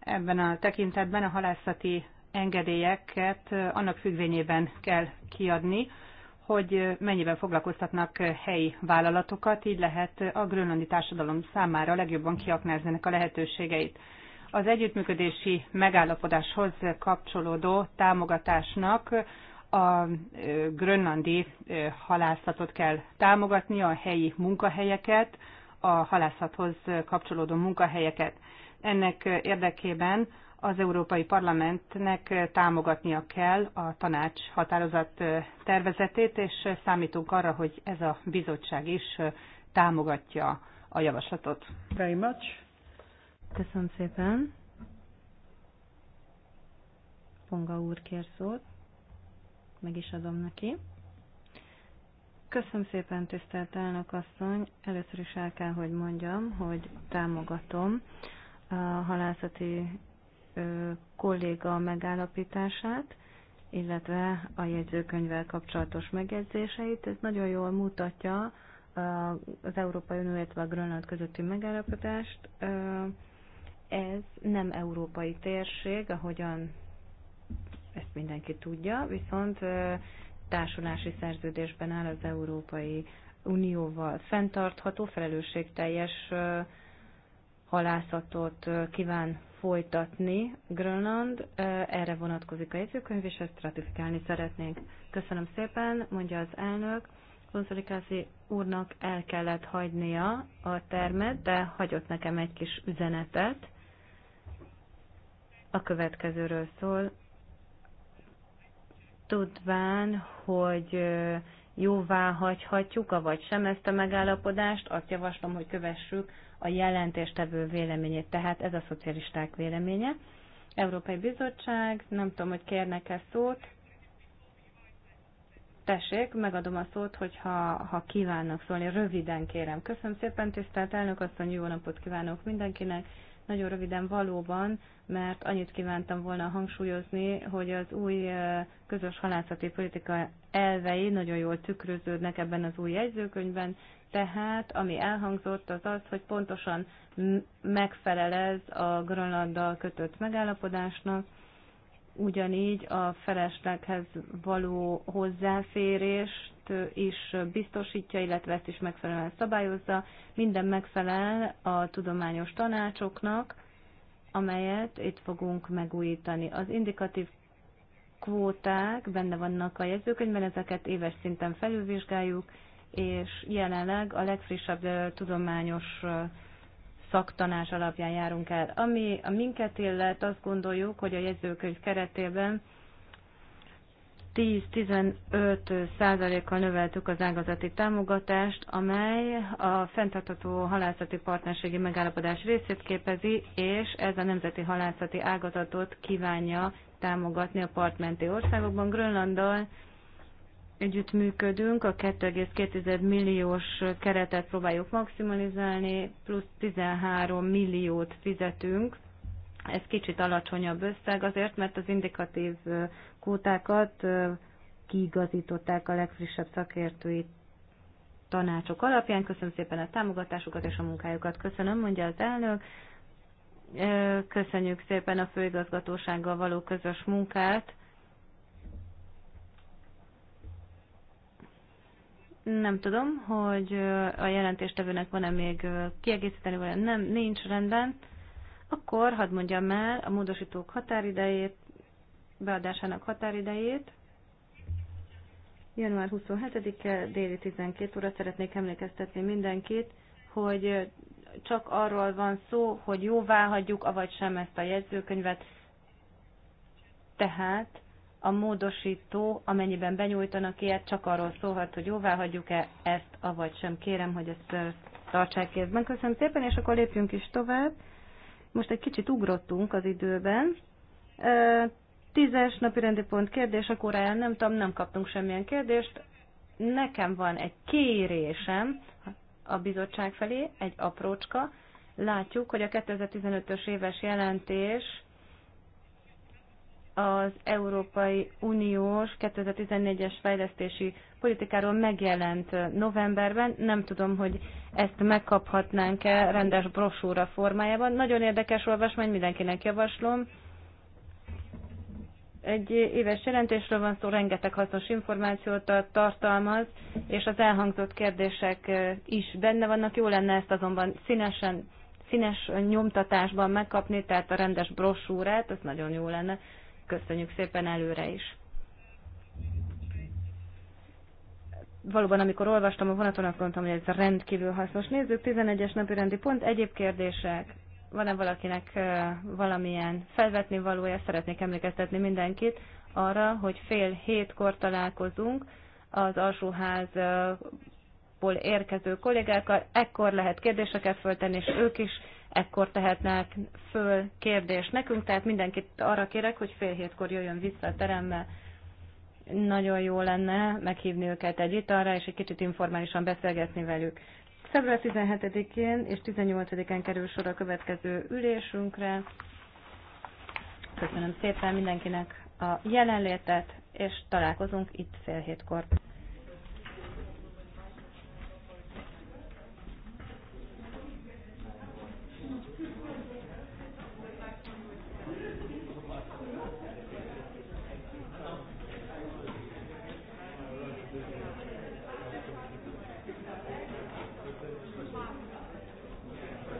Ebben a tekintetben a halászati engedélyeket annak függvényében kell kiadni, hogy mennyiben foglalkoztatnak helyi vállalatokat, így lehet a grönlandi társadalom számára legjobban kiaknázni ennek a lehetőségeit. Az együttműködési megállapodáshoz kapcsolódó támogatásnak a grönlandi halászatot kell támogatni, a helyi munkahelyeket, a halászathoz kapcsolódó munkahelyeket. Ennek érdekében az Európai Parlamentnek támogatnia kell a tanács határozat tervezetét, és számítunk arra, hogy ez a bizottság is támogatja a javaslatot. Very much. Köszönöm szépen. Ponga úr kér szót. Meg is adom neki. Köszönöm szépen, tisztelt elnök asszony. Először is el kell, hogy mondjam, hogy támogatom a halászati kolléga megállapítását, illetve a jegyzőkönyvvel kapcsolatos megjegyzéseit. Ez nagyon jól mutatja az Európai Unió, illetve a Grönland közötti megállapodást. Ez nem európai térség, ahogyan ezt mindenki tudja, viszont társulási szerződésben áll az Európai Unióval. Fenntartható, felelősségteljes halászatot kíván folytatni Grönland, erre vonatkozik a jegyzőkönyv, és ezt ratifikálni szeretnénk. Köszönöm szépen, mondja az elnök. Konzolikázi úrnak el kellett hagynia a termet, de hagyott nekem egy kis üzenetet. A következőről szól. Tudván, hogy jóvá hagyhatjuk, vagy sem ezt a megállapodást, azt javaslom, hogy kövessük a jelentéstevő véleményét, tehát ez a szocialisták véleménye. Európai Bizottság, nem tudom, hogy kérnek-e szót. Tessék, megadom a szót, hogyha ha kívánnak szólni. Röviden kérem. Köszönöm szépen, tisztelt elnök asszony, jó napot kívánok mindenkinek. Nagyon röviden valóban, mert annyit kívántam volna hangsúlyozni, hogy az új közös halászati politika elvei nagyon jól tükröződnek ebben az új jegyzőkönyvben, tehát ami elhangzott az az, hogy pontosan megfelel ez a Grönlanddal kötött megállapodásnak, ugyanígy a felesleghez való hozzáférést is biztosítja, illetve ezt is megfelelően szabályozza. Minden megfelel a tudományos tanácsoknak, amelyet itt fogunk megújítani. Az indikatív kvóták benne vannak a jegyzőkönyvben, ezeket éves szinten felülvizsgáljuk, és jelenleg a legfrissebb tudományos szaktanás alapján járunk el. Ami a minket illet, azt gondoljuk, hogy a jegyzőkönyv keretében 10-15 százalékkal növeltük az ágazati támogatást, amely a fenntartató halászati partnerségi megállapodás részét képezi, és ez a nemzeti halászati ágazatot kívánja támogatni a partmenti országokban. Grönlanddal együttműködünk, a 2,2 milliós keretet próbáljuk maximalizálni, plusz 13 milliót fizetünk. Ez kicsit alacsonyabb összeg azért, mert az indikatív kótákat kiigazították a legfrissebb szakértői tanácsok alapján. Köszönöm szépen a támogatásukat és a munkájukat. Köszönöm, mondja az elnök. Köszönjük szépen a főigazgatósággal való közös munkát Nem tudom, hogy a jelentéstevőnek van-e még kiegészíteni, vagy nem, nincs rendben. Akkor hadd mondjam el a módosítók határidejét, beadásának határidejét. Január 27-e déli 12 óra szeretnék emlékeztetni mindenkit, hogy csak arról van szó, hogy jóvá hagyjuk, avagy sem ezt a jegyzőkönyvet. Tehát a módosító, amennyiben benyújtanak ilyet, csak arról szólhat, hogy jóvá hagyjuk-e ezt, avagy sem. Kérem, hogy ezt tartsák kézben. Köszönöm szépen, és akkor lépjünk is tovább. Most egy kicsit ugrottunk az időben. Tízes napi rendi pont kérdés, akkor el nem tudom, nem kaptunk semmilyen kérdést. Nekem van egy kérésem a bizottság felé, egy aprócska. Látjuk, hogy a 2015-ös éves jelentés az Európai Uniós 2014-es fejlesztési politikáról megjelent novemberben. Nem tudom, hogy ezt megkaphatnánk-e rendes brosúra formájában. Nagyon érdekes olvasmány, mindenkinek javaslom. Egy éves jelentésről van szó, rengeteg hasznos információt tartalmaz, és az elhangzott kérdések is benne vannak. Jó lenne ezt azonban színesen, színes nyomtatásban megkapni, tehát a rendes brosúrát, ez nagyon jó lenne köszönjük szépen előre is. Valóban, amikor olvastam a vonaton, azt gondoltam, hogy ez rendkívül hasznos. Nézzük, 11-es napi rendi pont, egyéb kérdések. Van-e valakinek valamilyen felvetni valója? Szeretnék emlékeztetni mindenkit arra, hogy fél hétkor találkozunk az alsóház érkező kollégákkal, ekkor lehet kérdéseket föltenni, és ők is ekkor tehetnek föl kérdést nekünk, tehát mindenkit arra kérek, hogy fél hétkor jöjjön vissza a terembe, nagyon jó lenne meghívni őket egy italra, és egy kicsit informálisan beszélgetni velük. Február 17-én és 18-án kerül sor a következő ülésünkre. Köszönöm szépen mindenkinek a jelenlétet, és találkozunk itt fél hétkor.